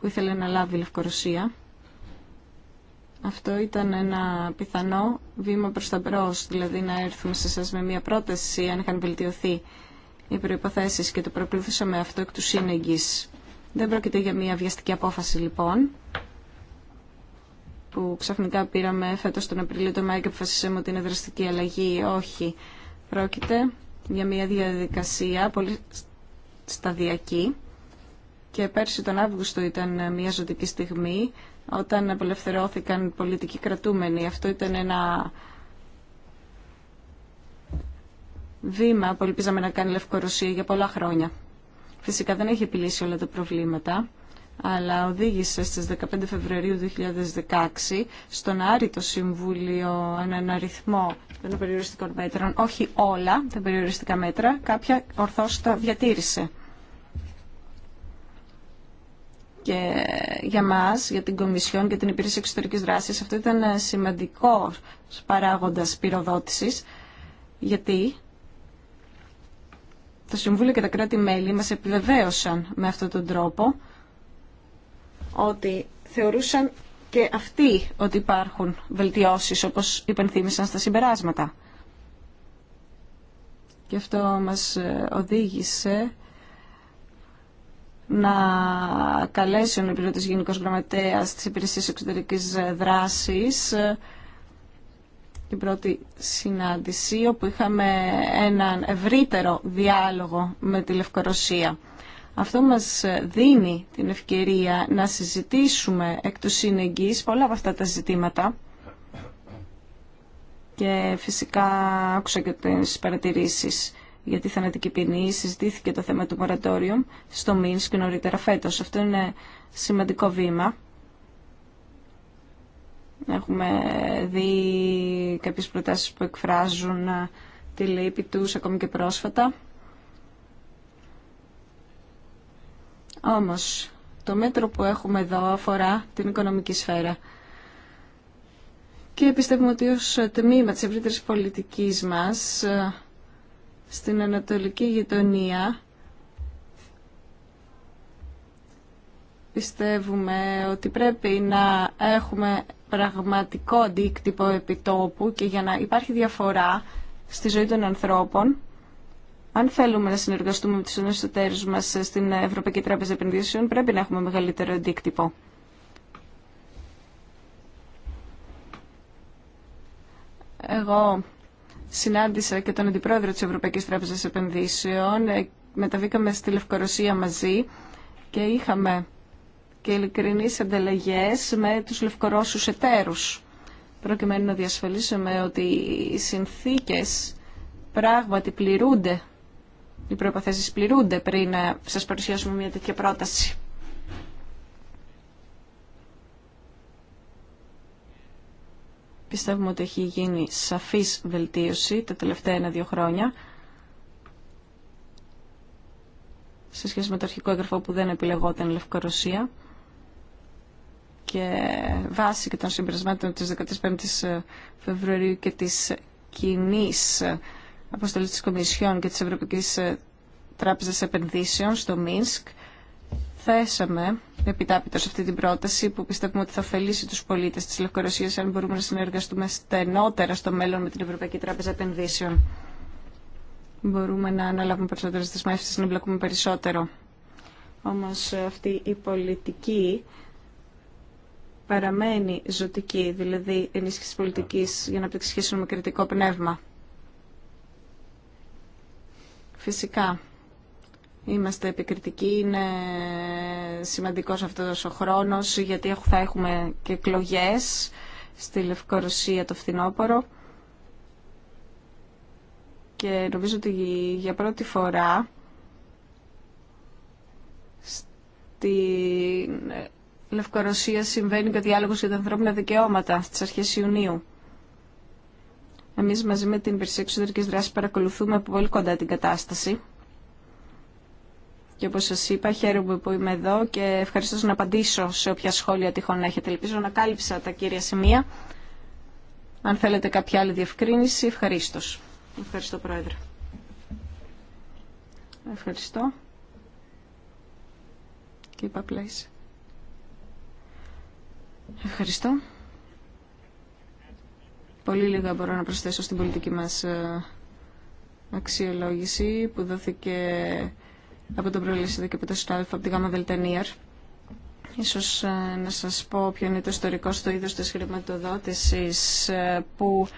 που ήθελε να λάβει η Λευκορωσία. Αυτό ήταν ένα πιθανό βήμα προς τα μπρος, δηλαδή να έρθουμε σε σας με μια πρόταση αν είχαν βελτιωθεί οι προϋποθέσεις και το προκλήθησαμε αυτό εκ του σύνεγγυς. Δεν πρόκειται για μια βιαστική απόφαση λοιπόν που ξαφνικά πήραμε φέτος τον Απριλίο το Μάιο και αποφασίσαμε ότι είναι δραστική αλλαγή. Όχι. Πρόκειται για μια διαδικασία πολύ σταδιακή και πέρσι τον Αύγουστο ήταν μια ζωτική στιγμή όταν απελευθερώθηκαν πολιτικοί κρατούμενοι. Αυτό ήταν ένα βήμα που ελπίζαμε να κάνει Λευκορωσία για πολλά χρόνια. Φυσικά δεν έχει επιλύσει όλα τα προβλήματα, αλλά οδήγησε στις 15 Φεβρουαρίου 2016 στον Άρη Συμβούλιο έναν αριθμό των περιοριστικών μέτρων, όχι όλα τα περιοριστικά μέτρα, κάποια ορθώς τα διατήρησε. Και για μας, για την Κομισιόν και την Υπηρεσία Εξωτερικής Δράσης, αυτό ήταν σημαντικό παράγοντας πυροδότησης, γιατί το Συμβούλιο και τα κράτη-μέλη μας επιβεβαίωσαν με αυτόν τον τρόπο ότι θεωρούσαν και αυτοί ότι υπάρχουν βελτιώσεις όπως υπενθύμησαν στα συμπεράσματα. Και αυτό μας ε, οδήγησε να καλέσουν ο πληρωτής Γενικός Γραμματέας της Υπηρεσίας Εξωτερικής Δράσης ε, την πρώτη συνάντηση όπου είχαμε έναν ευρύτερο διάλογο με τη Λευκορωσία. Αυτό μας δίνει την ευκαιρία να συζητήσουμε εκ του συνεγγύης πολλά από αυτά τα ζητήματα και φυσικά άκουσα και τις παρατηρήσεις για τη θανατική ποινή, συζητήθηκε το θέμα του μορατόριου στο Μίνσκ νωρίτερα φέτος. Αυτό είναι σημαντικό βήμα Έχουμε δει κάποιες προτάσεις που εκφράζουν ε, τη λύπη τους ακόμη και πρόσφατα. Όμως, το μέτρο που έχουμε εδώ αφορά την οικονομική σφαίρα. Και πιστεύουμε ότι ως τμήμα της ευρύτερη πολιτικής μας ε, στην Ανατολική Γειτονία πιστεύουμε ότι πρέπει να έχουμε πραγματικό αντίκτυπο επιτόπου και για να υπάρχει διαφορά στη ζωή των ανθρώπων, αν θέλουμε να συνεργαστούμε με τους ενωστοτέρους μας στην Ευρωπαϊκή Τράπεζα Επενδύσεων, πρέπει να έχουμε μεγαλύτερο αντίκτυπο. Εγώ συνάντησα και τον Αντιπρόεδρο της Ευρωπαϊκής Τράπεζας Επενδύσεων. Ε, μεταβήκαμε στη Λευκορωσία μαζί και είχαμε και ειλικρινεί ανταλλαγέ με τους λευκορώσους εταίρους προκειμένου να διασφαλίσουμε ότι οι συνθήκες πράγματι πληρούνται, οι προϋποθέσεις πληρούνται πριν να σας παρουσιάσουμε μια τέτοια πρόταση. Πιστεύουμε ότι έχει γίνει σαφής βελτίωση τα τελευταία ένα-δύο χρόνια σε σχέση με το αρχικό έγγραφο που δεν επιλεγόταν Λευκορωσία και βάση και των συμπερασμάτων της 15ης ε, Φεβρουαρίου και της κοινή ε, αποστολή της Κομισιόν και της Ευρωπαϊκής ε, Τράπεζας Επενδύσεων στο Μίνσκ θέσαμε επιτάπητο σε αυτή την πρόταση που πιστεύουμε ότι θα ωφελήσει τους πολίτες της Λευκορωσίας αν μπορούμε να συνεργαστούμε στενότερα στο μέλλον με την Ευρωπαϊκή Τράπεζα Επενδύσεων. Μπορούμε να αναλάβουμε περισσότερες δεσμεύσεις, να εμπλακούμε περισσότερο. Όμως αυτή η πολιτική παραμένει ζωτική, δηλαδή ενίσχυση πολιτική για να σχέση με κριτικό πνεύμα. Φυσικά, είμαστε επικριτικοί, είναι σημαντικός αυτός ο χρόνος, γιατί θα έχουμε και εκλογέ στη Λευκορωσία το φθινόπωρο. Και νομίζω ότι για πρώτη φορά στην Λευκορωσία συμβαίνει και ο διάλογο για τα ανθρώπινα δικαιώματα στι αρχέ Ιουνίου. Εμεί μαζί με την Υπηρεσία Εξωτερική Δράση παρακολουθούμε από πολύ κοντά την κατάσταση. Και όπω σα είπα, χαίρομαι που είμαι εδώ και ευχαριστώ να απαντήσω σε όποια σχόλια τυχόν έχετε. Ελπίζω να κάλυψα τα κύρια σημεία. Αν θέλετε κάποια άλλη διευκρίνηση, ευχαρίστω. Ευχαριστώ, Πρόεδρε. Ευχαριστώ. Keep up, please. Ευχαριστώ. Πολύ λίγα μπορώ να προσθέσω στην πολιτική μας ε, αξιολόγηση που δόθηκε από τον προλήσιδο και από το Στάλφα, από τη ΓΑΜΑ ΔΕΛΤΑΝΙΑΡ. Ίσως ε, να σας πω ποιο είναι το ιστορικό στο είδος της χρηματοδότησης ε, που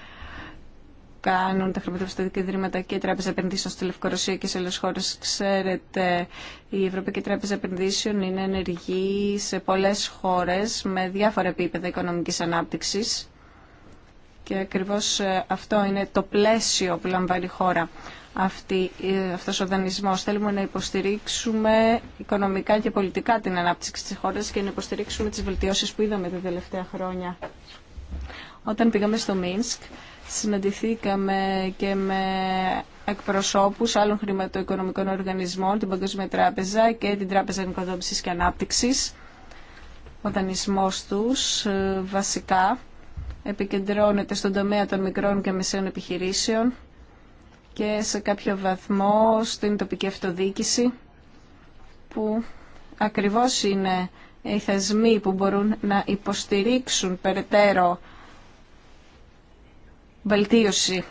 κάνουν τα χρηματοπιστωτικά ιδρύματα και η Τράπεζα Επενδύσεων στη Λευκορωσία και σε άλλε χώρε. Ξέρετε, η Ευρωπαϊκή Τράπεζα Επενδύσεων είναι ενεργή σε πολλέ χώρε με διάφορα επίπεδα οικονομική ανάπτυξη. Και ακριβώ ε, αυτό είναι το πλαίσιο που λαμβάνει η χώρα αυτή, ε, αυτός ο δανεισμός. Θέλουμε να υποστηρίξουμε οικονομικά και πολιτικά την ανάπτυξη της χώρας και να υποστηρίξουμε τις βελτιώσεις που είδαμε τα τελευταία χρόνια. Όταν πήγαμε στο Μίνσκ, συναντηθήκαμε και με εκπροσώπους άλλων χρηματοοικονομικών οργανισμών, την Παγκόσμια Τράπεζα και την Τράπεζα Νοικοδόμησης και Ανάπτυξης. Ο δανεισμός τους ε, βασικά επικεντρώνεται στον τομέα των μικρών και μεσαίων επιχειρήσεων και σε κάποιο βαθμό στην τοπική αυτοδίκηση, που ακριβώς είναι οι θεσμοί που μπορούν να υποστηρίξουν περαιτέρω βελτίωση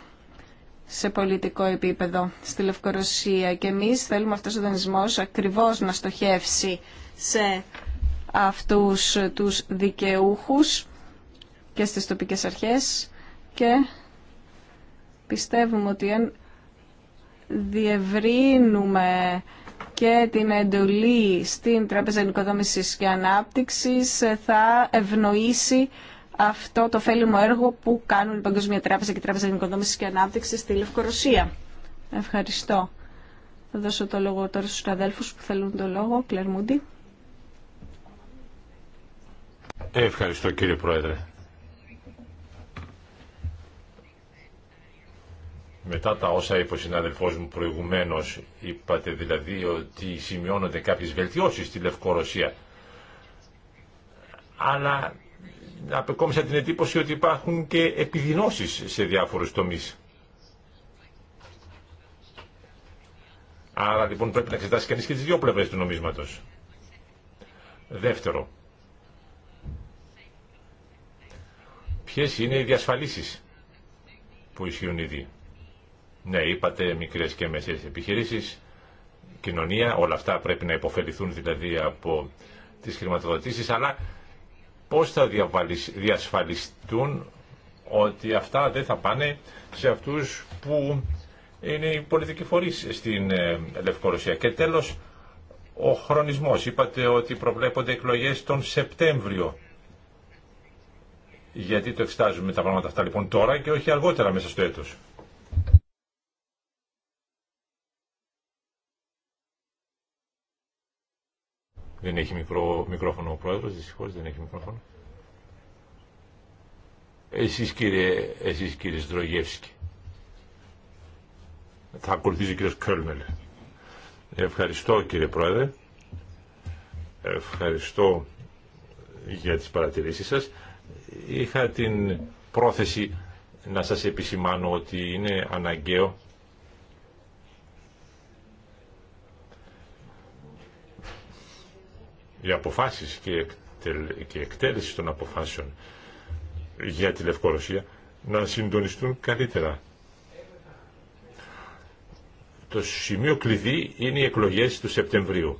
σε πολιτικό επίπεδο στη Λευκορωσία και εμείς θέλουμε αυτός ο δανεισμός ακριβώς να στοχεύσει σε αυτούς τους δικαιούχους και στις τοπικές αρχές και πιστεύουμε ότι αν διευρύνουμε και την εντολή στην Τράπεζα Νοικοδόμησης και Ανάπτυξης θα ευνοήσει αυτό το ωφέλιμο έργο που κάνουν η Παγκοσμία Τράπεζα και η Τράπεζα Γενικοδόμησης και Ανάπτυξης στη Λευκορωσία. Ευχαριστώ. Θα δώσω το λόγο τώρα στους αδέλφους που θέλουν το λόγο. Κλέρ Μούντι. Ευχαριστώ κύριε Πρόεδρε. Μετά τα όσα είπε ο συναδελφό μου προηγουμένω, είπατε δηλαδή ότι σημειώνονται κάποιε βελτιώσει στη Λευκορωσία. Αλλά απεκόμισα την εντύπωση ότι υπάρχουν και επιδεινώσεις σε διάφορους τομείς. Άρα λοιπόν πρέπει να εξετάσει κανείς και τις δύο πλευρές του νομίσματος. Δεύτερο, ποιες είναι οι διασφαλίσεις που ισχύουν ήδη. Ναι, είπατε μικρές και μεσαίες επιχειρήσεις, κοινωνία, όλα αυτά πρέπει να υποφεληθούν δηλαδή από τις χρηματοδοτήσεις, αλλά πώς θα διασφαλιστούν ότι αυτά δεν θα πάνε σε αυτούς που είναι οι πολιτικοί φορείς στην ε, Λευκορωσία. Και τέλος, ο χρονισμός. Είπατε ότι προβλέπονται εκλογές τον Σεπτέμβριο. Γιατί το εξτάζουμε τα πράγματα αυτά λοιπόν τώρα και όχι αργότερα μέσα στο έτος. Δεν έχει μικρό, μικρόφωνο ο πρόεδρος, δυστυχώς δεν έχει μικρόφωνο. Εσείς κύριε, εσείς κύριε Στρογεύσκη. Θα ακολουθήσει ο κύριος Κέρμελ. Ευχαριστώ κύριε πρόεδρε. Ευχαριστώ για τις παρατηρήσεις σας. Είχα την πρόθεση να σας επισημάνω ότι είναι αναγκαίο οι αποφάσεις και η εκτέλεση των αποφάσεων για τη Λευκορωσία να συντονιστούν καλύτερα. Το σημείο κλειδί είναι οι εκλογές του Σεπτεμβρίου.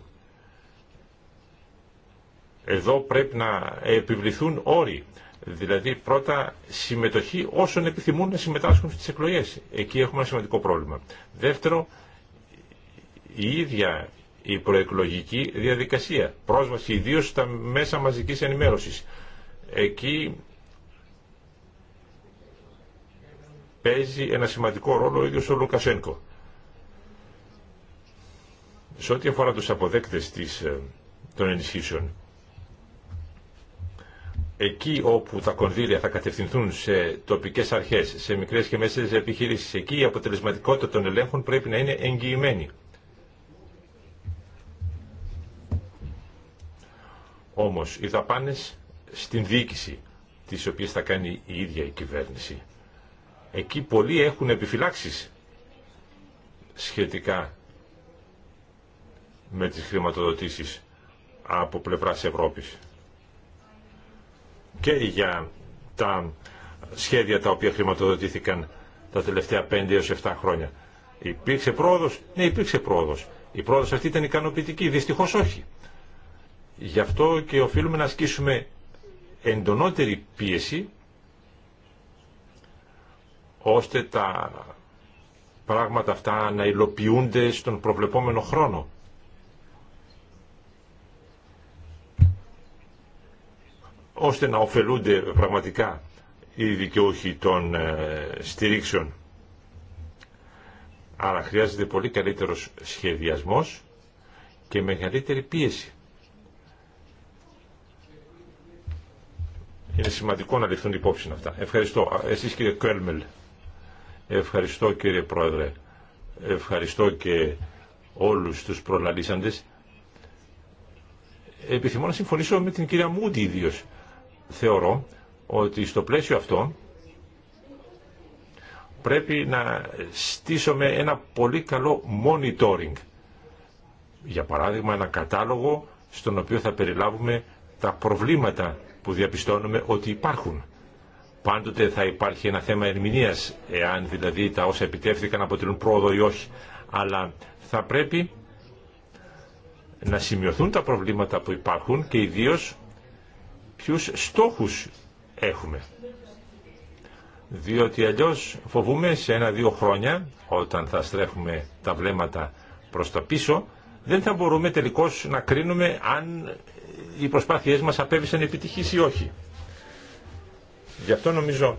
Εδώ πρέπει να επιβληθούν όροι. Δηλαδή πρώτα συμμετοχή όσων επιθυμούν να συμμετάσχουν στις εκλογές. Εκεί έχουμε ένα σημαντικό πρόβλημα. Δεύτερο, η ίδια η προεκλογική διαδικασία. Πρόσβαση ιδίω στα μέσα μαζικής ενημέρωσης. Εκεί παίζει ένα σημαντικό ρόλο ο ίδιος ο Λουκασένκο. Σε ό,τι αφορά τους αποδέκτες της, ε, των ενισχύσεων, εκεί όπου τα κονδύλια θα κατευθυνθούν σε τοπικές αρχές, σε μικρές και μέσες επιχειρήσεις, εκεί η αποτελεσματικότητα των ελέγχων πρέπει να είναι εγγυημένη. Όμως οι δαπάνες στην διοίκηση, τις οποίες θα κάνει η ίδια η κυβέρνηση, εκεί πολλοί έχουν επιφυλάξεις σχετικά με τις χρηματοδοτήσεις από πλευράς Ευρώπης και για τα σχέδια τα οποία χρηματοδοτήθηκαν τα τελευταία 5 έως 7 χρόνια. Υπήρξε πρόοδος. Ναι, υπήρξε πρόοδος. Η πρόοδος αυτή ήταν ικανοποιητική. Δυστυχώς όχι. Γι' αυτό και οφείλουμε να ασκήσουμε εντονότερη πίεση ώστε τα πράγματα αυτά να υλοποιούνται στον προβλεπόμενο χρόνο. ώστε να ωφελούνται πραγματικά οι δικαιούχοι των ε, στηρίξεων. Άρα χρειάζεται πολύ καλύτερος σχεδιασμός και μεγαλύτερη πίεση. Είναι σημαντικό να ληφθούν υπόψη αυτά. Ευχαριστώ. Εσείς κύριε Κέρμελ. Ευχαριστώ κύριε Πρόεδρε. Ευχαριστώ και όλους τους προλαλήσαντες. Επιθυμώ να συμφωνήσω με την κυρία Μούντι ιδίω. Θεωρώ ότι στο πλαίσιο αυτό πρέπει να στήσουμε ένα πολύ καλό monitoring. Για παράδειγμα ένα κατάλογο στον οποίο θα περιλάβουμε τα προβλήματα που διαπιστώνουμε ότι υπάρχουν. Πάντοτε θα υπάρχει ένα θέμα ερμηνεία, εάν δηλαδή τα όσα επιτεύχθηκαν αποτελούν πρόοδο ή όχι. Αλλά θα πρέπει να σημειωθούν τα προβλήματα που υπάρχουν και ιδίω ποιου στόχους έχουμε. Διότι αλλιώ φοβούμε σε ένα-δύο χρόνια, όταν θα στρέφουμε τα βλέμματα προς τα πίσω, δεν θα μπορούμε τελικώς να κρίνουμε αν οι προσπάθειές μας απέβησαν επιτυχής ή όχι. Γι' αυτό νομίζω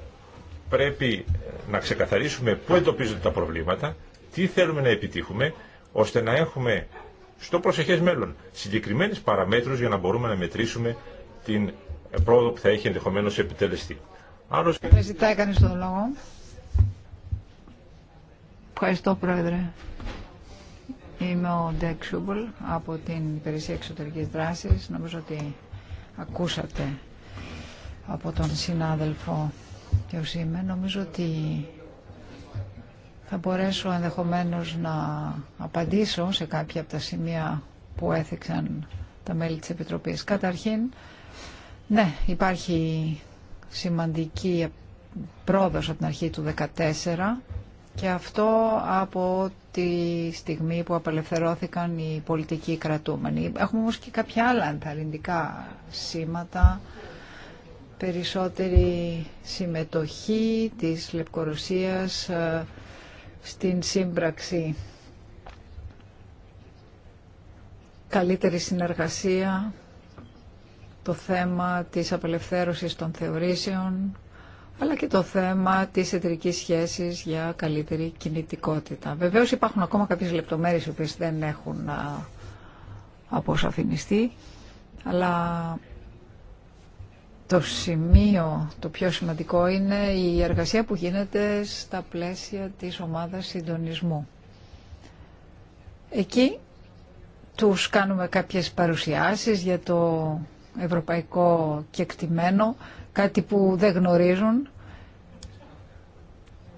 πρέπει ε, να ξεκαθαρίσουμε πού εντοπίζονται τα προβλήματα, τι θέλουμε να επιτύχουμε, ώστε να έχουμε στο προσεχές μέλλον συγκεκριμένες παραμέτρους για να μπορούμε να μετρήσουμε την ε, πρόοδο που θα έχει ενδεχομένω επιτελεστεί. Άλλος... Δεν Ευχαριστώ, Πρόεδρε. Είμαι ο Ντεκ Σούμπολ από την Υπηρεσία Εξωτερικής Δράσης. Νομίζω ότι ακούσατε από τον συνάδελφο είμαι. Νομίζω ότι θα μπορέσω ενδεχομένως να απαντήσω σε κάποια από τα σημεία που έθιξαν τα μέλη της Επιτροπής. Καταρχήν, ναι, υπάρχει σημαντική πρόοδος από την αρχή του 2014 και αυτό από τη στιγμή που απελευθερώθηκαν οι πολιτικοί κρατούμενοι. Έχουμε όμως και κάποια άλλα ενθαρρυντικά σήματα, περισσότερη συμμετοχή της Λευκορωσίας ε, στην σύμπραξη, καλύτερη συνεργασία, το θέμα της απελευθέρωσης των θεωρήσεων, αλλά και το θέμα της εταιρική σχέσης για καλύτερη κινητικότητα. Βεβαίως υπάρχουν ακόμα κάποιες λεπτομέρειες οι οποίες δεν έχουν αποσαφινιστεί, αλλά το σημείο το πιο σημαντικό είναι η εργασία που γίνεται στα πλαίσια της ομάδας συντονισμού. Εκεί τους κάνουμε κάποιες παρουσιάσεις για το ευρωπαϊκό κεκτημένο κάτι που δεν γνωρίζουν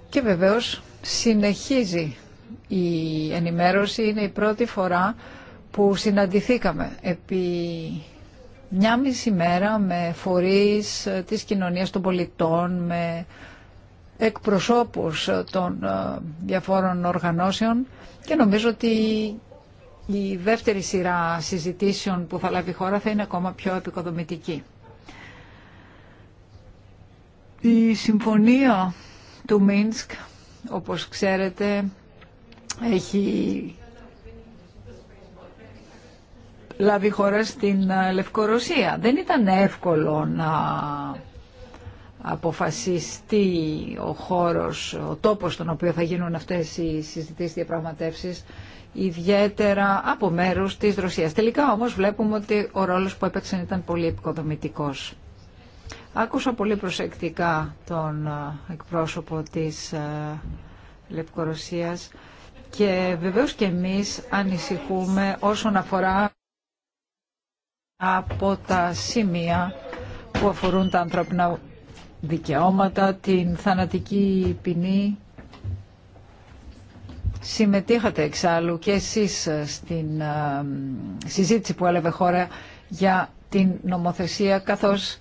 και βεβαίως συνεχίζει η ενημέρωση, είναι η πρώτη φορά που συναντηθήκαμε επί μια μισή μέρα με φορείς της κοινωνίας των πολιτών, με εκπροσώπους των ε, διαφόρων οργανώσεων και νομίζω ότι η δεύτερη σειρά συζητήσεων που θα λάβει η χώρα θα είναι ακόμα πιο επικοδομητική. Η συμφωνία του Μίνσκ, όπως ξέρετε, έχει λάβει χώρα στην ε, Λευκορωσία. Δεν ήταν εύκολο να αποφασιστεί ο χώρος, ο τόπος στον οποίο θα γίνουν αυτές οι συζητήσεις διαπραγματεύσεις, ιδιαίτερα από μέρους της Ρωσίας. Τελικά όμως βλέπουμε ότι ο ρόλος που έπαιξαν ήταν πολύ επικοδομητικός. Άκουσα πολύ προσεκτικά τον ε, εκπρόσωπο της ε, Λευκορωσίας και βεβαίως και εμείς ανησυχούμε όσον αφορά από τα σημεία που αφορούν τα ανθρώπινα δικαιώματα, την θανατική ποινή. Συμμετείχατε εξάλλου και εσείς ε, στην συζήτηση που έλεγε χώρα για την νομοθεσία καθώς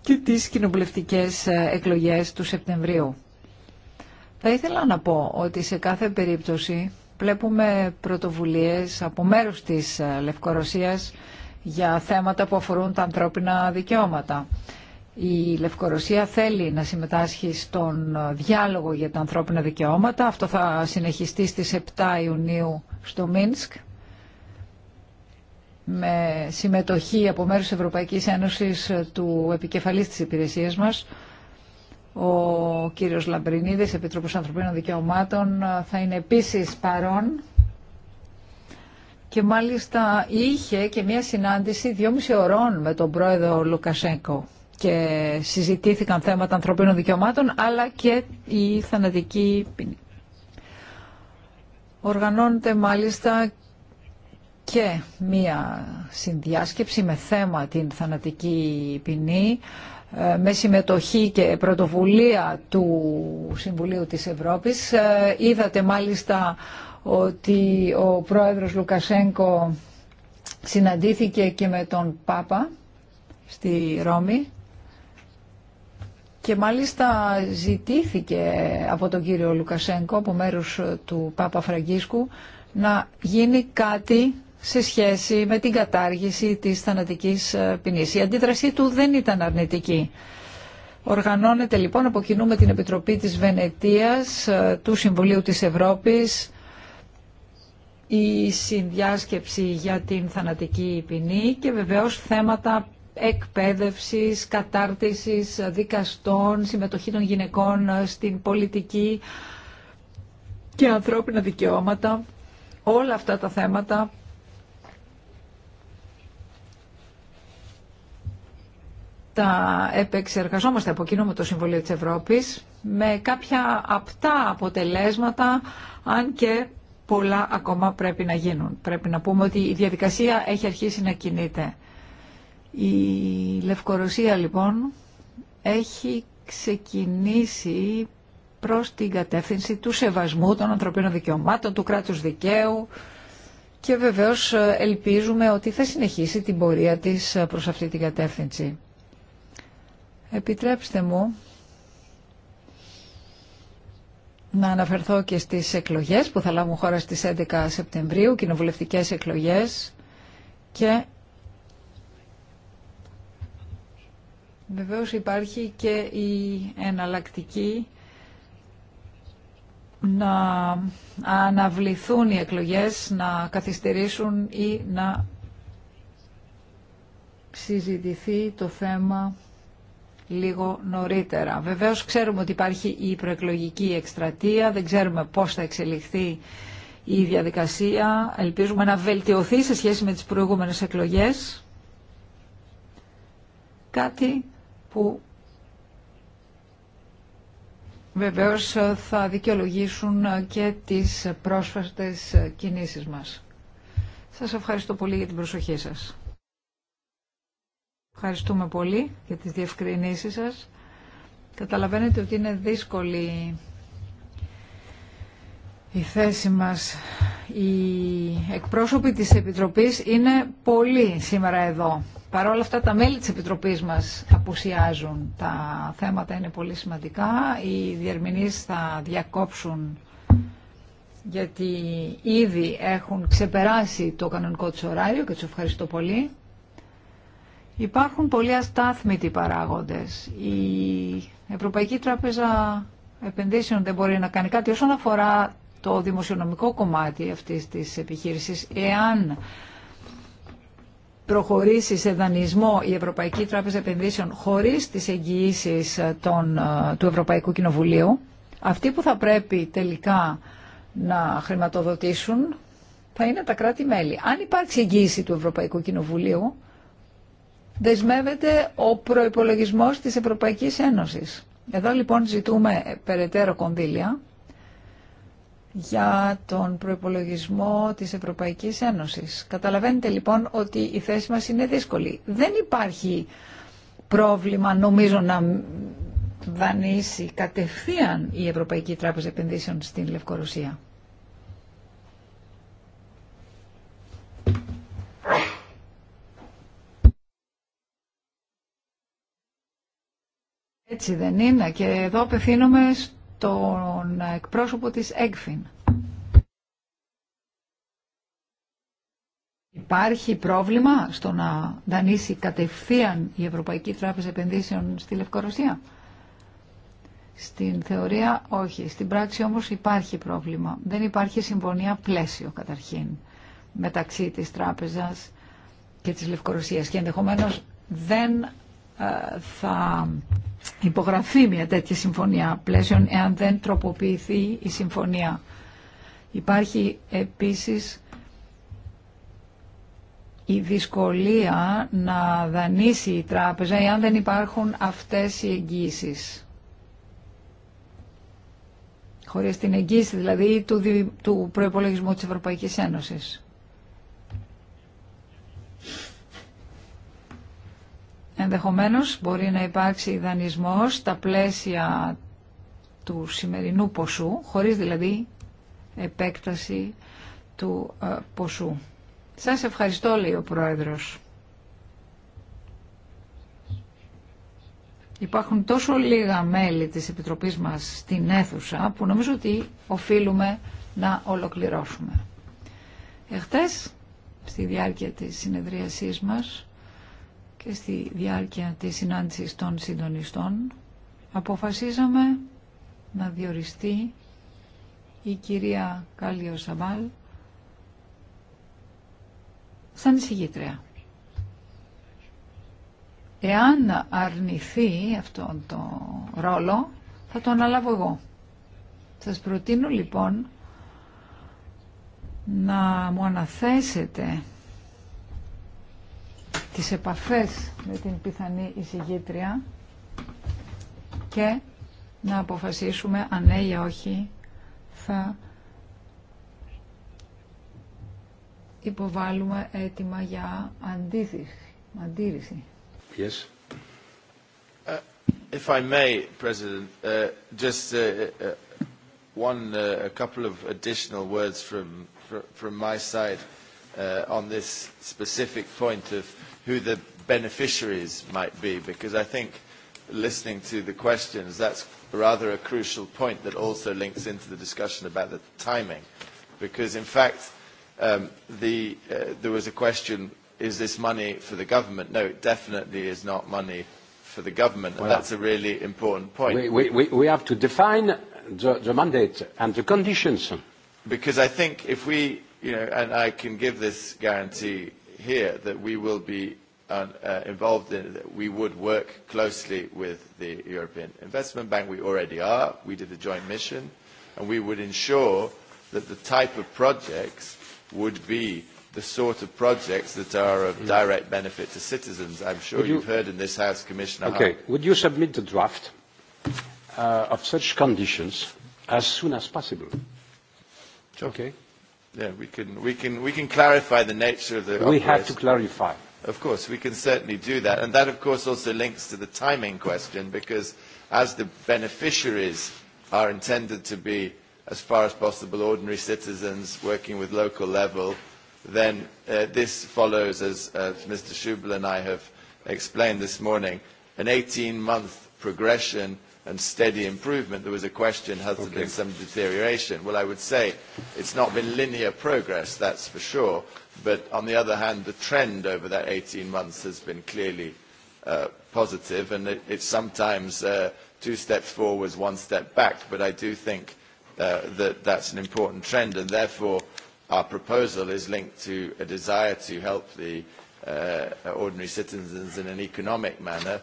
και τις κοινοβουλευτικές ε, εκλογές του Σεπτεμβρίου. Θα ήθελα να πω ότι σε κάθε περίπτωση βλέπουμε πρωτοβουλίες από μέρους της ε, Λευκορωσίας για θέματα που αφορούν τα ανθρώπινα δικαιώματα. Η Λευκορωσία θέλει να συμμετάσχει στον ε, διάλογο για τα ανθρώπινα δικαιώματα. Αυτό θα συνεχιστεί στις 7 Ιουνίου στο Μίνσκ με συμμετοχή από μέρους Ευρωπαϊκής Ένωσης του επικεφαλής της υπηρεσίας μας. Ο κύριος Λαμπρινίδης, Επιτρόπος Ανθρωπίνων Δικαιωμάτων, θα είναι επίσης παρόν και μάλιστα είχε και μια συνάντηση δυόμιση ωρών με τον πρόεδρο Λουκασέγκο και συζητήθηκαν θέματα ανθρωπίνων δικαιωμάτων αλλά και η θανατική ποινή. Οργανώνεται μάλιστα και μία συνδιάσκεψη με θέμα την θανατική ποινή ε, με συμμετοχή και πρωτοβουλία του Συμβουλίου της Ευρώπης. Ε, είδατε μάλιστα ότι ο πρόεδρος Λουκασέγκο συναντήθηκε και με τον Πάπα στη Ρώμη και μάλιστα ζητήθηκε από τον κύριο Λουκασέγκο από μέρους του Πάπα Φραγκίσκου να γίνει κάτι σε σχέση με την κατάργηση της θανατικής ε, ποινής. Η αντίδρασή του δεν ήταν αρνητική. Οργανώνεται λοιπόν από κοινού με την Επιτροπή της Βενετίας ε, του Συμβουλίου της Ευρώπης η συνδιάσκεψη για την θανατική ποινή και βεβαίως θέματα εκπαίδευσης, κατάρτισης δικαστών, συμμετοχή των γυναικών ε, στην πολιτική και ανθρώπινα δικαιώματα. Όλα αυτά τα θέματα τα επεξεργαζόμαστε από κοινό με το Συμβουλίο της Ευρώπης με κάποια απτά αποτελέσματα, αν και πολλά ακόμα πρέπει να γίνουν. Πρέπει να πούμε ότι η διαδικασία έχει αρχίσει να κινείται. Η Λευκορωσία λοιπόν έχει ξεκινήσει προς την κατεύθυνση του σεβασμού των ανθρωπίνων δικαιωμάτων, του κράτους δικαίου και βεβαίως ελπίζουμε ότι θα συνεχίσει την πορεία της προς αυτή την κατεύθυνση. Επιτρέψτε μου να αναφερθώ και στις εκλογές που θα λάβουν χώρα στις 11 Σεπτεμβρίου, κοινοβουλευτικές εκλογές και βεβαίως υπάρχει και η εναλλακτική να αναβληθούν οι εκλογές, να καθυστερήσουν ή να συζητηθεί το θέμα λίγο νωρίτερα. Βεβαίως ξέρουμε ότι υπάρχει η προεκλογική εκστρατεία, δεν ξέρουμε πώς θα εξελιχθεί η διαδικασία. Ελπίζουμε να βελτιωθεί σε σχέση με τις προηγούμενες εκλογές. Κάτι που βεβαίως θα δικαιολογήσουν και τις πρόσφατες κινήσεις μας. Σας ευχαριστώ πολύ για την προσοχή σας. Ευχαριστούμε πολύ για τις διευκρινήσεις σας. Καταλαβαίνετε ότι είναι δύσκολη η θέση μας. Οι εκπρόσωποι της Επιτροπής είναι πολύ σήμερα εδώ. Παρ' όλα αυτά τα μέλη της Επιτροπής μας απουσιάζουν. Τα θέματα είναι πολύ σημαντικά. Οι διερμηνείς θα διακόψουν γιατί ήδη έχουν ξεπεράσει το κανονικό του ωράριο και του ευχαριστώ πολύ. Υπάρχουν πολλοί αστάθμητοι παράγοντες. Η Ευρωπαϊκή Τράπεζα Επενδύσεων δεν μπορεί να κάνει κάτι. Όσον αφορά το δημοσιονομικό κομμάτι αυτής της επιχείρησης, εάν προχωρήσει σε δανεισμό η Ευρωπαϊκή Τράπεζα Επενδύσεων χωρίς τις εγγυήσεις των, του Ευρωπαϊκού Κοινοβουλίου, αυτοί που θα πρέπει τελικά να χρηματοδοτήσουν θα είναι τα κράτη-μέλη. Αν υπάρξει εγγύηση του Ευρωπαϊκού Κοινοβουλίου, δεσμεύεται ο προϋπολογισμός της Ευρωπαϊκής Ένωσης. Εδώ λοιπόν ζητούμε περαιτέρω κονδύλια για τον προϋπολογισμό της Ευρωπαϊκής Ένωσης. Καταλαβαίνετε λοιπόν ότι η θέση μας είναι δύσκολη. Δεν υπάρχει πρόβλημα νομίζω να δανείσει κατευθείαν η Ευρωπαϊκή Τράπεζα Επενδύσεων στην Λευκορωσία. Έτσι δεν είναι και εδώ απευθύνομαι στον εκπρόσωπο της ΕΚΦΙΝ. Υπάρχει πρόβλημα στο να δανείσει κατευθείαν η Ευρωπαϊκή Τράπεζα Επενδύσεων στη Λευκορωσία. Στην θεωρία όχι. Στην πράξη όμως υπάρχει πρόβλημα. Δεν υπάρχει συμφωνία πλαίσιο καταρχήν μεταξύ της τράπεζας και της Λευκορωσίας και ενδεχομένως δεν ε, θα υπογραφεί μια τέτοια συμφωνία πλαίσιων εάν δεν τροποποιηθεί η συμφωνία. Υπάρχει επίσης η δυσκολία να δανείσει η τράπεζα εάν δεν υπάρχουν αυτές οι εγγύησει. Χωρίς την εγγύηση δηλαδή του, του προϋπολογισμού της Ευρωπαϊκής Ένωσης. Ενδεχομένως μπορεί να υπάρξει δανεισμός στα πλαίσια του σημερινού ποσού, χωρίς δηλαδή επέκταση του ε, ποσού. Σας ευχαριστώ, λέει ο Πρόεδρος. Υπάρχουν τόσο λίγα μέλη της Επιτροπής μας στην αίθουσα που νομίζω ότι οφείλουμε να ολοκληρώσουμε. Εχθές, στη διάρκεια της συνεδρίασής μας, και στη διάρκεια της συνάντησης των συντονιστών αποφασίζαμε να διοριστεί η κυρία Κάλιο Σαμπάλ σαν εισηγήτρια. Εάν αρνηθεί αυτόν το ρόλο, θα το αναλάβω εγώ. Σας προτείνω λοιπόν να μου αναθέσετε τις επαφές με την πιθανή εισηγήτρια και να αποφασίσουμε αν ναι ή όχι θα υποβάλουμε έτοιμα για αντίθεση, αντίρρηση. Yes. Uh, if I may, President, uh, just uh, uh one, uh, a couple of additional words from, from my side uh, on this specific point of who the beneficiaries might be, because I think listening to the questions, that's rather a crucial point that also links into the discussion about the timing. Because, in fact, there was a question, is this money for the government? No, it definitely is not money for the government, and that's a really important point. We have to define the mandate and the conditions. Because I think if we, you know, and I can give this guarantee here, that we will be involved in we would work closely with the European Investment Bank. We already are. We did a joint mission, and we would ensure that the type of projects would be the sort of projects that are of direct benefit to citizens. I'm sure you've heard in this House, Commissioner. Okay. Would you submit the draft of such conditions as soon as possible? Okay. Yeah, we can, we can, we can clarify the nature of the. We have to clarify Of course, we can certainly do that. And that, of course, also links to the timing question, because as the beneficiaries are intended to be, as far as possible, ordinary citizens working with local level, then this follows, as Mr. Schubel and I have explained this morning, an 18-month progression and steady improvement. There was a question, has there been some deterioration? Well, I would say it's not been linear progress, that's for sure, But on the other hand, the trend over that 18 months has been clearly positive, and it's sometimes two steps forwards, one step back. But I do think that that's an important trend, and therefore our proposal is linked to a desire to help the ordinary citizens in an economic manner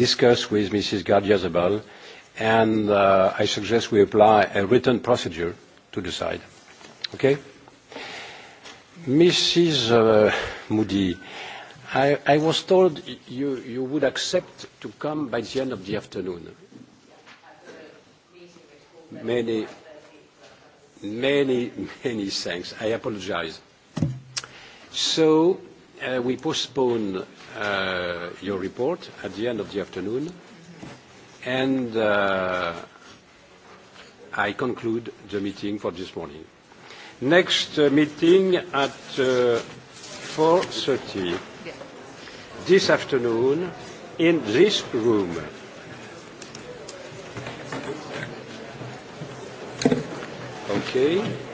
discuss with Mrs. Gardiazabal, Zabal, and I suggest we apply a written procedure to decide. Okay? Mrs. Moody, I was told you would accept to come by the end of the afternoon. Many, many, many thanks. I apologize. So we postpone your report at the end of the afternoon, and I conclude the meeting for this morning. Next meeting at 4.30 this afternoon in this room. Okay.